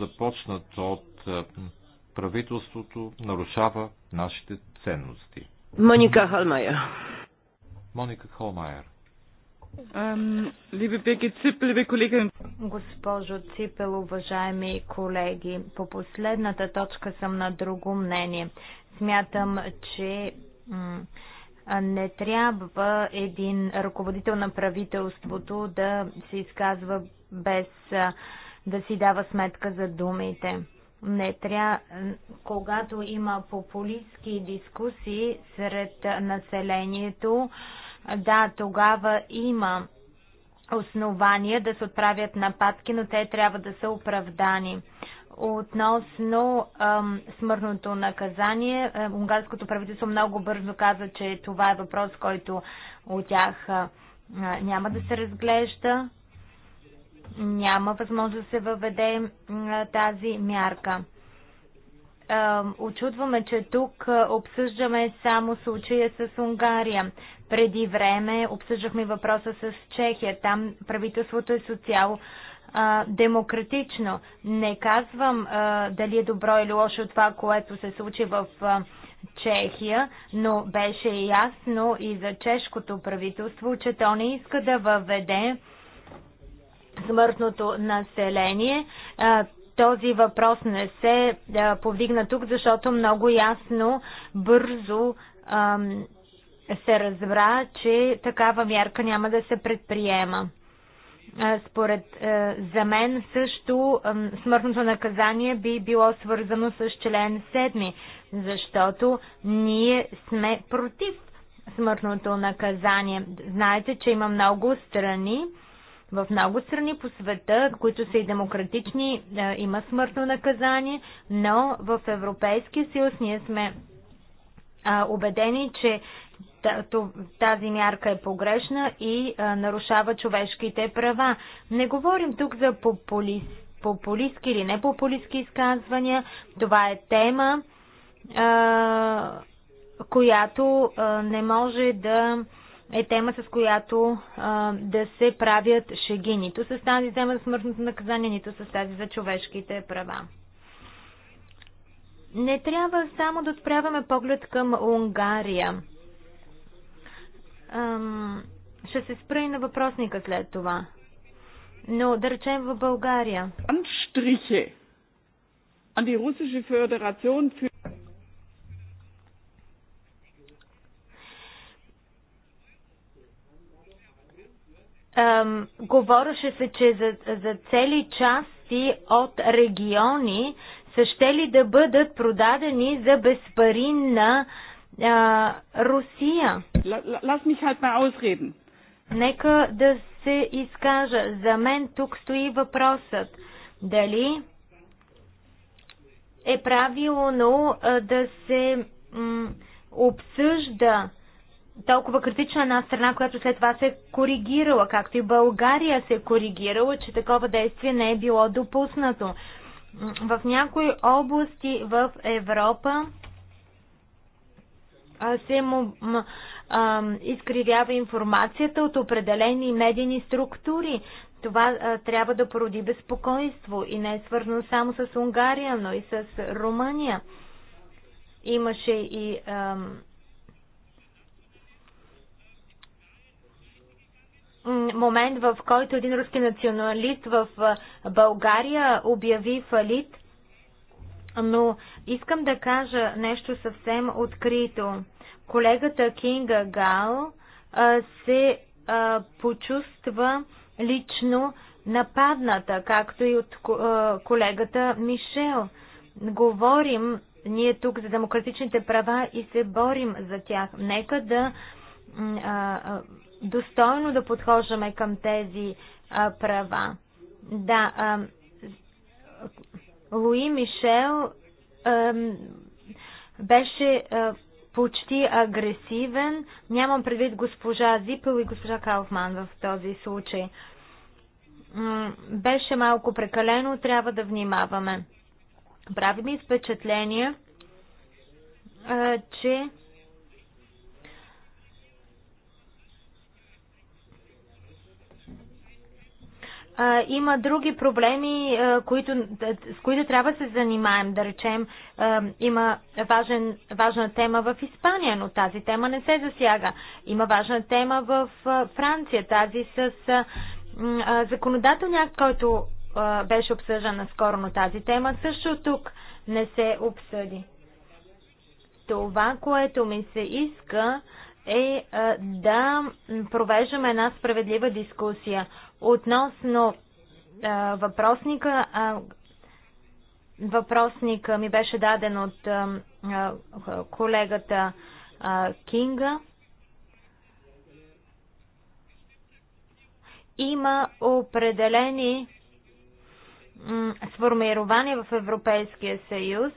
започнат от правителството нарушава нашите ценности. Моника Холмайер. Моника Холмайер. Либе Беги Ципел, либе колега. Госпожо Ципел, уважаеми колеги, по последната точка съм на друго мнение. Смятам, че не трябва един ръководител на правителството да се изказва без да си дава сметка за думите. Не трябва, когато има популистски дискусии сред населението, да, тогава има основания да се отправят нападки, но те трябва да са оправдани. Относно ам, смъртното наказание, е, унгарското правителство много бързо каза, че това е въпрос, който от тях а, няма да се разглежда. Няма възможност да се въведе а, тази мярка. очудваме, че тук обсъждаме само случая с Унгария. Преди време обсъждахме въпроса с Чехия. Там правителството е социално а, демократично. Не казвам а, дали е добро или лошо това, което се случи в а, Чехия, но беше ясно и за чешкото правителство, че то не иска да въведе смъртното население. А, този въпрос не се а, повдигна тук, защото много ясно, бързо а, се разбра, че такава мярка няма да се предприема. Според за мен също смъртното наказание би било свързано с член 7, защото ние сме против смъртното наказание. Знаете, че има много страни, в много страни по света, които са и демократични, има смъртно наказание, но в Европейския съюз ние сме убедени, че тази мярка е погрешна и нарушава човешките права. Не говорим тук за популист, популистски или непопулистски изказвания. Това е тема, която не може да е тема, с която а, да се правят шеги. Нито с тази тема за смъртното наказание, нито с тази за човешките права. Не трябва само да отправяме поглед към Унгария ще се спра и на въпросника след това. Но да речем в България. Анштрихе an die russische говореше се, че за, за цели части от региони са ще ли да бъдат продадени за безпаринна а, Русия. Лас ми хайт ме аузреден. Нека да се изкажа. За мен тук стои въпросът дали е правилно да се м, обсъжда толкова критична една страна, която след това се е коригирала, както и България се е коригирала, че такова действие не е било допуснато. В някои области в Европа се му а, изкривява информацията от определени медийни структури. Това а, трябва да породи безпокойство и не е свързано само с Унгария, но и с Румъния. Имаше и а, момент, в който един руски националист в България обяви фалит, но Искам да кажа нещо съвсем открито. Колегата Кинга Гал а, се а, почувства лично нападната, както и от а, колегата Мишел. Говорим ние тук за демократичните права и се борим за тях. Нека да а, достойно да подхождаме към тези а, права. Да, а, Луи Мишел беше почти агресивен. Нямам предвид госпожа Зипел и госпожа Кауфман в този случай. Беше малко прекалено, трябва да внимаваме. Прави ми впечатление, че а, има други проблеми, а, които, с които трябва да се занимаем. Да речем, а, има важен, важна тема в Испания, но тази тема не се засяга. Има важна тема в а, Франция, тази с а, а, законодателния акт, който а, беше обсъждан наскоро, но тази тема също тук не се обсъди. Това, което ми се иска, е да провеждаме една справедлива дискусия. Относно а, въпросника, а, въпросника ми беше даден от а, колегата а, Кинга. Има определени сформирования в Европейския съюз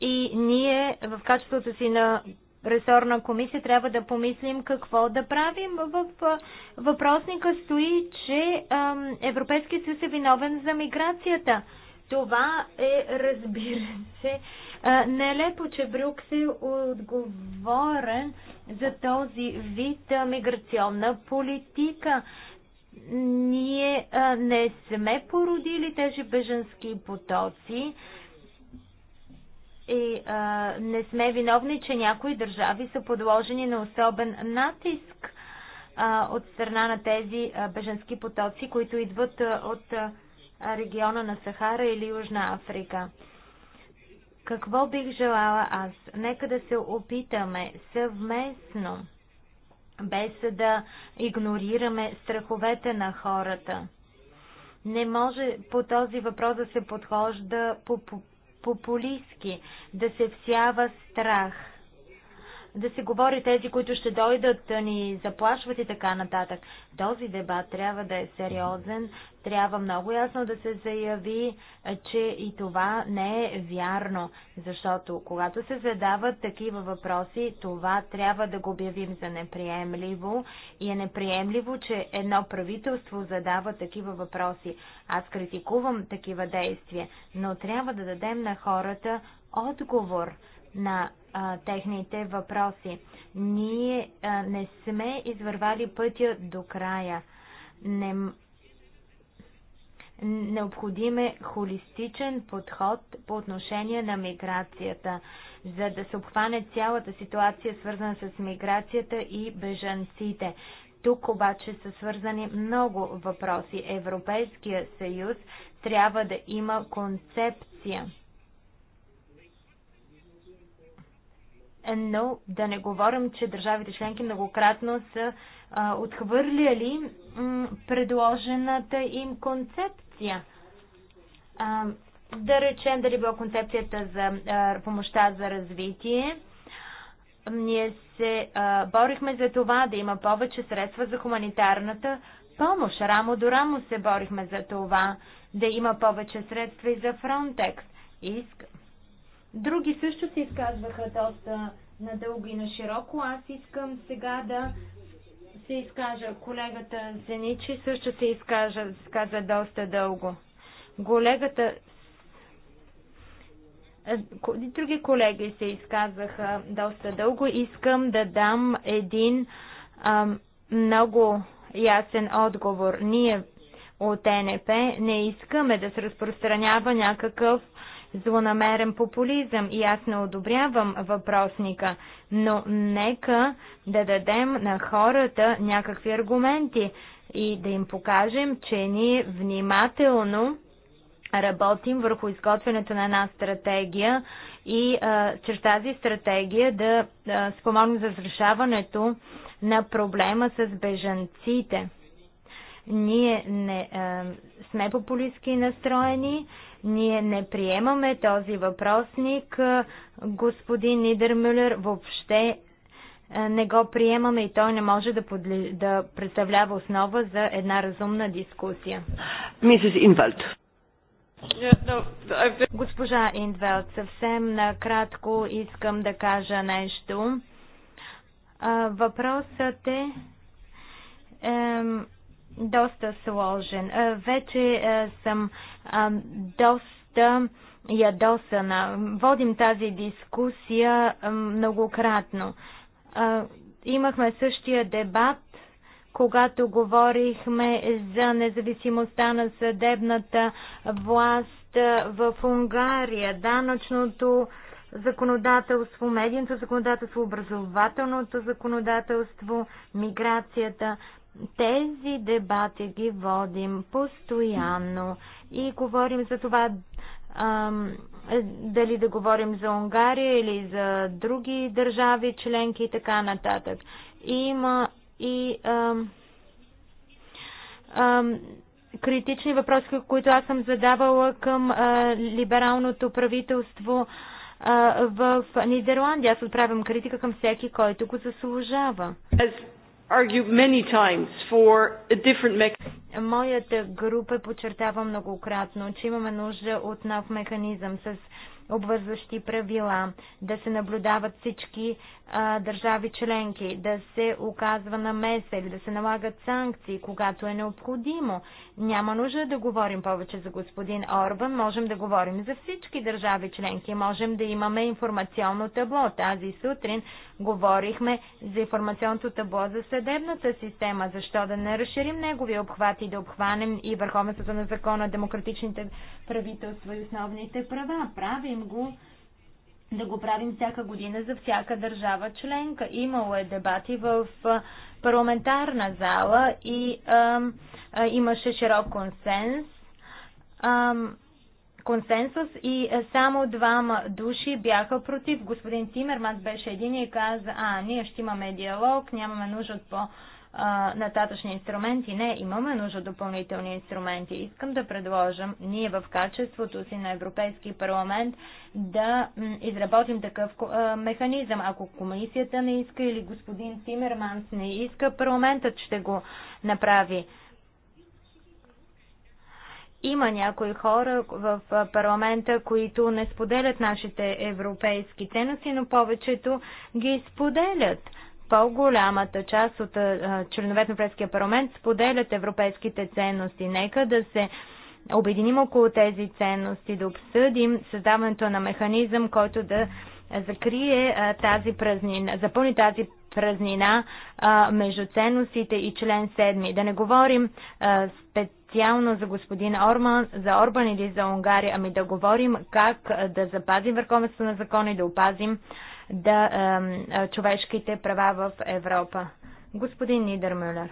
и ние в качеството си на ресорна комисия трябва да помислим какво да правим. В въпросника стои, че Европейския съюз е виновен за миграцията. Това е, разбира се, нелепо, че Брюксел е отговорен за този вид миграционна политика. Ние не сме породили тези беженски потоци и а, не сме виновни, че някои държави са подложени на особен натиск а, от страна на тези а, беженски потоци, които идват а, от а, региона на Сахара или Южна Африка. Какво бих желала аз? Нека да се опитаме съвместно, без да игнорираме страховете на хората. Не може по този въпрос да се подхожда по, по, популистски, да се всява страх да се говори тези, които ще дойдат да ни заплашват и така нататък. Този дебат трябва да е сериозен, трябва много ясно да се заяви, че и това не е вярно, защото когато се задават такива въпроси, това трябва да го обявим за неприемливо и е неприемливо, че едно правителство задава такива въпроси. Аз критикувам такива действия, но трябва да дадем на хората отговор на а, техните въпроси. Ние а, не сме извървали пътя до края. Не, необходим е холистичен подход по отношение на миграцията, за да се обхване цялата ситуация, свързана с миграцията и бежанците. Тук обаче са свързани много въпроси. Европейския съюз трябва да има концепция но да не говорим, че държавите членки многократно са а, отхвърляли м, предложената им концепция. А, да речем, дали била концепцията за а, помощта за развитие. Ние се а, борихме за това да има повече средства за хуманитарната помощ. Рамо до рамо се борихме за това да има повече средства и за Фронтекс. Иск, Други също се изказваха доста надълго и на широко. Аз искам сега да се изкажа. Колегата Зеничи също се изкажа, каза доста дълго. Колегата е, Други колеги се изказаха доста дълго. Искам да дам един а, много ясен отговор. Ние от НП не искаме да се разпространява някакъв злонамерен популизъм и аз не одобрявам въпросника, но нека да дадем на хората някакви аргументи и да им покажем, че ние внимателно работим върху изготвянето на една стратегия и а, чрез тази стратегия да спомогнем за разрешаването на проблема с бежанците. Ние не а, сме популистски настроени, ние не приемаме този въпросник. Господин Нидермюлер въобще не го приемаме и той не може да, подлежи, да представлява основа за една разумна дискусия. Мисис Инвалд. Госпожа Индвелт, съвсем накратко искам да кажа нещо. Въпросът е, е доста сложен. Е, вече е, съм е, доста ядосана. Водим тази дискусия многократно. Имахме същия дебат, когато говорихме за независимостта на съдебната власт в Унгария, данъчното законодателство, медийното законодателство, образователното законодателство, миграцията. Тези дебати ги водим постоянно и говорим за това дали да говорим за Унгария или за други държави, членки и така нататък. Има и критични въпроси, които аз съм задавала към либералното правителство в Нидерландия. Аз отправям критика към всеки, който го заслужава argued many times for a different mechanism. Моята група подчертава многократно, че имаме нужда от нов механизъм с обвързващи правила, да се наблюдават всички а, държави членки, да се оказва намеса или да се налагат санкции, когато е необходимо, няма нужда да говорим повече за господин Орбан, можем да говорим за всички държави членки, можем да имаме информационно табло. Тази сутрин говорихме за информационното табло за съдебната система, защо да не разширим неговия обхват и да обхванем и върховенството на закона, демократичните правителства и основните права. Правим го да го правим всяка година за всяка държава членка. Имало е дебати в парламентарна зала и ам, имаше широк консенс, консенсус и само двама души бяха против. Господин Тимерман беше един и каза, а, ние ще имаме диалог, нямаме нужда от по- нататъчни инструменти. Не, имаме нужда от допълнителни инструменти. Искам да предложам ние в качеството си на Европейски парламент да изработим такъв механизъм. Ако комисията не иска или господин Тимерман не иска, парламентът ще го направи. Има някои хора в парламента, които не споделят нашите европейски ценности, но повечето ги споделят. По-голямата част от членовете на Европейския парламент споделят европейските ценности. Нека да се обединим около тези ценности, да обсъдим създаването на механизъм, който да закрие тази празнина, запълни тази празнина между ценностите и член 7. Да не говорим а, специално за господин Орман, за Орбан или за Унгария, ами да говорим как да запазим върховенството на закона и да опазим да, е, човешките права в Европа. Господин Нидермюлер.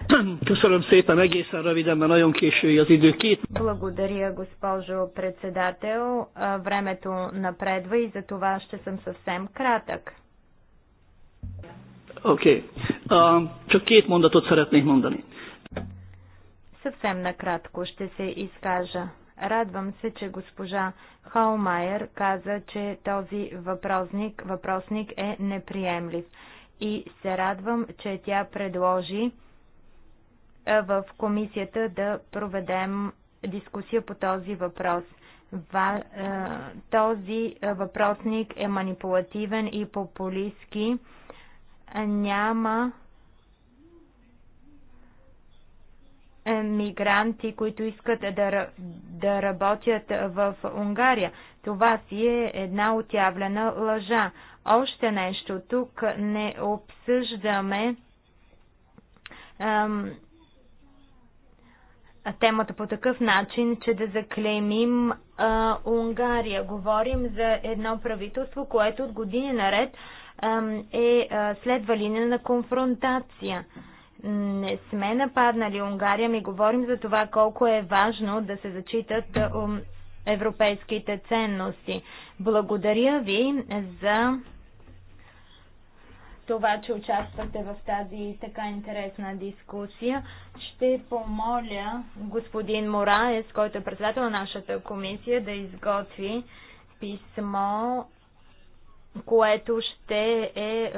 (clears throat) Благодаря, госпожо председател. Времето напредва и за това ще съм съвсем кратък. Окей. Okay. Uh, csak két mondatot szeretnék Uh, Съвсем накратко ще се изкажа. Радвам се, че госпожа Холмайер каза, че този въпросник, въпросник е неприемлив. И се радвам, че тя предложи в комисията да проведем дискусия по този въпрос. Този въпросник е манипулативен и популистски. Няма мигранти, които искат да, да работят в Унгария. Това си е една отявлена лъжа. Още нещо, тук не обсъждаме ем, темата по такъв начин, че да заклемим е, Унгария. Говорим за едно правителство, което от години наред е, е следва линия на конфронтация не сме нападнали Унгария, ми говорим за това колко е важно да се зачитат европейските ценности. Благодаря ви за това, че участвате в тази така интересна дискусия. Ще помоля господин Мораес, който е председател на нашата комисия, да изготви писмо което ще е, е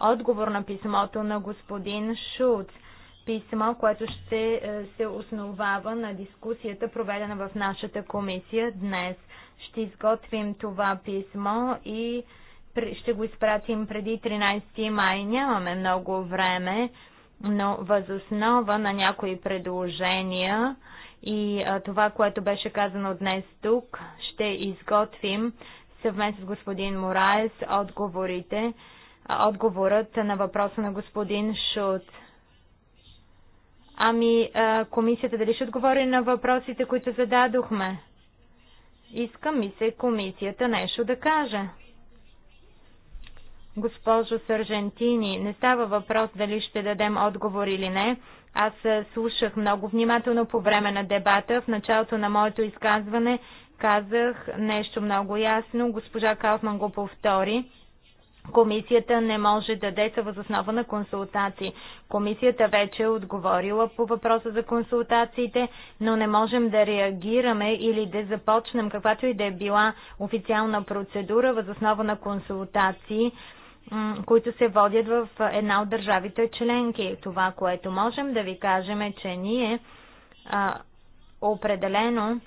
отговор на писмото на господин Шулц. Писмо, което ще е, се основава на дискусията, проведена в нашата комисия днес. Ще изготвим това писмо и ще го изпратим преди 13 май. Нямаме много време, но възоснова на някои предложения и е, това, което беше казано днес тук, ще изготвим съвместно с господин Морайс отговорите, отговорът на въпроса на господин Шут. Ами, комисията дали ще отговори на въпросите, които зададохме? Иска ми се комисията нещо да каже. Госпожо Сържентини, не става въпрос дали ще дадем отговор или не. Аз слушах много внимателно по време на дебата. В началото на моето изказване казах нещо много ясно. Госпожа Кауфман го повтори. Комисията не може да деца възоснова на консултации. Комисията вече е отговорила по въпроса за консултациите, но не можем да реагираме или да започнем каквато и да е била официална процедура въз основа на консултации, които се водят в една от държавите членки. Това, което можем да ви кажем е, че ние а, определено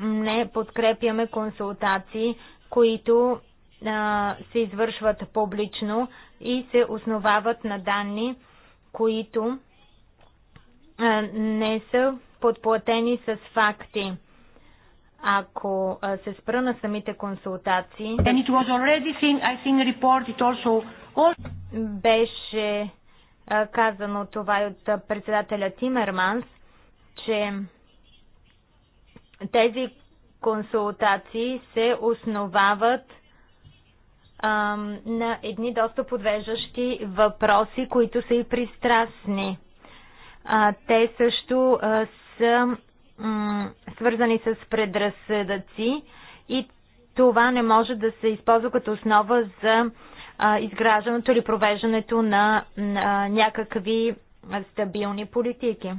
не подкрепяме консултации, които а, се извършват публично и се основават на данни, които а, не са подплатени с факти. Ако а, се спра на самите консултации, seen, think, also... беше а, казано това и от председателя Тимерманс, че тези консултации се основават ам, на едни доста подвеждащи въпроси, които са и пристрастни. А, те също а, са м, свързани с предразсъдъци и това не може да се използва като основа за а, изграждането или провеждането на, на някакви стабилни политики.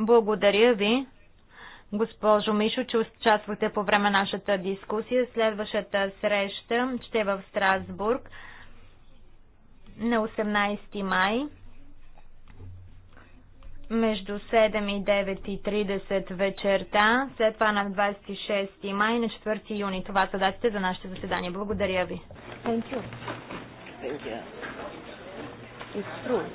Благодаря ви госпожо Мишо, че участвахте по време нашата дискусия. Следващата среща ще е в Страсбург на 18 май между 7 и 9.30 вечерта, след това на 26 май и на 4 юни. Това са датите за нашите заседания. Благодаря ви. Thank you. Thank you. It's true.